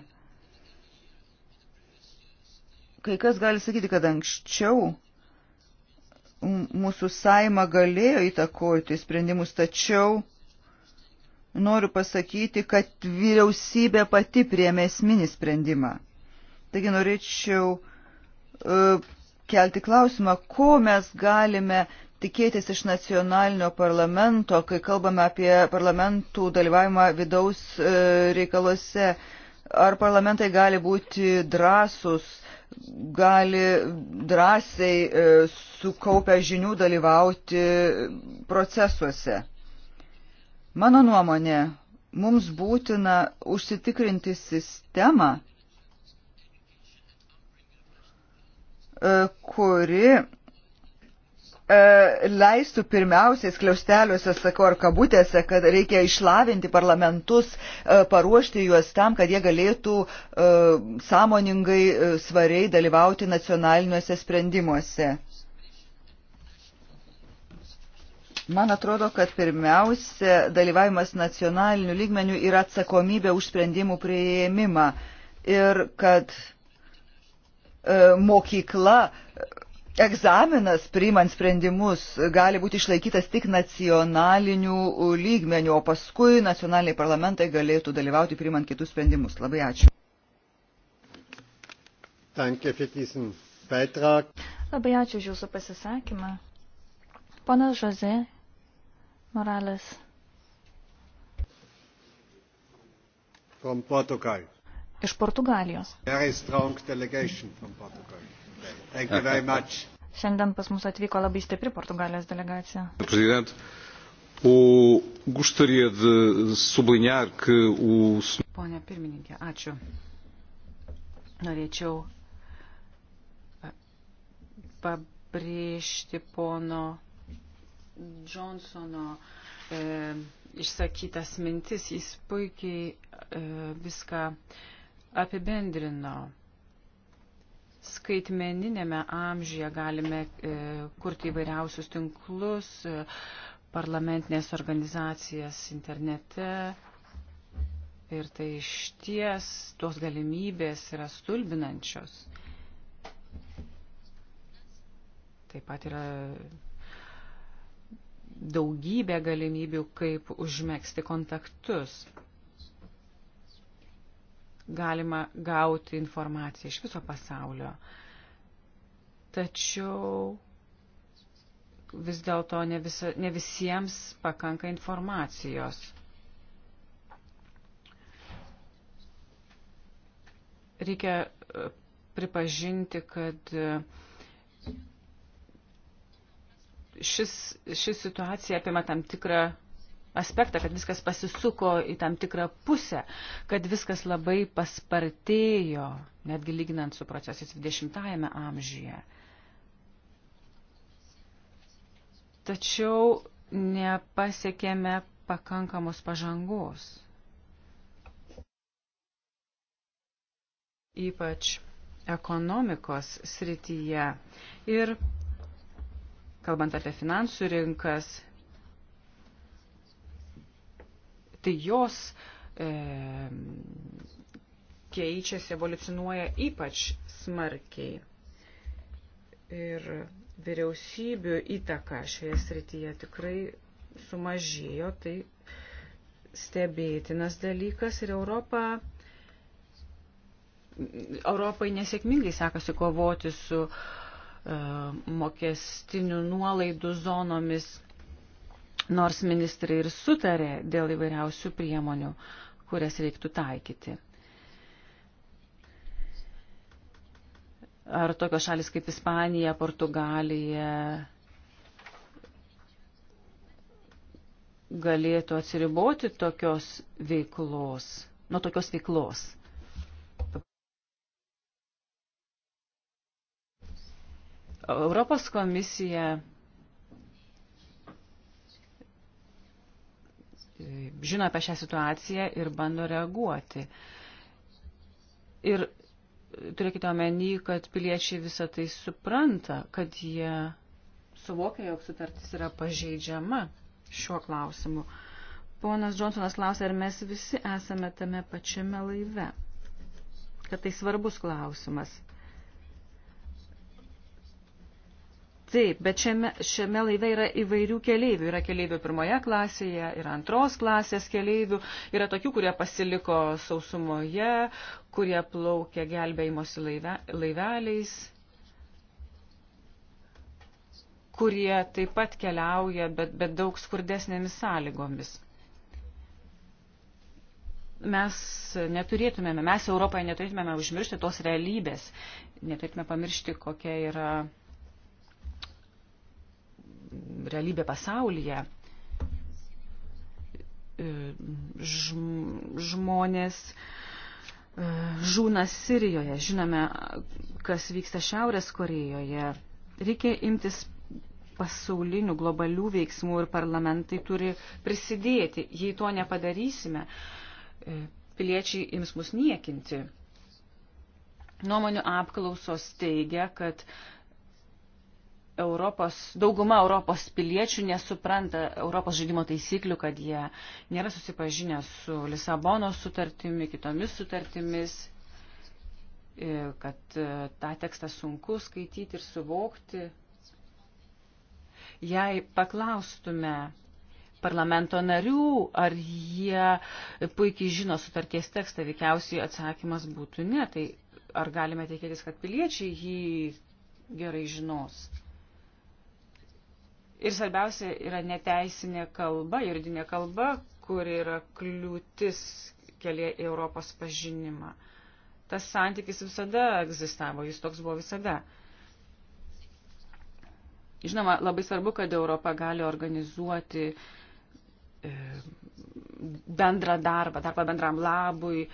Kai kas gali sakyti, kad anksčiau mūsų saima galėjo įtakoti sprendimus, tačiau noriu pasakyti, kad vyriausybė pati priemė esminį sprendimą. Taigi norėčiau uh, kelti klausimą, ko mes galime tikėtis iš nacionalinio parlamento, kai kalbame apie parlamentų dalyvavimą vidaus uh, reikaluose. Ar parlamentai gali būti drąsus, gali drąsiai uh, sukaupę žinių dalyvauti procesuose? Mano nuomonė, mums būtina užsitikrinti sistemą, e, kuri e, leistų pirmiausiai skliausteliuose, sakau, ar kabutėse, kad reikia išlavinti parlamentus, e, paruošti juos tam, kad jie galėtų sąmoningai, svariai dalyvauti nacionaliniuose sprendimuose. Man atrodo, kad pirmiausia dalyvavimas nacionaliniu lygmeniu yra atsakomybė už sprendimų prieimimą ir kad e, mokykla, e, egzaminas priimant sprendimus gali būti išlaikytas tik nacionaliniu lygmeniu, o paskui nacionaliniai parlamentai galėtų dalyvauti priimant kitus sprendimus. Labai ačiū. Labai ačiū už Jūsų pasisakymą. Ponas Žoze Morales. From Portugal. Iš Portugalijos. Very strong delegation from Portugal. Thank you very much. Šiandien pas mus atvyko labai stipri Portugalijos delegacija. Prezident, o gustaria de sublinhar que o... Pone pirmininkė, ačiū. Norėčiau e, pabrėžti pono Johnsono e, išsakytas mintis, jis puikiai e, viską apibendrino. Skaitmeninėme amžiuje galime e, kurti įvairiausius tinklus, e, parlamentinės organizacijas internete, Ir tai iš ties tos galimybės yra stulbinančios. Taip pat yra daugybė galimybių, kaip užmėgsti kontaktus. Galima gauti informaciją iš viso pasaulio. Tačiau vis dėlto ne, visa, ne visiems pakanka informacijos. Reikia e, pripažinti, kad e, šis, ši situacija apima tam tikrą aspektą, kad viskas pasisuko į tam tikrą pusę, kad viskas labai paspartėjo, netgi lyginant su procesais 20-ame amžiuje. Tačiau nepasiekėme pakankamos pažangos. Ypač ekonomikos srityje. Ir kalbant apie finansų rinkas, tai jos e, keičiasi, evoliucionuoja ypač smarkiai. Ir vyriausybių įtaka šioje srityje tikrai sumažėjo, tai stebėtinas dalykas ir Europa, Europai nesėkmingai sekasi kovoti su uh, E, mokestinių nuolaidų zonomis, nors ministrai ir sutarė dėl įvairiausių priemonių, kurias reiktų taikyti. Ar tokios šalis kaip Ispanija, Portugalija galėtų atsiriboti tokios veiklos, nuo tokios veiklos? Europos komisija e, žino apie šią situaciją ir bando reaguoti. Ir turėkite omeny, kad piliečiai visą tai supranta, kad jie suvokia, jog sutartis yra pažeidžiama šiuo klausimu. Ponas Johnsonas klausė, ar mes visi esame tame pačiame laive. Kad tai svarbus klausimas. Taip, bet šiame, šiame laive yra įvairių keleivių. Yra keleivių pirmoje klasėje, yra antros klasės keleivių, yra tokių, kurie pasiliko sausumoje, kurie plaukia gelbėjimosi laive, laiveliais, kurie taip pat keliauja, bet, bet daug skurdesnėmis sąlygomis. Mes neturėtumėme, mes Europoje neturėtumėme užmiršti tos realybės, neturėtume pamiršti, kokia yra realybė pasaulyje. E, žmonės e, žūna Sirijoje, žinome, kas vyksta Šiaurės Korejoje. Reikia imtis pasaulinių globalių veiksmų ir parlamentai turi prisidėti. Jei to nepadarysime, e, piliečiai ims mus niekinti. Nuomonių apklausos teigia, kad Europos, dauguma Europos piliečių nesupranta Europos žaidimo taisyklių, kad jie nėra susipažinę su Lisabono sutartimi, kitomis sutartimis, e, kad e, tą tekstą sunku skaityti ir suvokti. Jei paklaustume parlamento narių, ar jie puikiai žino sutarties tekstą, veikiausiai atsakymas būtų ne. Tai ar galime tikėtis, kad piliečiai jį gerai žinos? Ir svarbiausia yra neteisinė kalba, juridinė kalba, kuri yra kliūtis keliai Europos pažinimą. Tas santykis visada egzistavo, jis toks buvo visada. Žinoma, labai svarbu, kad Europa gali organizuoti e, bendrą darbą, darbą bendram labui.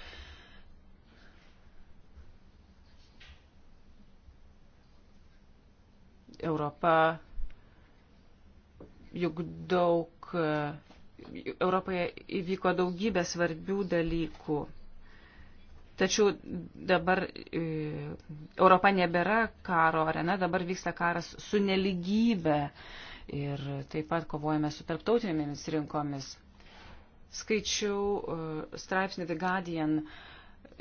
Europa juk daug Europoje įvyko daugybė svarbių dalykų. Tačiau dabar e, Europa nebėra karo arena, dabar vyksta karas su neligybė ir taip pat kovojame su tarptautinėmis rinkomis. Skaičiau e, straipsnį The Guardian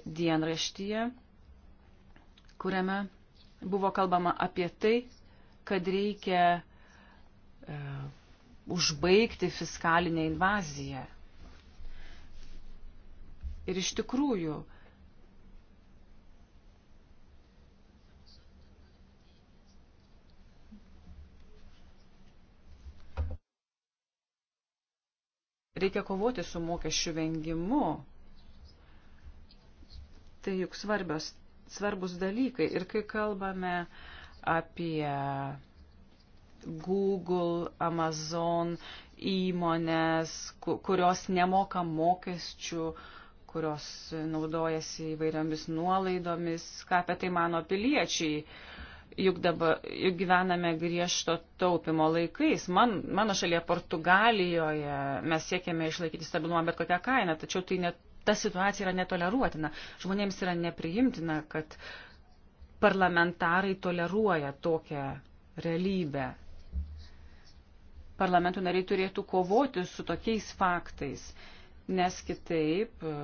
dienraštyje, kuriame buvo kalbama apie tai, kad reikia e, užbaigti fiskalinę invaziją. Ir iš tikrųjų, reikia kovoti su mokesčių vengimu. Tai juk svarbios, svarbus dalykai. Ir kai kalbame apie Google, Amazon įmonės, kurios nemoka mokesčių, kurios naudojasi įvairiomis nuolaidomis, ką apie tai mano piliečiai. Juk dabar juk gyvename griežto taupimo laikais. Man, mano šalyje Portugalijoje mes siekiame išlaikyti stabilumą bet kokią kainą, tačiau tai net, ta situacija yra netoleruotina. Žmonėms yra nepriimtina, kad parlamentarai toleruoja tokią realybę parlamentų nariai turėtų kovoti su tokiais faktais, nes kitaip e,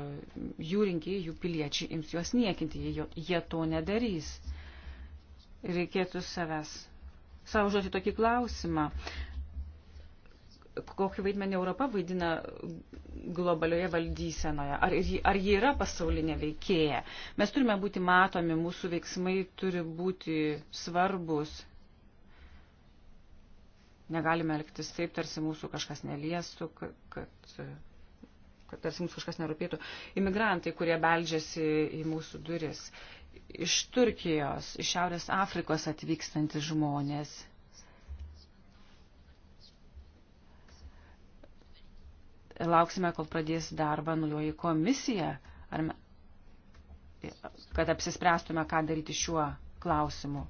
jų rinkėjai, jų piliečiai ims juos niekinti, jei jie to nedarys. Reikėtų savęs. Savo žodžiu tokį klausimą kokį vaidmenį Europa vaidina globalioje valdysenoje? Ar, ar ji yra pasaulinė veikėja? Mes turime būti matomi, mūsų veiksmai turi būti svarbus Negalime elgtis taip, tarsi mūsų kažkas neliestų, kad, kad tarsi mums kažkas nerūpėtų. Imigrantai, kurie beldžiasi į mūsų duris, iš Turkijos, iš Šiaurės Afrikos atvykstantis žmonės. Lauksime, kol pradės darbą naujoji komisija, ar, kad apsispręstume, ką daryti šiuo klausimu.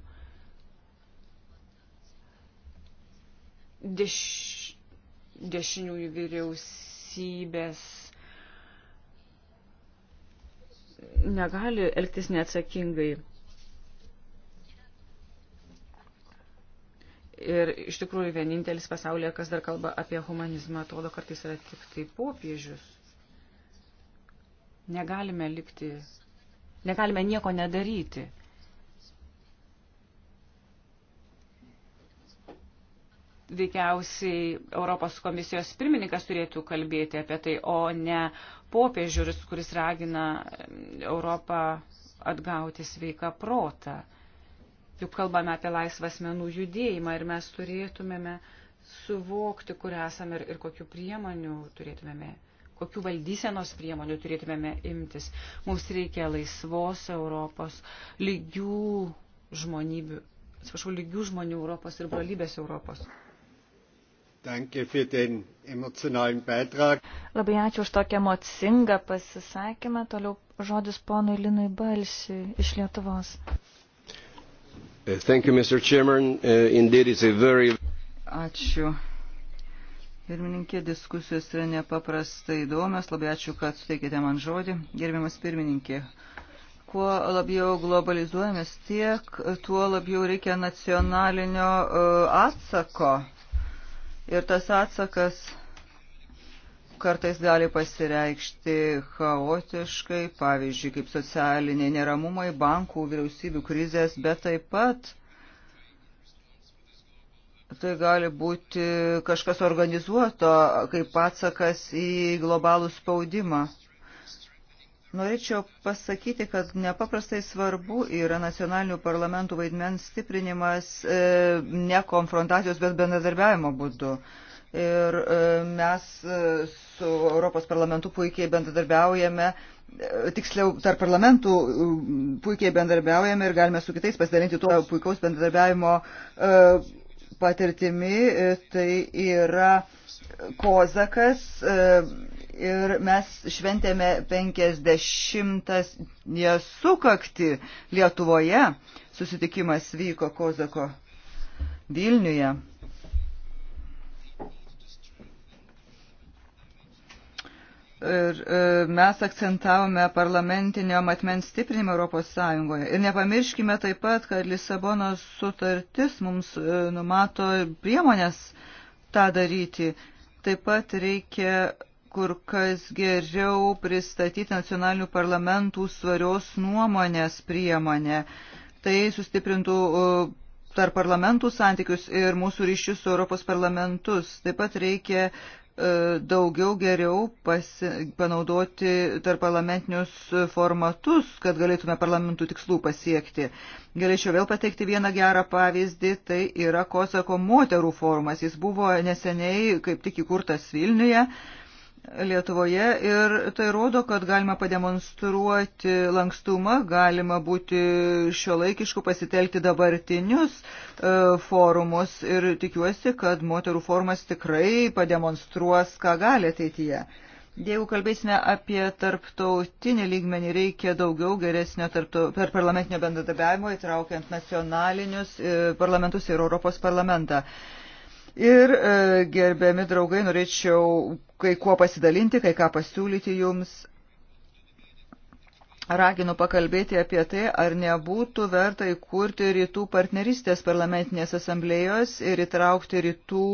deš, dešiniųjų vyriausybės negali elgtis neatsakingai. Ir iš tikrųjų vienintelis pasaulyje, kas dar kalba apie humanizmą, atrodo kartais yra tik tai popiežius. Negalime likti, negalime nieko nedaryti. veikiausiai Europos komisijos pirmininkas turėtų kalbėti apie tai, o ne popiežiūris, kuris ragina Europą atgauti sveiką protą. Juk kalbame apie laisvą asmenų judėjimą ir mes turėtumėme suvokti, kur esame ir, ir kokiu priemonių turėtumėme, kokiu valdysenos priemonių turėtumėme imtis. Mums reikia laisvos Europos, lygių žmonybių, atsiprašau, lygių žmonių Europos ir brolybės Europos. Labai ačiū už tokį emocingą pasisakymą. Toliau žodis ponui Linui Balsiui iš Lietuvos. Uh, thank you, Mr. Chairman. Uh, indeed, it's a very... Ačiū. Pirmininkė, diskusijos yra nepaprastai įdomios. Labai ačiū, kad suteikėte man žodį. Gerbiamas pirmininkė, kuo labiau globalizuojamės, tiek tuo labiau reikia nacionalinio uh, atsako Ir tas atsakas kartais gali pasireikšti chaotiškai, pavyzdžiui, kaip socialiniai neramumai, bankų, vyriausybių krizės, bet taip pat tai gali būti kažkas organizuoto kaip atsakas į globalų spaudimą. Norėčiau pasakyti, kad nepaprastai svarbu yra nacionalinių parlamentų vaidmens stiprinimas e, ne konfrontacijos, bet bendradarbiavimo būdu. Ir e, mes e, su Europos parlamentu puikiai bendradarbiaujame, tiksliau, tarp parlamentų puikiai bendradarbiaujame ir galime su kitais pasidalinti tuo puikaus bendradarbiavimo patirtimi. Tai yra Kozakas Ir mes šventėme 50-ąją sukakti Lietuvoje. Susitikimas vyko Kozako Vilniuje. Ir e, mes akcentavome parlamentinio matmens stiprinimą Europos Sąjungoje. Ir nepamirškime taip pat, kad Lisabonos sutartis mums e, numato priemonės tą daryti. Taip pat reikia kur kas geriau pristatyti nacionalinių parlamentų svarios nuomonės priemonę. Tai sustiprintų e, tarp parlamentų santykius ir mūsų ryšius su Europos parlamentus. Taip pat reikia e, daugiau geriau pasi, panaudoti tarp parlamentinius formatus, kad galėtume parlamentų tikslų pasiekti. Galėčiau vėl pateikti vieną gerą pavyzdį, tai yra Kosako moterų forumas. Jis buvo neseniai kaip tik įkurtas Vilniuje. Uh, Lietuvoje ir tai rodo, kad galima pademonstruoti lankstumą, galima būti šio laikišku pasitelkti dabartinius e, forumus ir tikiuosi, kad moterų forumas tikrai pademonstruos, ką gali ateityje. Jeigu kalbėsime apie tarptautinį lygmenį, reikia daugiau geresnio tarptau, per parlamentinio bendradarbiavimo įtraukiant nacionalinius e, parlamentus ir Europos parlamentą. E, Ir e, gerbiami draugai, norėčiau kai kuo pasidalinti, kai ką pasiūlyti jums raginu pakalbėti apie tai, ar nebūtų verta įkurti rytų partnerystės parlamentinės asamblėjos ir įtraukti rytų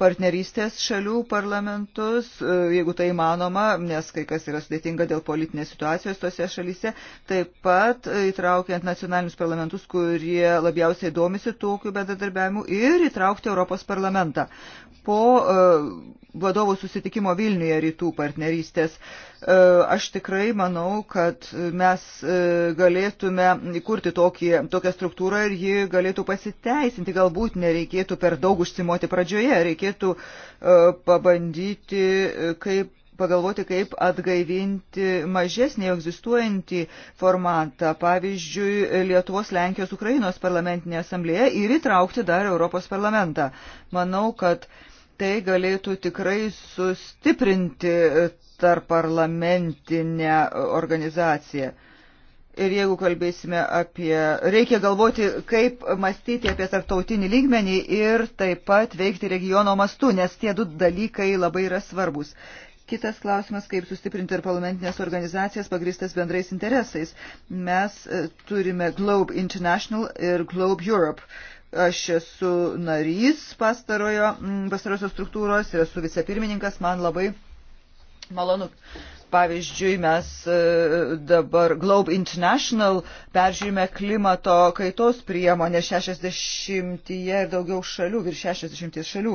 partnerystės šalių parlamentus, e, jeigu tai manoma, nes kai kas yra sudėtinga dėl politinės situacijos tose šalyse, taip pat e, įtraukiant nacionalinius parlamentus, kurie labiausiai domisi tokiu bedadarbiavimu ir įtraukti Europos parlamentą. Po e, vadovų susitikimo Vilniuje rytų partnerystės uh, E, aš tikrai manau, kad mes e, galėtume įkurti tokį, tokią struktūrą ir ji galėtų pasiteisinti. Galbūt nereikėtų per daug užsimoti pradžioje, reikėtų e, pabandyti kaip pagalvoti, kaip atgaivinti mažesnį egzistuojantį formatą, pavyzdžiui, Lietuvos, Lenkijos, Ukrainos parlamentinė asamblėje ir įtraukti dar Europos parlamentą. Manau, kad uh, tai galėtų tikrai sustiprinti tarp parlamentinę organizaciją. Ir jeigu kalbėsime apie, reikia galvoti, kaip mąstyti apie tarptautinį lygmenį ir taip pat veikti regiono mastu, nes tie du dalykai labai yra svarbus. Kitas klausimas, kaip sustiprinti ir parlamentinės organizacijas pagristas bendrais interesais. Mes e, turime Globe International ir Globe Europe Aš esu narys mm, pastarosios struktūros ir esu vicepirmininkas. Man labai malonu Pavyzdžiui, mes e, dabar Globe International peržiūrime klimato kaitos priemonę 60 ir daugiau šalių, virš 60 šalių.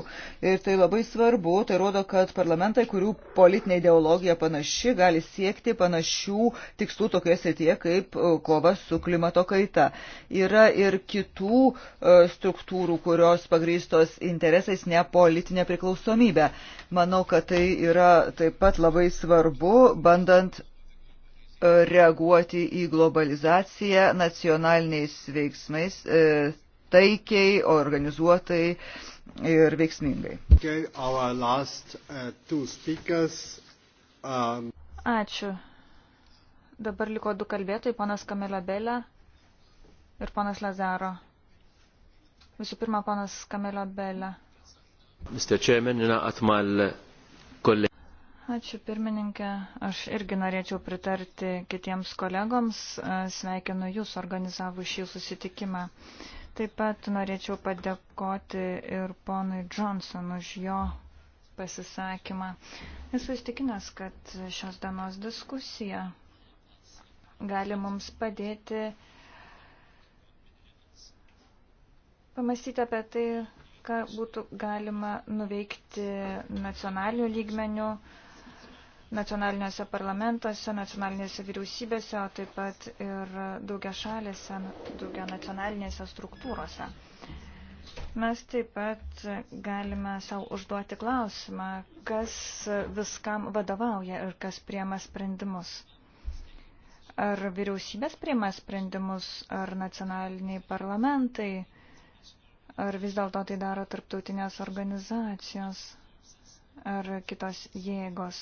Ir tai labai svarbu, tai rodo, kad parlamentai, kurių politinė ideologija panaši, gali siekti panašių tikslų tokioje srityje kaip e, kova su klimato kaita. Yra ir kitų e, struktūrų, kurios pagrįstos interesais, ne politinė priklausomybė. Manau, kad tai yra taip pat labai svarbu bandant e, reaguoti į globalizaciją nacionaliniais veiksmais e, taikiai, organizuotai ir veiksmingai. Uh, um, Ačiū. Dabar liko du kalbėtojai, panas Kamelabelė ir panas Lazaro. Visų pirma, panas Kamelabelė. Mr. Chairman, atmal kolegė. Uh, Ačiū pirmininkė. Aš irgi norėčiau pritarti kitiems kolegoms. Sveikinu Jūs organizavus šį susitikimą. Taip pat norėčiau padėkoti ir ponui Johnson už jo pasisakymą. Esu įstikinęs, kad šios dienos diskusija gali mums padėti pamastyti apie tai, ką būtų galima nuveikti nacionalinių lygmenių nacionaliniuose parlamentuose, nacionalinėse vyriausybėse, o taip pat ir daugia šalėse, daugia nacionalinėse struktūrose. Mes taip pat galime savo užduoti klausimą, kas viskam vadovauja ir kas priema sprendimus. Ar vyriausybės priema sprendimus, ar nacionaliniai parlamentai, ar vis dėlto tai daro tarptautinės organizacijos, ar kitos jėgos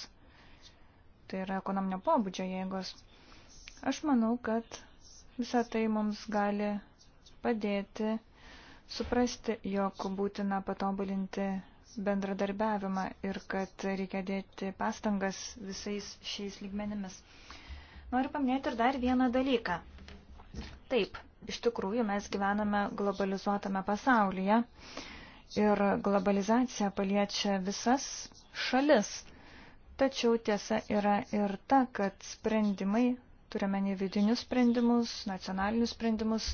tai yra ekonominio pobūdžio jėgos. Aš manau, kad visą tai mums gali padėti suprasti, jog būtina patobulinti bendradarbiavimą ir kad reikia dėti pastangas visais šiais lygmenimis. Noriu paminėti ir dar vieną dalyką. Taip, iš tikrųjų mes gyvename globalizuotame pasaulyje ir globalizacija paliečia visas šalis. Tačiau tiesa yra ir ta, kad sprendimai, turime ne vidinius sprendimus, nacionalinius sprendimus,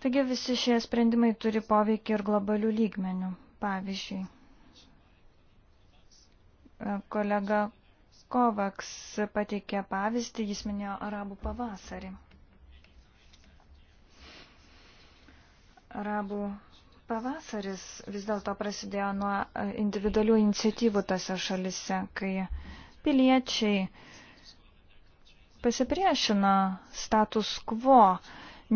taigi visi šie sprendimai turi poveikį ir globalių lygmenių. Pavyzdžiui, kolega Kovaks pateikė pavyzdį, jis minėjo arabų pavasarį. Arabų Pavasaris vis dėlto prasidėjo nuo e, individualių iniciatyvų tose šalise, kai piliečiai pasipriešino status quo.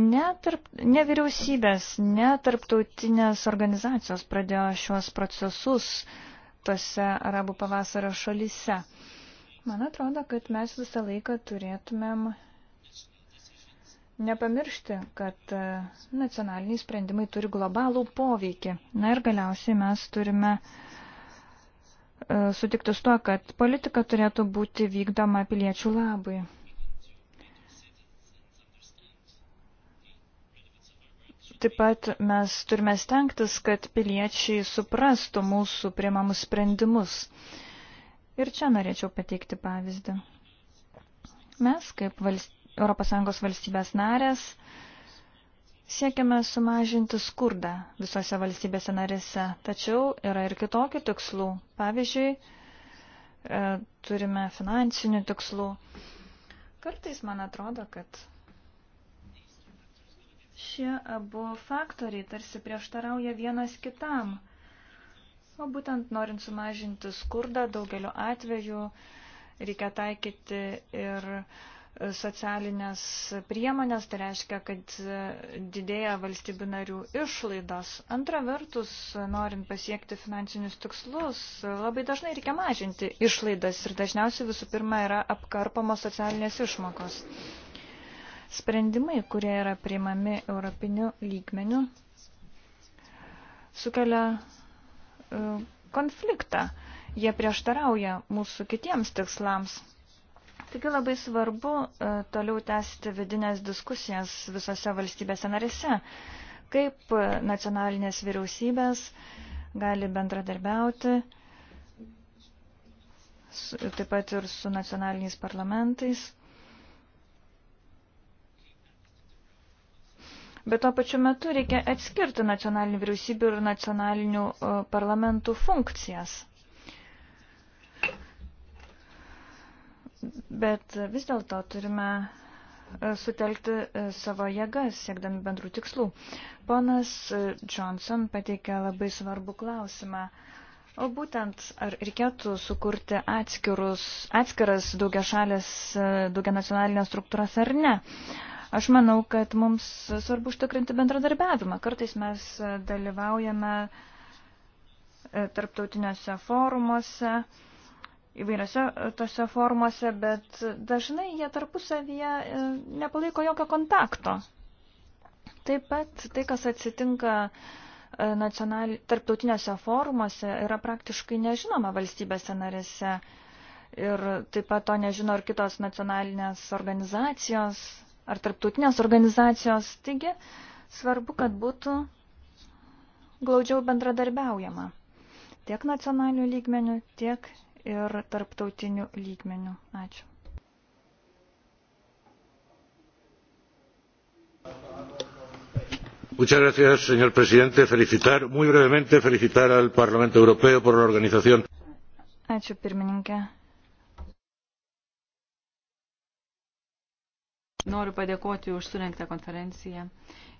Ne, tarp, ne vyriausybės, ne tarptautinės organizacijos pradėjo šios procesus tose arabų pavasario šalise. Man atrodo, kad mes visą laiką turėtumėm nepamiršti, kad e, nacionaliniai sprendimai turi globalų poveikį. Na ir galiausiai mes turime e, sutikti su to, kad politika turėtų būti vykdoma piliečių labui. Taip pat mes turime stengtis, kad piliečiai suprastų mūsų priimamus sprendimus. Ir čia norėčiau pateikti pavyzdį. Mes kaip valstybė ES valstybės narės siekiame sumažinti skurdą visose valstybėse narėse, tačiau yra ir kitokių tikslų. Pavyzdžiui, e, turime finansinių tikslų. Kartais man atrodo, kad šie abu faktoriai tarsi prieštarauja vienas kitam. O būtent norint sumažinti skurdą, daugeliu atveju reikia taikyti ir uh, socialinės priemonės, tai reiškia, kad didėja valstybių narių išlaidos. Antra vertus, norint pasiekti finansinius tikslus, labai dažnai reikia mažinti išlaidas ir dažniausiai visų pirma yra apkarpamos socialinės išmokos. Sprendimai, kurie yra priimami europiniu lygmeniu, sukelia e, konfliktą. Jie prieštarauja mūsų kitiems tikslams. Taigi labai svarbu e, toliau tęsti vidinės diskusijas visose valstybėse narėse, kaip e, nacionalinės vyriausybės gali bendradarbiauti taip pat ir su nacionaliniais parlamentais. Bet tuo pačiu metu reikia atskirti nacionalinių vyriausybių ir nacionalinių e, parlamentų funkcijas. Bet vis dėlto turime e, sutelkti e, savo jėgas, siekdami bendrų tikslų. Ponas e, Johnson pateikė labai svarbų klausimą. O būtent, ar reikėtų sukurti atskirus, atskiras daugia šalės, daugia nacionalinės struktūras ar ne? Aš manau, kad mums svarbu užtikrinti bendradarbiavimą. Kartais mes dalyvaujame tarptautiniuose forumuose įvairiose e, tose formuose, bet dažnai jie tarpusavyje e, nepalaiko jokio kontakto. Taip pat tai, kas atsitinka e, nacional... tarptautinėse formuose, yra praktiškai nežinoma valstybėse narėse. Ir taip pat to nežino ir kitos nacionalinės organizacijos ar tarptautinės organizacijos. Taigi svarbu, kad būtų glaudžiau bendradarbiaujama tiek nacionalinių lygmenių, tiek ir tarptautiniu lygmeniu. Ačiū. Gracias, señor presidente felicitar muy brevemente felicitar al parlamento europeo por la organización Ačiū pirmininkė. Noriu padėkoti už surinktą konferenciją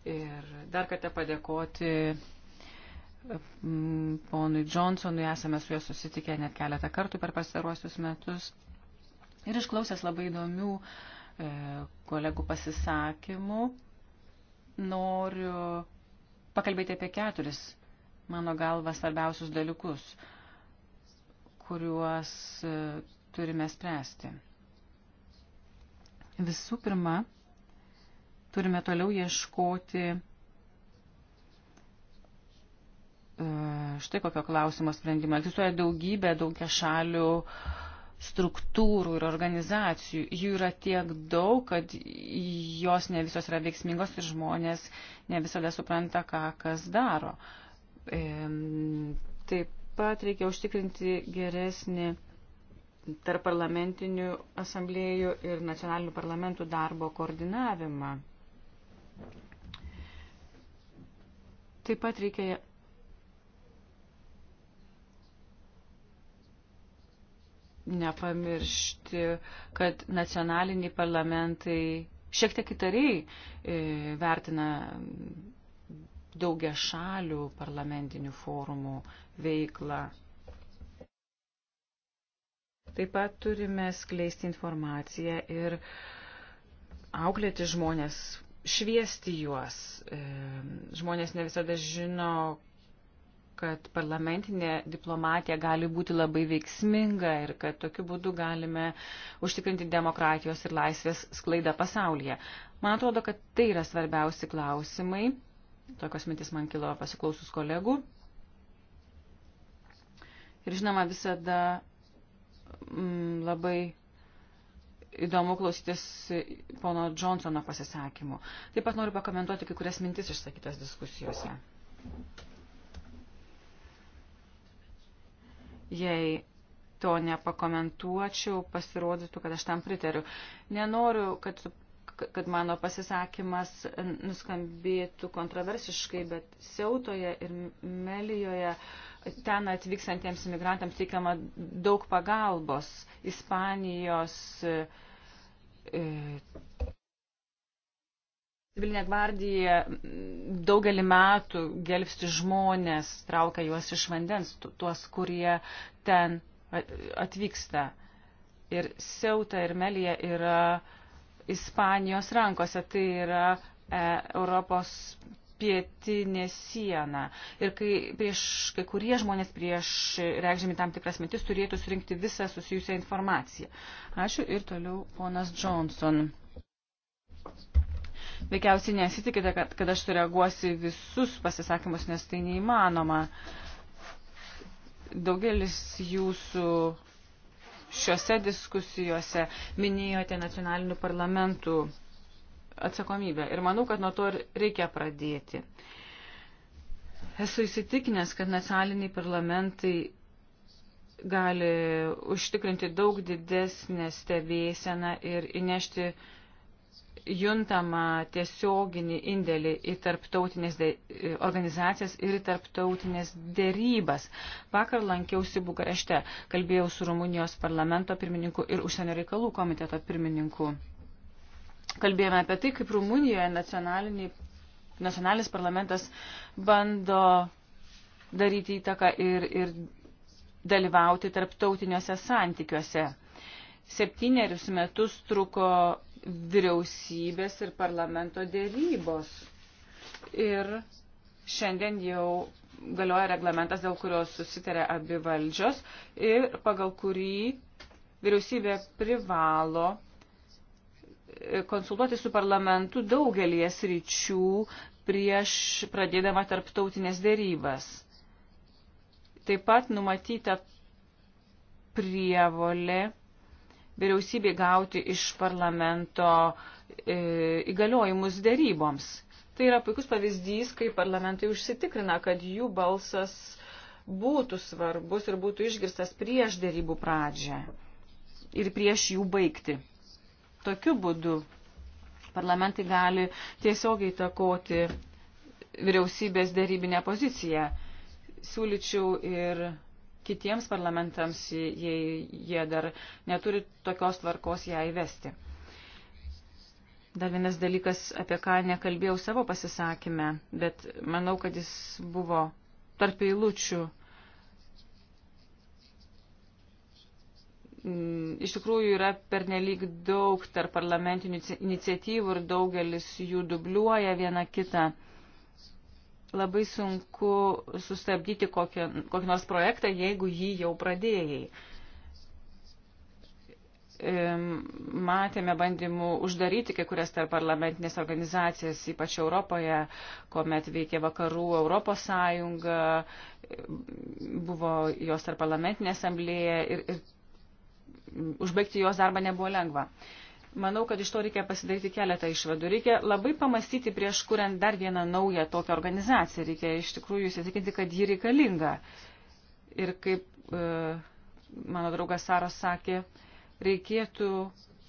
ir dar kartą padėkoti Mm, ponui Johnsonui, esame su juo susitikę net keletą kartų per pastaruosius metus. Ir išklausęs labai įdomių e, kolegų pasisakymų, noriu pakalbėti apie keturis mano galva svarbiausius dalykus, kuriuos e, turime spręsti. Visų pirma, turime toliau ieškoti E, štai kokio klausimo sprendimą. Egzistuoja daugybė daugia šalių struktūrų ir organizacijų. Jų yra tiek daug, kad jos ne visos yra veiksmingos ir žmonės ne visada supranta, ką kas daro. E, taip pat reikia užtikrinti geresnį tarp parlamentinių asamblėjų ir nacionalinių parlamentų darbo koordinavimą. Taip pat reikia nepamiršti, kad nacionaliniai parlamentai šiek tiek įtariai e, vertina daugia šalių parlamentinių forumų veiklą. Taip pat turime skleisti informaciją ir auklėti žmonės, šviesti juos. E, žmonės ne visada žino, kad parlamentinė diplomatija gali būti labai veiksminga ir kad tokiu būdu galime užtikrinti demokratijos ir laisvės sklaidą pasaulyje. Man atrodo, kad tai yra svarbiausi klausimai. Tokios mintis man kilo pasiklausus kolegų. Ir žinoma, visada mm, labai įdomu klausytis pono Johnsono pasisakymų. Taip pat noriu pakomentuoti kai kurias mintis išsakytas diskusijose. Thank you. jei to nepakomentuočiau, pasirodytų, kad aš tam pritariu. Nenoriu, kad, kad mano pasisakymas nuskambėtų kontroversiškai, bet Siautoje ir Melijoje ten atvykstantiems imigrantams teikiama daug pagalbos. Ispanijos e, Civilinė gvardija daugelį metų gelbsti žmonės, traukia juos iš vandens, tuos, kurie ten atvyksta. Ir Seuta ir Melija yra Ispanijos rankose, tai yra e, Europos pietinė siena. Ir kai, prieš, kai kurie žmonės prieš reikždami tam tikras mintis turėtų surinkti visą susijusią informaciją. Ačiū ir toliau ponas Johnson. Veikiausiai nesitikite, kad, kad aš sureaguosiu visus pasisakymus, nes tai neįmanoma. Daugelis jūsų šiuose diskusijose minėjote nacionalinių parlamentų atsakomybę. Ir manau, kad nuo to ir reikia pradėti. Esu įsitikinęs, kad nacionaliniai parlamentai gali užtikrinti daug didesnę stebėseną ir įnešti juntamą tiesioginį indėlį į tarptautinės dė... E, organizacijas ir į tarptautinės dėrybas. Vakar lankiausi Bukarešte, kalbėjau su Rumunijos parlamento pirmininku ir užsienio reikalų komiteto pirmininku. Kalbėjome apie tai, kaip Rumunijoje nacionalinis parlamentas bando daryti įtaką ir, ir dalyvauti tarptautiniuose santykiuose. Septynerius metus truko vyriausybės ir parlamento dėrybos. Ir šiandien jau galioja reglamentas, dėl kurios susitarė abi valdžios ir pagal kurį vyriausybė privalo e, konsultuoti su parlamentu daugelį sričių prieš pradėdama tarptautinės dėrybas. Taip pat numatyta prievolė vyriausybė gauti iš parlamento e, įgaliojimus dėryboms. Tai yra puikus pavyzdys, kai parlamentai užsitikrina, kad jų balsas būtų svarbus ir būtų išgirstas prieš dėrybų pradžią ir prieš jų baigti. Tokiu būdu parlamentai gali tiesiogiai takoti vyriausybės dėrybinę poziciją. Siūlyčiau ir kitiems parlamentams, jei jie dar neturi tokios tvarkos ją įvesti. Dar vienas dalykas, apie ką nekalbėjau savo pasisakymę, bet manau, kad jis buvo tarp eilučių. Mm, iš tikrųjų yra pernelyg daug tarp parlamentinių iniciatyvų ir daugelis jų dubliuoja viena kitą labai sunku sustabdyti kokį, kokį nors projektą, jeigu jį jau pradėjai. Matėme bandymų uždaryti kai kurias tarp parlamentinės organizacijas, ypač Europoje, kuomet veikė vakarų Europos sąjunga, buvo jos tarp parlamentinė asamblėja ir, ir užbaigti jos darbą nebuvo lengva. Uh, Manau, kad iš to reikia pasidaryti keletą išvadų. Reikia labai pamastyti prieš kuriant dar vieną naują tokią organizaciją. Reikia iš tikrųjų įsitikinti, kad ji reikalinga. Ir kaip e, mano draugas Saras sakė, reikėtų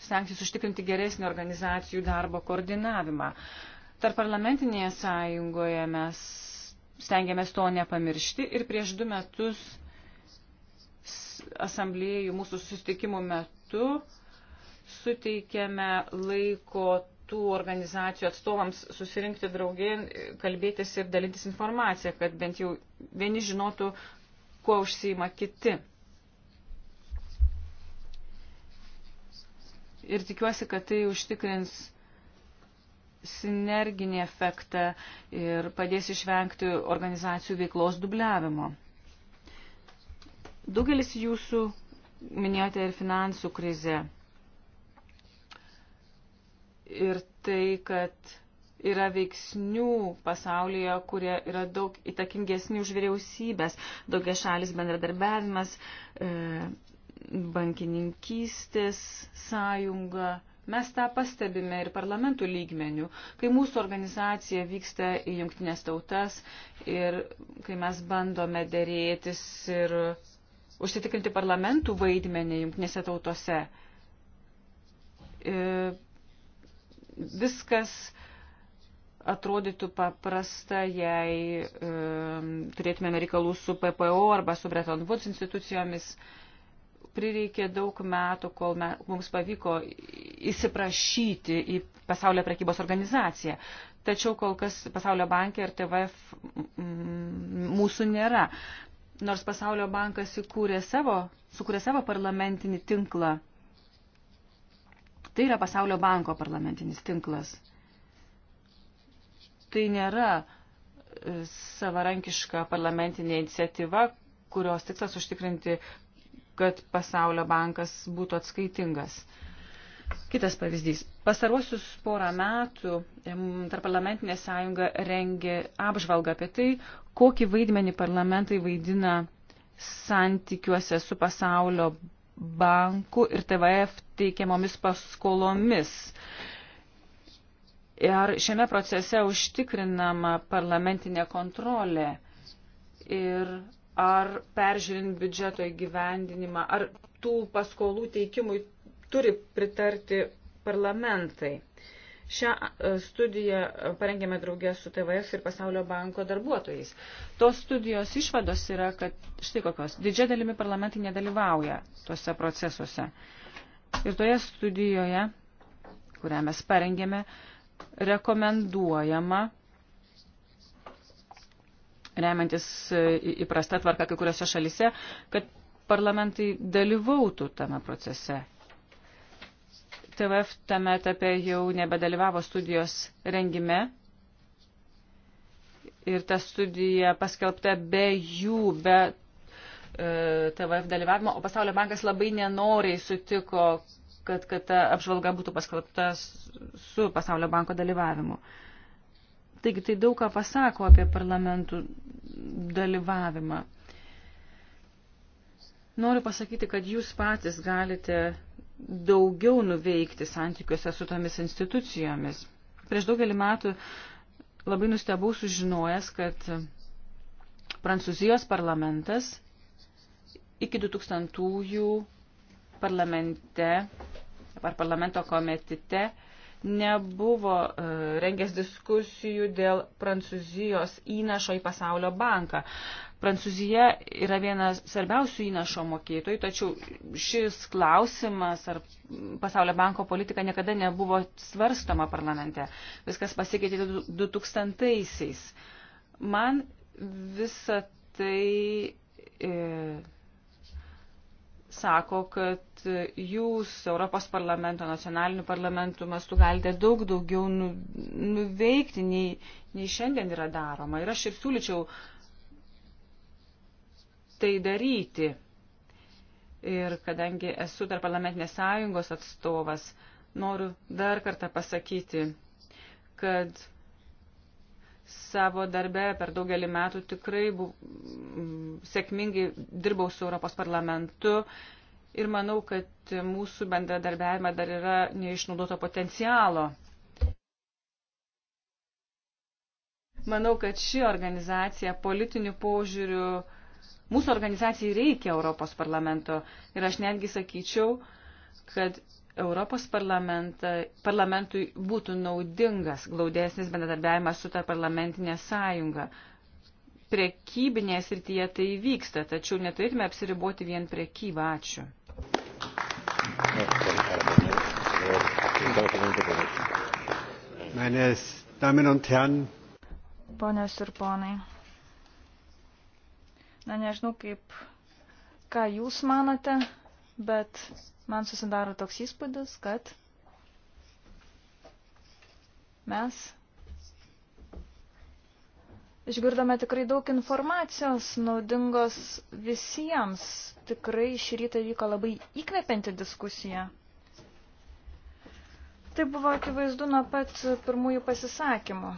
stengtis užtikrinti geresnį organizacijų darbo koordinavimą. Tarp parlamentinėje sąjungoje mes stengiamės to nepamiršti ir prieš du metus asamblėjų mūsų susitikimų metu suteikėme laiko tų organizacijų atstovams susirinkti draugė, kalbėtis ir dalintis informaciją, kad bent jau vieni žinotų, kuo užsima kiti. Ir tikiuosi, kad tai užtikrins sinerginį efektą ir padės išvengti organizacijų veiklos dubliavimo. Daugelis jūsų minėjote ir finansų krizę ir tai, kad yra veiksnių pasaulyje, kurie yra daug įtakingesni už vyriausybės, daugia šalis bendradarbiavimas, e, bankininkystės sąjunga. Mes tą pastebime ir parlamentų lygmenių, kai mūsų organizacija vyksta į jungtinės tautas ir kai mes bandome dėrėtis ir užsitikrinti parlamentų vaidmenį jungtinėse tautose. Ir e, viskas atrodytų paprasta, jei e, turėtumėme reikalų su PPO arba su Bretton Woods institucijomis. Prireikė daug metų, kol me, mums pavyko įsiprašyti į pasaulio prekybos organizaciją. Tačiau kol kas pasaulio bankė ir TVF mūsų nėra. Nors pasaulio bankas įkūrė savo, sukūrė savo parlamentinį tinklą Tai yra Pasaulio banko parlamentinis tinklas. Tai nėra e, savarankiška parlamentinė iniciatyva, kurios tikslas užtikrinti, kad Pasaulio bankas būtų atskaitingas. Kitas pavyzdys. Pastaruosius porą metų tarparlamentinė sąjunga rengė apžvalgą apie tai, kokį vaidmenį parlamentai vaidina santykiuose su pasaulio bankų ir TVF teikiamomis paskolomis. Ar šiame procese užtikrinama parlamentinė kontrolė ir ar peržiūrint biudžeto įgyvendinimą, ar tų paskolų teikimui turi pritarti parlamentai? Šią e, studiją e, parengėme draugė su TVF ir Pasaulio banko darbuotojais. Tos studijos išvados yra, kad štai kokios, didžia dalimi parlamentai nedalyvauja tuose procesuose. Ir toje studijoje, kurią mes parengėme, rekomenduojama remiantis e, įprasta tvarka kai kuriuose šalise, kad parlamentai dalyvautų tame procese TVF tame etape jau nebedalyvavo studijos rengime ir ta studija paskelbta be jų, be e, TVF dalyvavimo, o Pasaulio bankas labai nenoriai sutiko, kad, kad ta apžvalga būtų paskelbta su Pasaulio banko dalyvavimu. Taigi tai daug ką pasako apie parlamentų dalyvavimą. Noriu pasakyti, kad jūs patys galite daugiau nuveikti santykiuose su tomis institucijomis. Prieš daugelį metų labai nustebau sužinojęs, kad Prancūzijos parlamentas iki 2000-ųjų parlamente ar parlamento komitete nebuvo e, rengęs diskusijų dėl Prancūzijos įnašo į pasaulio banką. Prancūzija yra vienas svarbiausių įnašo mokėtojų, tačiau šis klausimas ar pasaulio banko politika niekada nebuvo svarstoma parlamente. Viskas pasikeitė 2000-aisiais. Man visa tai. E, sako, kad jūs Europos parlamento, nacionalinių parlamentų mastu galite daug daugiau nu, nuveikti, nei, nei šiandien yra daroma. Ir aš ir siūlyčiau tai daryti. Ir kadangi esu tarp parlamentinės sąjungos atstovas, noriu dar kartą pasakyti, kad savo darbe per daugelį metų tikrai buv, sėkmingai dirbau su Europos parlamentu ir manau, kad mūsų bendradarbiavime dar yra neišnaudoto potencialo. Manau, kad ši organizacija politiniu požiūriu, mūsų organizacijai reikia Europos parlamento ir aš netgi sakyčiau, kad Europos parlamentui būtų naudingas glaudesnis bendradarbiavimas su ta parlamentinė sąjunga. Prekybinėje srityje tai vyksta, tačiau neturėtume apsiriboti vien prekybą. Ačiū. Meines Damen und Herren. Ponios ir ponai. Na nežinau kaip, ką jūs manote, bet Man susidaro toks įspūdis, kad mes išgirdome tikrai daug informacijos naudingos visiems. Tikrai šį rytą vyko labai įkvepianti diskusija. Tai buvo akivaizdu nuo pat pirmųjų pasisakymų.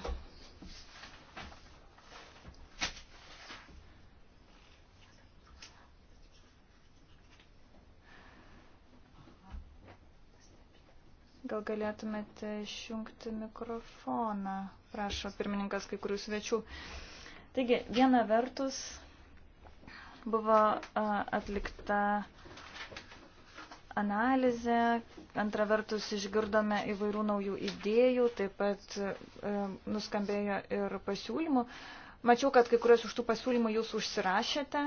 Gal galėtumėte išjungti mikrofoną, prašo pirmininkas kai kurių svečių. Taigi, viena vertus buvo atlikta analizė, antra vertus išgirdome įvairių naujų idėjų, taip pat nuskambėjo ir pasiūlymų. Mačiau, kad kai kurios iš tų pasiūlymų jūs užsirašėte.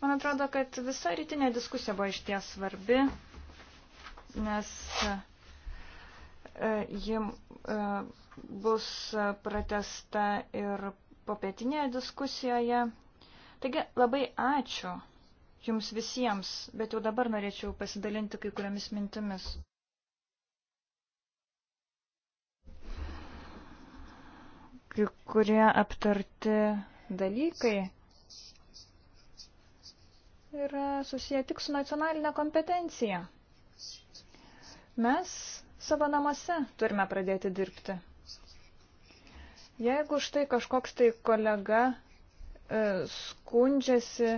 Man atrodo, kad visa rytinė diskusija buvo išties svarbi nes e, ji e, bus pratesta ir popietinėje diskusijoje. Taigi labai ačiū Jums visiems, bet jau dabar norėčiau pasidalinti kai kuriamis mintimis. Kai kurie aptarti dalykai yra susiję tik su nacionalinė kompetencija. Mes savo namuose turime pradėti dirbti. Jeigu štai kažkoks tai kolega e, skundžiasi,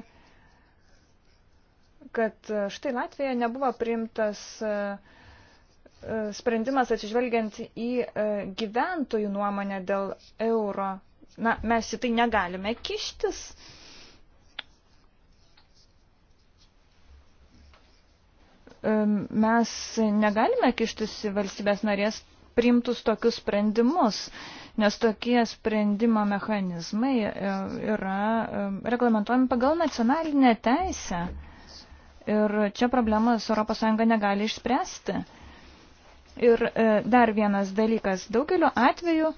kad e, štai Latvijoje nebuvo priimtas e, e, sprendimas atsižvelgiant į e, gyventojų nuomonę dėl euro, na, mes į tai negalime kištis. E, mes negalime kištis į valstybės narės priimtus tokius sprendimus, nes tokie sprendimo mechanizmai e, yra reglamentuojami pagal nacionalinę teisę. Ir čia problemas ES negali išspręsti. Ir e, dar vienas dalykas. Daugeliu atveju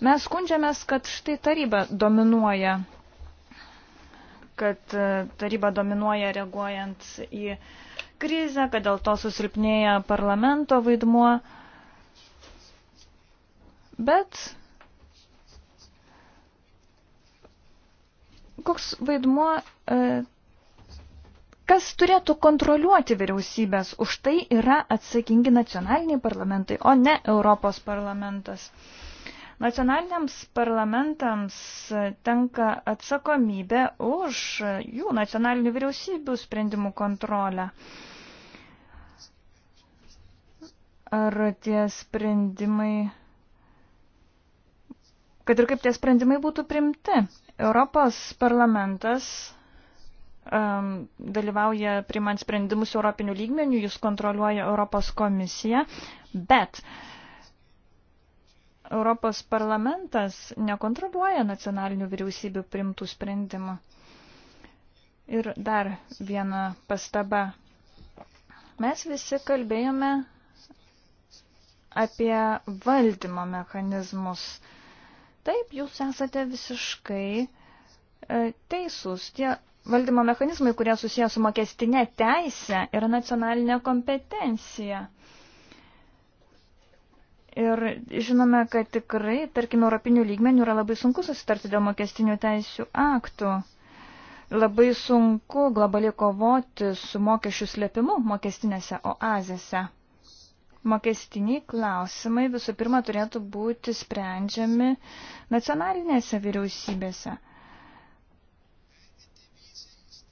mes skundžiamės, kad štai taryba dominuoja, kad e, taryba dominuoja reaguojant į uh, krizę, kad dėl to susilpnėja parlamento vaidmuo. Bet koks vaidmuo, e, kas turėtų kontroliuoti vyriausybės, už tai yra atsakingi nacionaliniai parlamentai, o ne Europos parlamentas. Uh, Nacionaliniams parlamentams tenka atsakomybė už jų nacionalinių vyriausybių sprendimų kontrolę. Ar tie sprendimai, kad ir kaip tie sprendimai būtų primti, Europos parlamentas um, dalyvauja primant sprendimus Europinių lygmenių, jis kontroliuoja Europos komisiją, bet uh, Europos parlamentas nekontroliuoja nacionalinių vyriausybių primtų sprendimų. Ir dar viena pastaba. Mes visi kalbėjome apie valdymo mechanizmus. Taip, jūs esate visiškai e, teisūs. Tie valdymo mechanizmai, kurie susiję su mokestinė teisė, yra nacionalinė kompetencija. Ir žinome, kad tikrai, tarkime, europinių lygmenių yra labai sunku susitarti dėl mokestinių teisių aktų. Labai sunku globaliai kovoti su mokesčių slėpimu mokestinėse oazėse. Mokestiniai klausimai visų pirma turėtų būti sprendžiami nacionalinėse vyriausybėse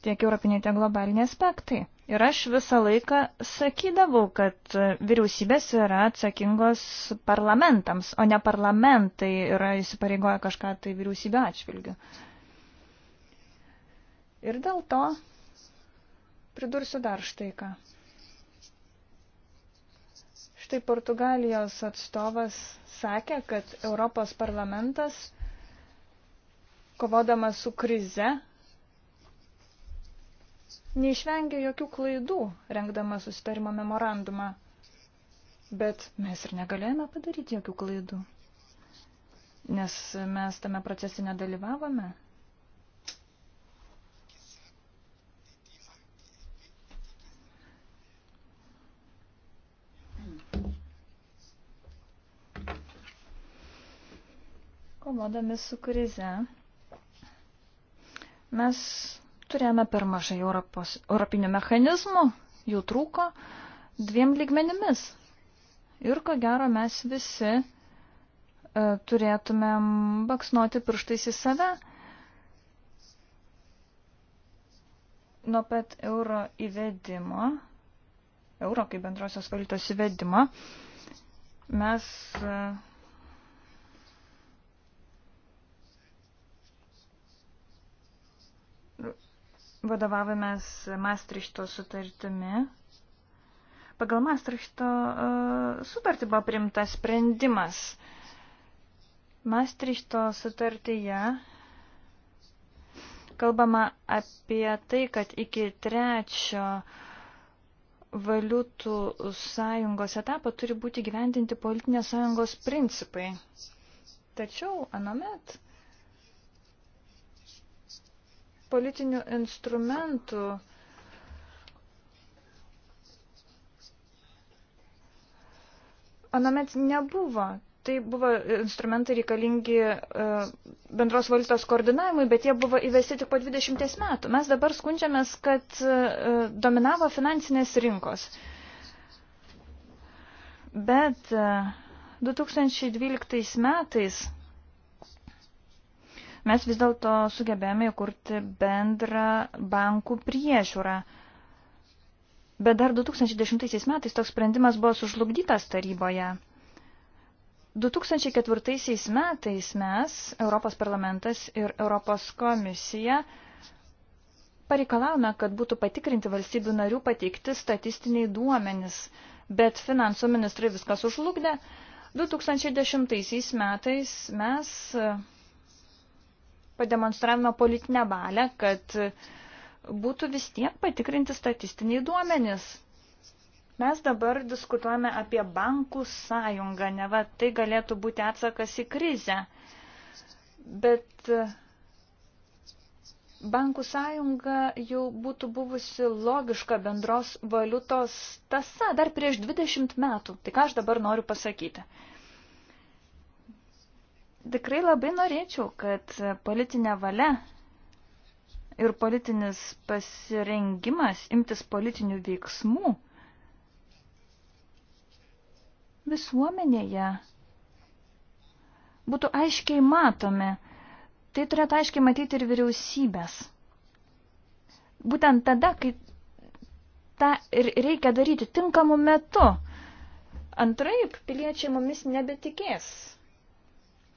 tiek europiniai, tiek globaliniai aspektai. Ir aš visą laiką sakydavau, kad vyriausybės yra atsakingos parlamentams, o ne parlamentai yra įsipareigoję kažką tai vyriausybė atšvilgiu. Ir dėl to pridursiu dar štai ką. Štai Portugalijos atstovas sakė, kad Europos parlamentas, kovodamas su krize, neišvengė jokių klaidų, rengdama susitarimo memorandumą. Bet mes ir negalėjome padaryti jokių klaidų, nes mes tame procese nedalyvavome. Kovodami su krize, mes Turėjome per mažai Europos, europinių mechanizmų, jų trūko dviem lygmenimis. Ir ko gero mes visi e, turėtumėm baksnuoti pirštais į save. Nuo pat euro įvedimo, euro kaip bendrosios valiutos įvedimo, mes. E, vadovavomės Maastrichto sutartimi. Pagal Maastrichto uh, sutartį buvo primtas sprendimas. Maastrichto sutartyje kalbama apie tai, kad iki trečio valiutų sąjungos etapo turi būti gyvendinti politinės sąjungos principai. Tačiau anomet politinių instrumentų. Anomet nebuvo. Tai buvo instrumentai reikalingi e, bendros valiutos koordinavimui, bet jie buvo įvesti tik po 20 metų. Mes dabar skundžiamės, kad e, dominavo finansinės rinkos. Bet 2012 e, metais mes vis dėlto sugebėjome įkurti bendrą bankų priežiūrą. Bet dar 2010 metais toks sprendimas buvo sužlugdytas taryboje. 2004 metais mes, Europos parlamentas ir Europos komisija, pareikalavome, kad būtų patikrinti valstybių narių pateikti statistiniai duomenys, bet finansų ministrai viskas užlugdė. 2010 metais mes pademonstravome politinę valią, kad būtų vis tiek patikrinti statistiniai duomenys. Mes dabar diskutuojame apie bankų sąjungą, ne va tai galėtų būti atsakas į krizę. Bet e, bankų sąjunga jau būtų buvusi logiška bendros valiutos tasa dar prieš 20 metų. Tai ką aš dabar noriu pasakyti? Tikrai labai norėčiau, kad politinė valia ir politinis pasirengimas imtis politinių veiksmų visuomenėje būtų aiškiai matomi. Tai turėtų aiškiai matyti ir vyriausybės. Būtent tada, kai tą ir reikia daryti tinkamu metu. Antraip, piliečiai mumis nebetikės.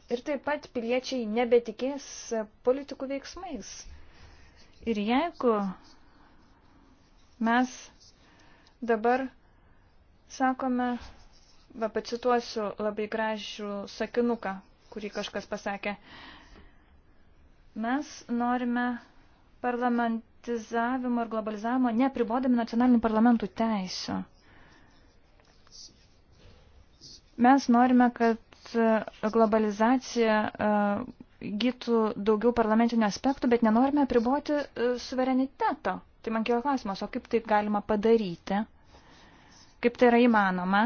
Ir taip pat piliečiai nebetikės politikų veiksmais. Ir jeigu mes dabar sakome, va pacituosiu labai gražių sakinuką, kurį kažkas pasakė, mes norime parlamentizavimo ir globalizavimo nepribodami nacionalinių parlamentų teisų. Mes norime, kad E, globalizacija e, gytų daugiau parlamentinių aspektų, bet nenorime priboti e, suvereniteto. Tai man kilo klausimas, o kaip tai galima padaryti? Kaip tai yra įmanoma?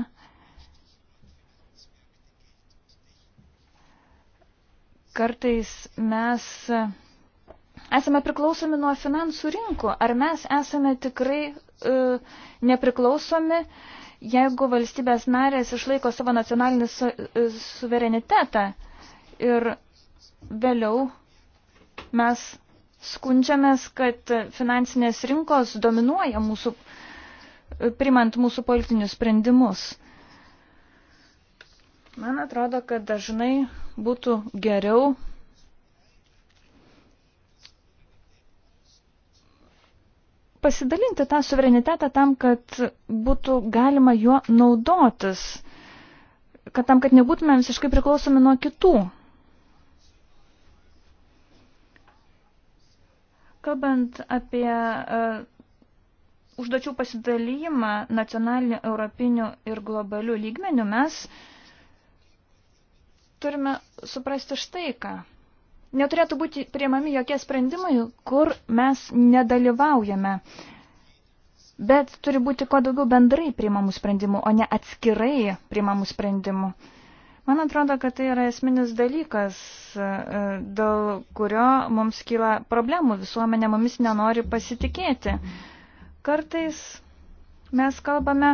Kartais mes esame priklausomi nuo finansų rinkų. Ar mes esame tikrai uh, nepriklausomi uh, Jeigu valstybės narės išlaiko savo nacionalinį su, e, suverenitetą ir vėliau mes skundžiamės, kad finansinės rinkos dominuoja mūsų, e, primant mūsų politinius sprendimus. Man atrodo, kad dažnai būtų geriau pasidalinti tą suverenitetą tam, kad būtų galima juo naudotis, kad tam, kad nebūtume visiškai priklausomi nuo kitų. Kalbant apie uh, užduočių pasidalymą nacionaliniu, europiniu ir globaliu lygmeniu, mes turime suprasti štai ką neturėtų būti priemami jokie sprendimai, kur mes nedalyvaujame. Bet turi būti kuo daugiau bendrai priimamų sprendimų, o ne atskirai priimamų sprendimų. Man atrodo, kad tai yra esminis dalykas, e, dėl kurio mums kyla problemų, visuomenė mumis nenori pasitikėti. Kartais mes kalbame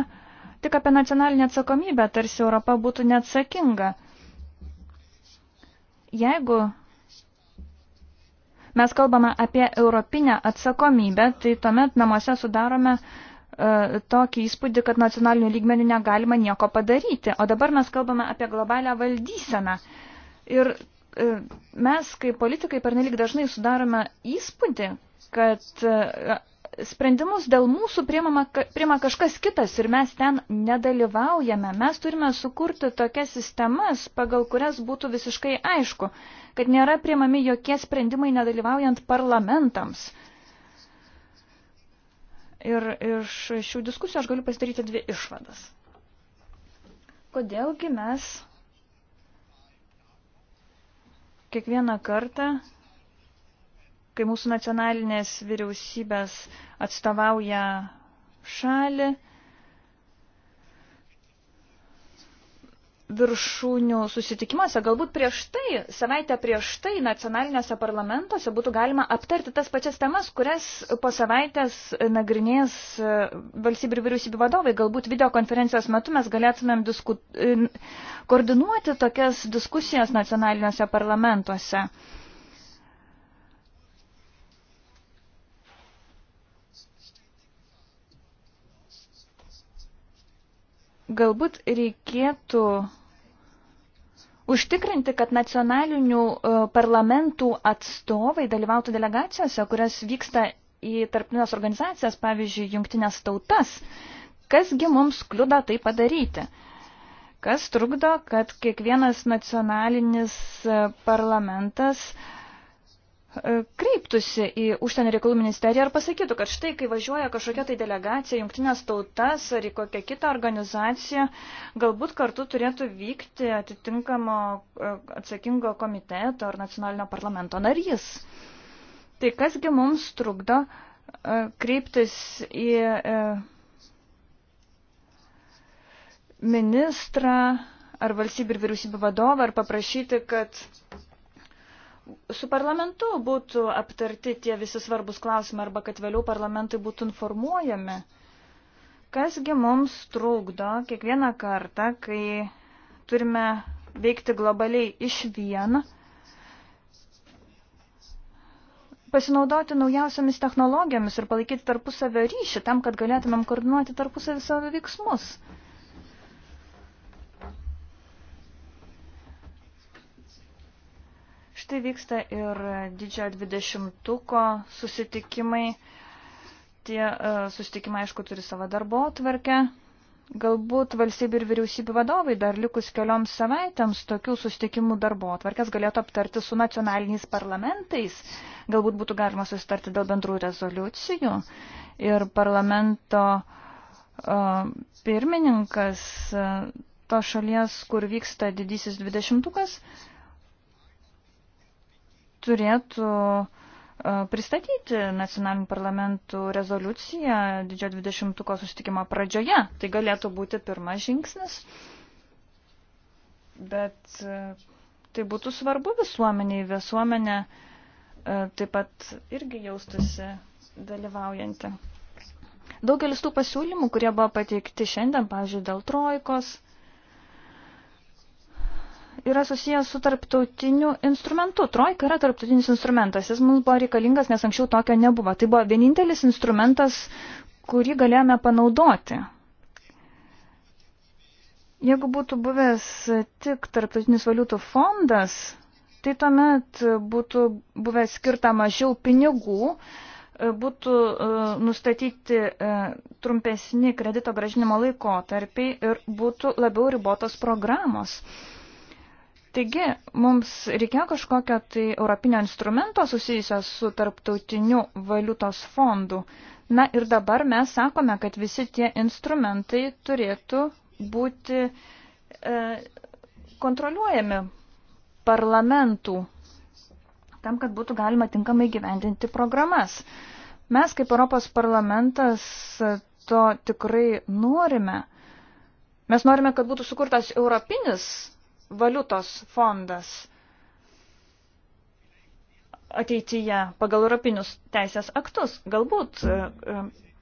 tik apie nacionalinę atsakomybę, tarsi Europa būtų neatsakinga. Jeigu mes kalbame apie europinę atsakomybę, tai tuomet namuose sudarome e, tokį įspūdį, kad nacionalinių lygmenių negalima nieko padaryti. O dabar mes kalbame apie globalią valdyseną. Ir e, mes, kaip politikai, pernelik dažnai sudarome įspūdį, kad e, sprendimus dėl mūsų priima, priima kažkas kitas ir mes ten nedalyvaujame. Mes turime sukurti tokias sistemas, pagal kurias būtų visiškai aišku, kad nėra priimami jokie sprendimai nedalyvaujant parlamentams. Ir iš šių diskusijų aš galiu pasidaryti dvi išvadas. Kodėlgi mes kiekvieną kartą kai mūsų nacionalinės vyriausybės atstovauja šalį, viršūnių susitikimuose, galbūt prieš tai, savaitę prieš tai nacionaliniuose parlamentuose būtų galima aptarti tas pačias temas, kurias po savaitės nagrinės e, valstybių ir vyriausybių vadovai. Galbūt videokonferencijos metu mes galėtumėm disku... koordinuoti tokias diskusijas nacionaliniuose parlamentuose. Galbūt reikėtų užtikrinti, kad nacionalinių e, parlamentų atstovai dalyvautų delegacijose, kurias vyksta į tarptautinės organizacijas, pavyzdžiui, jungtinės tautas. Kasgi mums kliuda tai padaryti? Kas trukdo, kad kiekvienas nacionalinis e, parlamentas uh, E, kreiptųsi į užsienio reikalų ministeriją ir pasakytų, kad štai, kai važiuoja kažkokia tai delegacija, jungtinės tautas ar į kokią kitą organizaciją, galbūt kartu turėtų vykti atitinkamo e, atsakingo komiteto ar nacionalinio parlamento narys. Tai kasgi mums trukdo e, kreiptis į ministrą ar valstybių ir vyriausybių vadovą ir paprašyti, kad su parlamentu būtų aptarti tie visi svarbus klausimai arba kad vėliau parlamentai būtų informuojami. Kasgi mums trukdo kiekvieną kartą, kai turime veikti globaliai iš vieną, pasinaudoti naujausiamis technologijomis ir palaikyti tarpusavio ryšį tam, kad galėtumėm koordinuoti tarpusavį savo veiksmus. štai vyksta ir didžiojo dvidešimtuko susitikimai. Tie e, susitikimai, aišku, turi savo darbo tvarkę. Galbūt valstybių ir vyriausybių vadovai dar likus kelioms savaitėms tokių sustikimų darbo atvarkės galėtų aptarti su nacionaliniais parlamentais. Galbūt būtų galima susitarti dėl bendrų rezoliucijų. Ir parlamento uh, pirmininkas uh, to šalies, kur vyksta didysis dvidešimtukas, uh, turėtų e, pristatyti nacionalinių parlamentų rezoliuciją didžio 20-ko sustikimo pradžioje. Tai galėtų būti pirmas žingsnis, bet e, tai būtų svarbu visuomeniai. Visuomenė e, taip pat irgi jaustusi dalyvaujanti. Daugelis tų pasiūlymų, kurie buvo pateikti šiandien, pavyzdžiui, dėl trojkos, yra susijęs su tarptautiniu instrumentu. Trojka yra tarptautinis instrumentas. Jis mums buvo reikalingas, nes anksčiau tokio nebuvo. Tai buvo vienintelis instrumentas, kurį galėjome panaudoti. Jeigu būtų buvęs tik tarptautinis valiutų fondas, tai tuomet būtų buvę skirta mažiau pinigų, būtų e, nustatyti e, trumpesni kredito gražinimo laikotarpiai ir būtų labiau ribotos programos. Taigi, mums reikėjo kažkokio tai europinio instrumento susijusio su tarptautiniu valiutos fondu. Na ir dabar mes sakome, kad visi tie instrumentai turėtų būti e, kontroliuojami parlamentų, tam, kad būtų galima tinkamai gyvendinti programas. Mes kaip Europos parlamentas to tikrai norime. Mes norime, kad būtų sukurtas europinis valiutos fondas ateityje pagal europinius teisės aktus. Galbūt e, e,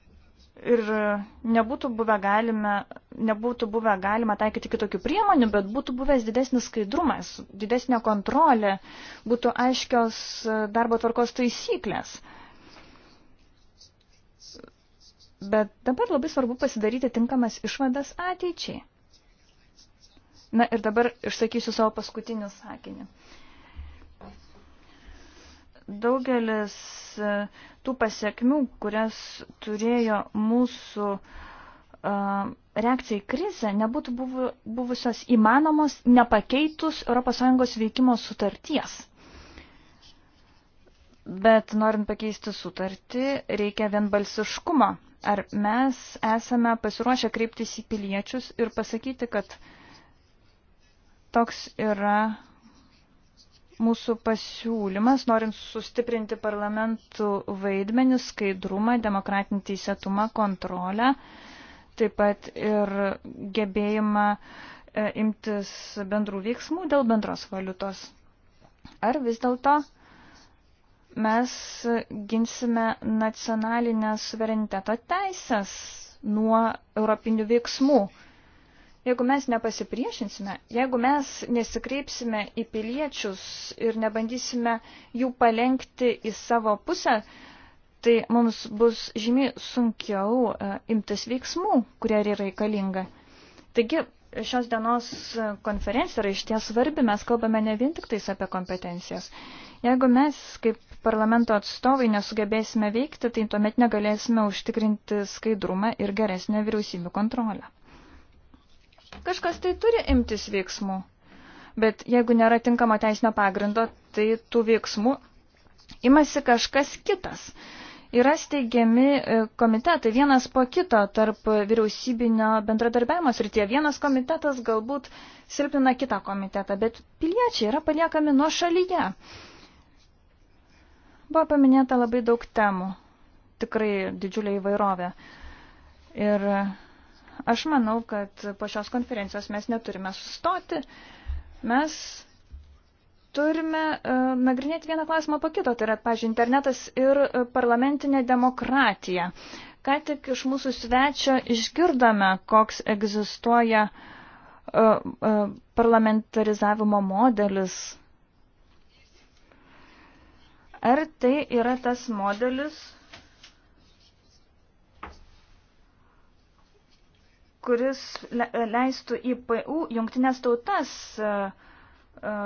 ir nebūtų buvę, galime, nebūtų buvę galima taikyti kitokių priemonių, bet būtų buvęs didesnis skaidrumas, didesnė kontrolė, būtų aiškios darbo tvarkos taisyklės. Bet dabar labai svarbu pasidaryti tinkamas išvadas ateičiai. Na ir dabar išsakysiu savo paskutinį sakinį. Daugelis e, tų pasiekmių, kurias turėjo mūsų uh, reakcija į krizę, nebūtų buvu, buvusios įmanomos nepakeitus ES veikimo sutarties. Bet norint pakeisti sutartį, reikia vienbalsiškumo. Ar mes esame pasiruošę kreiptis į piliečius ir pasakyti, kad uh, Toks yra mūsų pasiūlymas, norint sustiprinti parlamentų vaidmenį, skaidrumą, demokratinį teisėtumą, kontrolę, taip pat ir gebėjimą e, imtis bendrų veiksmų dėl bendros valiutos. Ar vis dėlto mes ginsime nacionalinę suvereniteto teisės nuo europinių veiksmų? Jeigu mes nepasipriešinsime, jeigu mes nesikreipsime į piliečius ir nebandysime jų palengti į savo pusę, tai mums bus žymiai sunkiau e, imtis veiksmų, kurie yra reikalinga. Taigi šios dienos konferencija yra išties svarbi, mes kalbame ne vien tik tais apie kompetencijas. Jeigu mes kaip parlamento atstovai nesugebėsime veikti, tai tuomet negalėsime užtikrinti skaidrumą ir geresnę vyriausybių kontrolę. Kažkas tai turi imtis veiksmų, bet jeigu nėra tinkamo teisinio pagrindo, tai tų veiksmų imasi kažkas kitas. Yra steigiami e, komitetai vienas po kito tarp vyriausybinio bendradarbiavimo srityje. Vienas komitetas galbūt silpina kitą komitetą, bet piliečiai yra paliekami nuo šalyje. Buvo paminėta labai daug temų, tikrai didžiulė įvairovė. Ir Aš manau, kad po šios konferencijos mes neturime sustoti. Mes turime uh, nagrinėti vieną klausimą po kito, tai yra, pažiūrėjau, internetas ir uh, parlamentinė demokratija. Ką tik iš mūsų svečio išgirdome, koks egzistuoja uh, uh, parlamentarizavimo modelis. Ar tai yra tas modelis, kuris leistų IPU jungtinės tautas, e, e,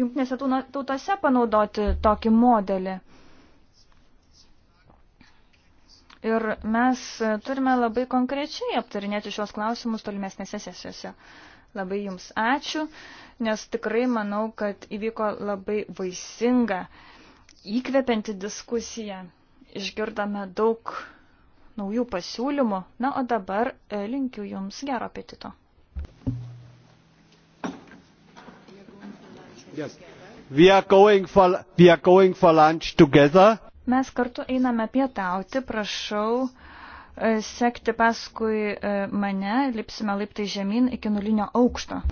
jungtinėse tautose panaudoti tokį modelį. Ir mes turime labai konkrečiai aptarinėti šios klausimus tolimesnėse sesijose. Labai jums ačiū, nes tikrai manau, kad įvyko labai vaisinga, įkvepianti diskusija. Išgirdome daug naujų pasiūlymų. Na, o dabar e, linkiu Jums gero apetito. Yes. We are going for, we are going for lunch together. Mes kartu einame pietauti, prašau e, sekti paskui e, mane, lipsime laiptai žemyn iki nulinio aukšto.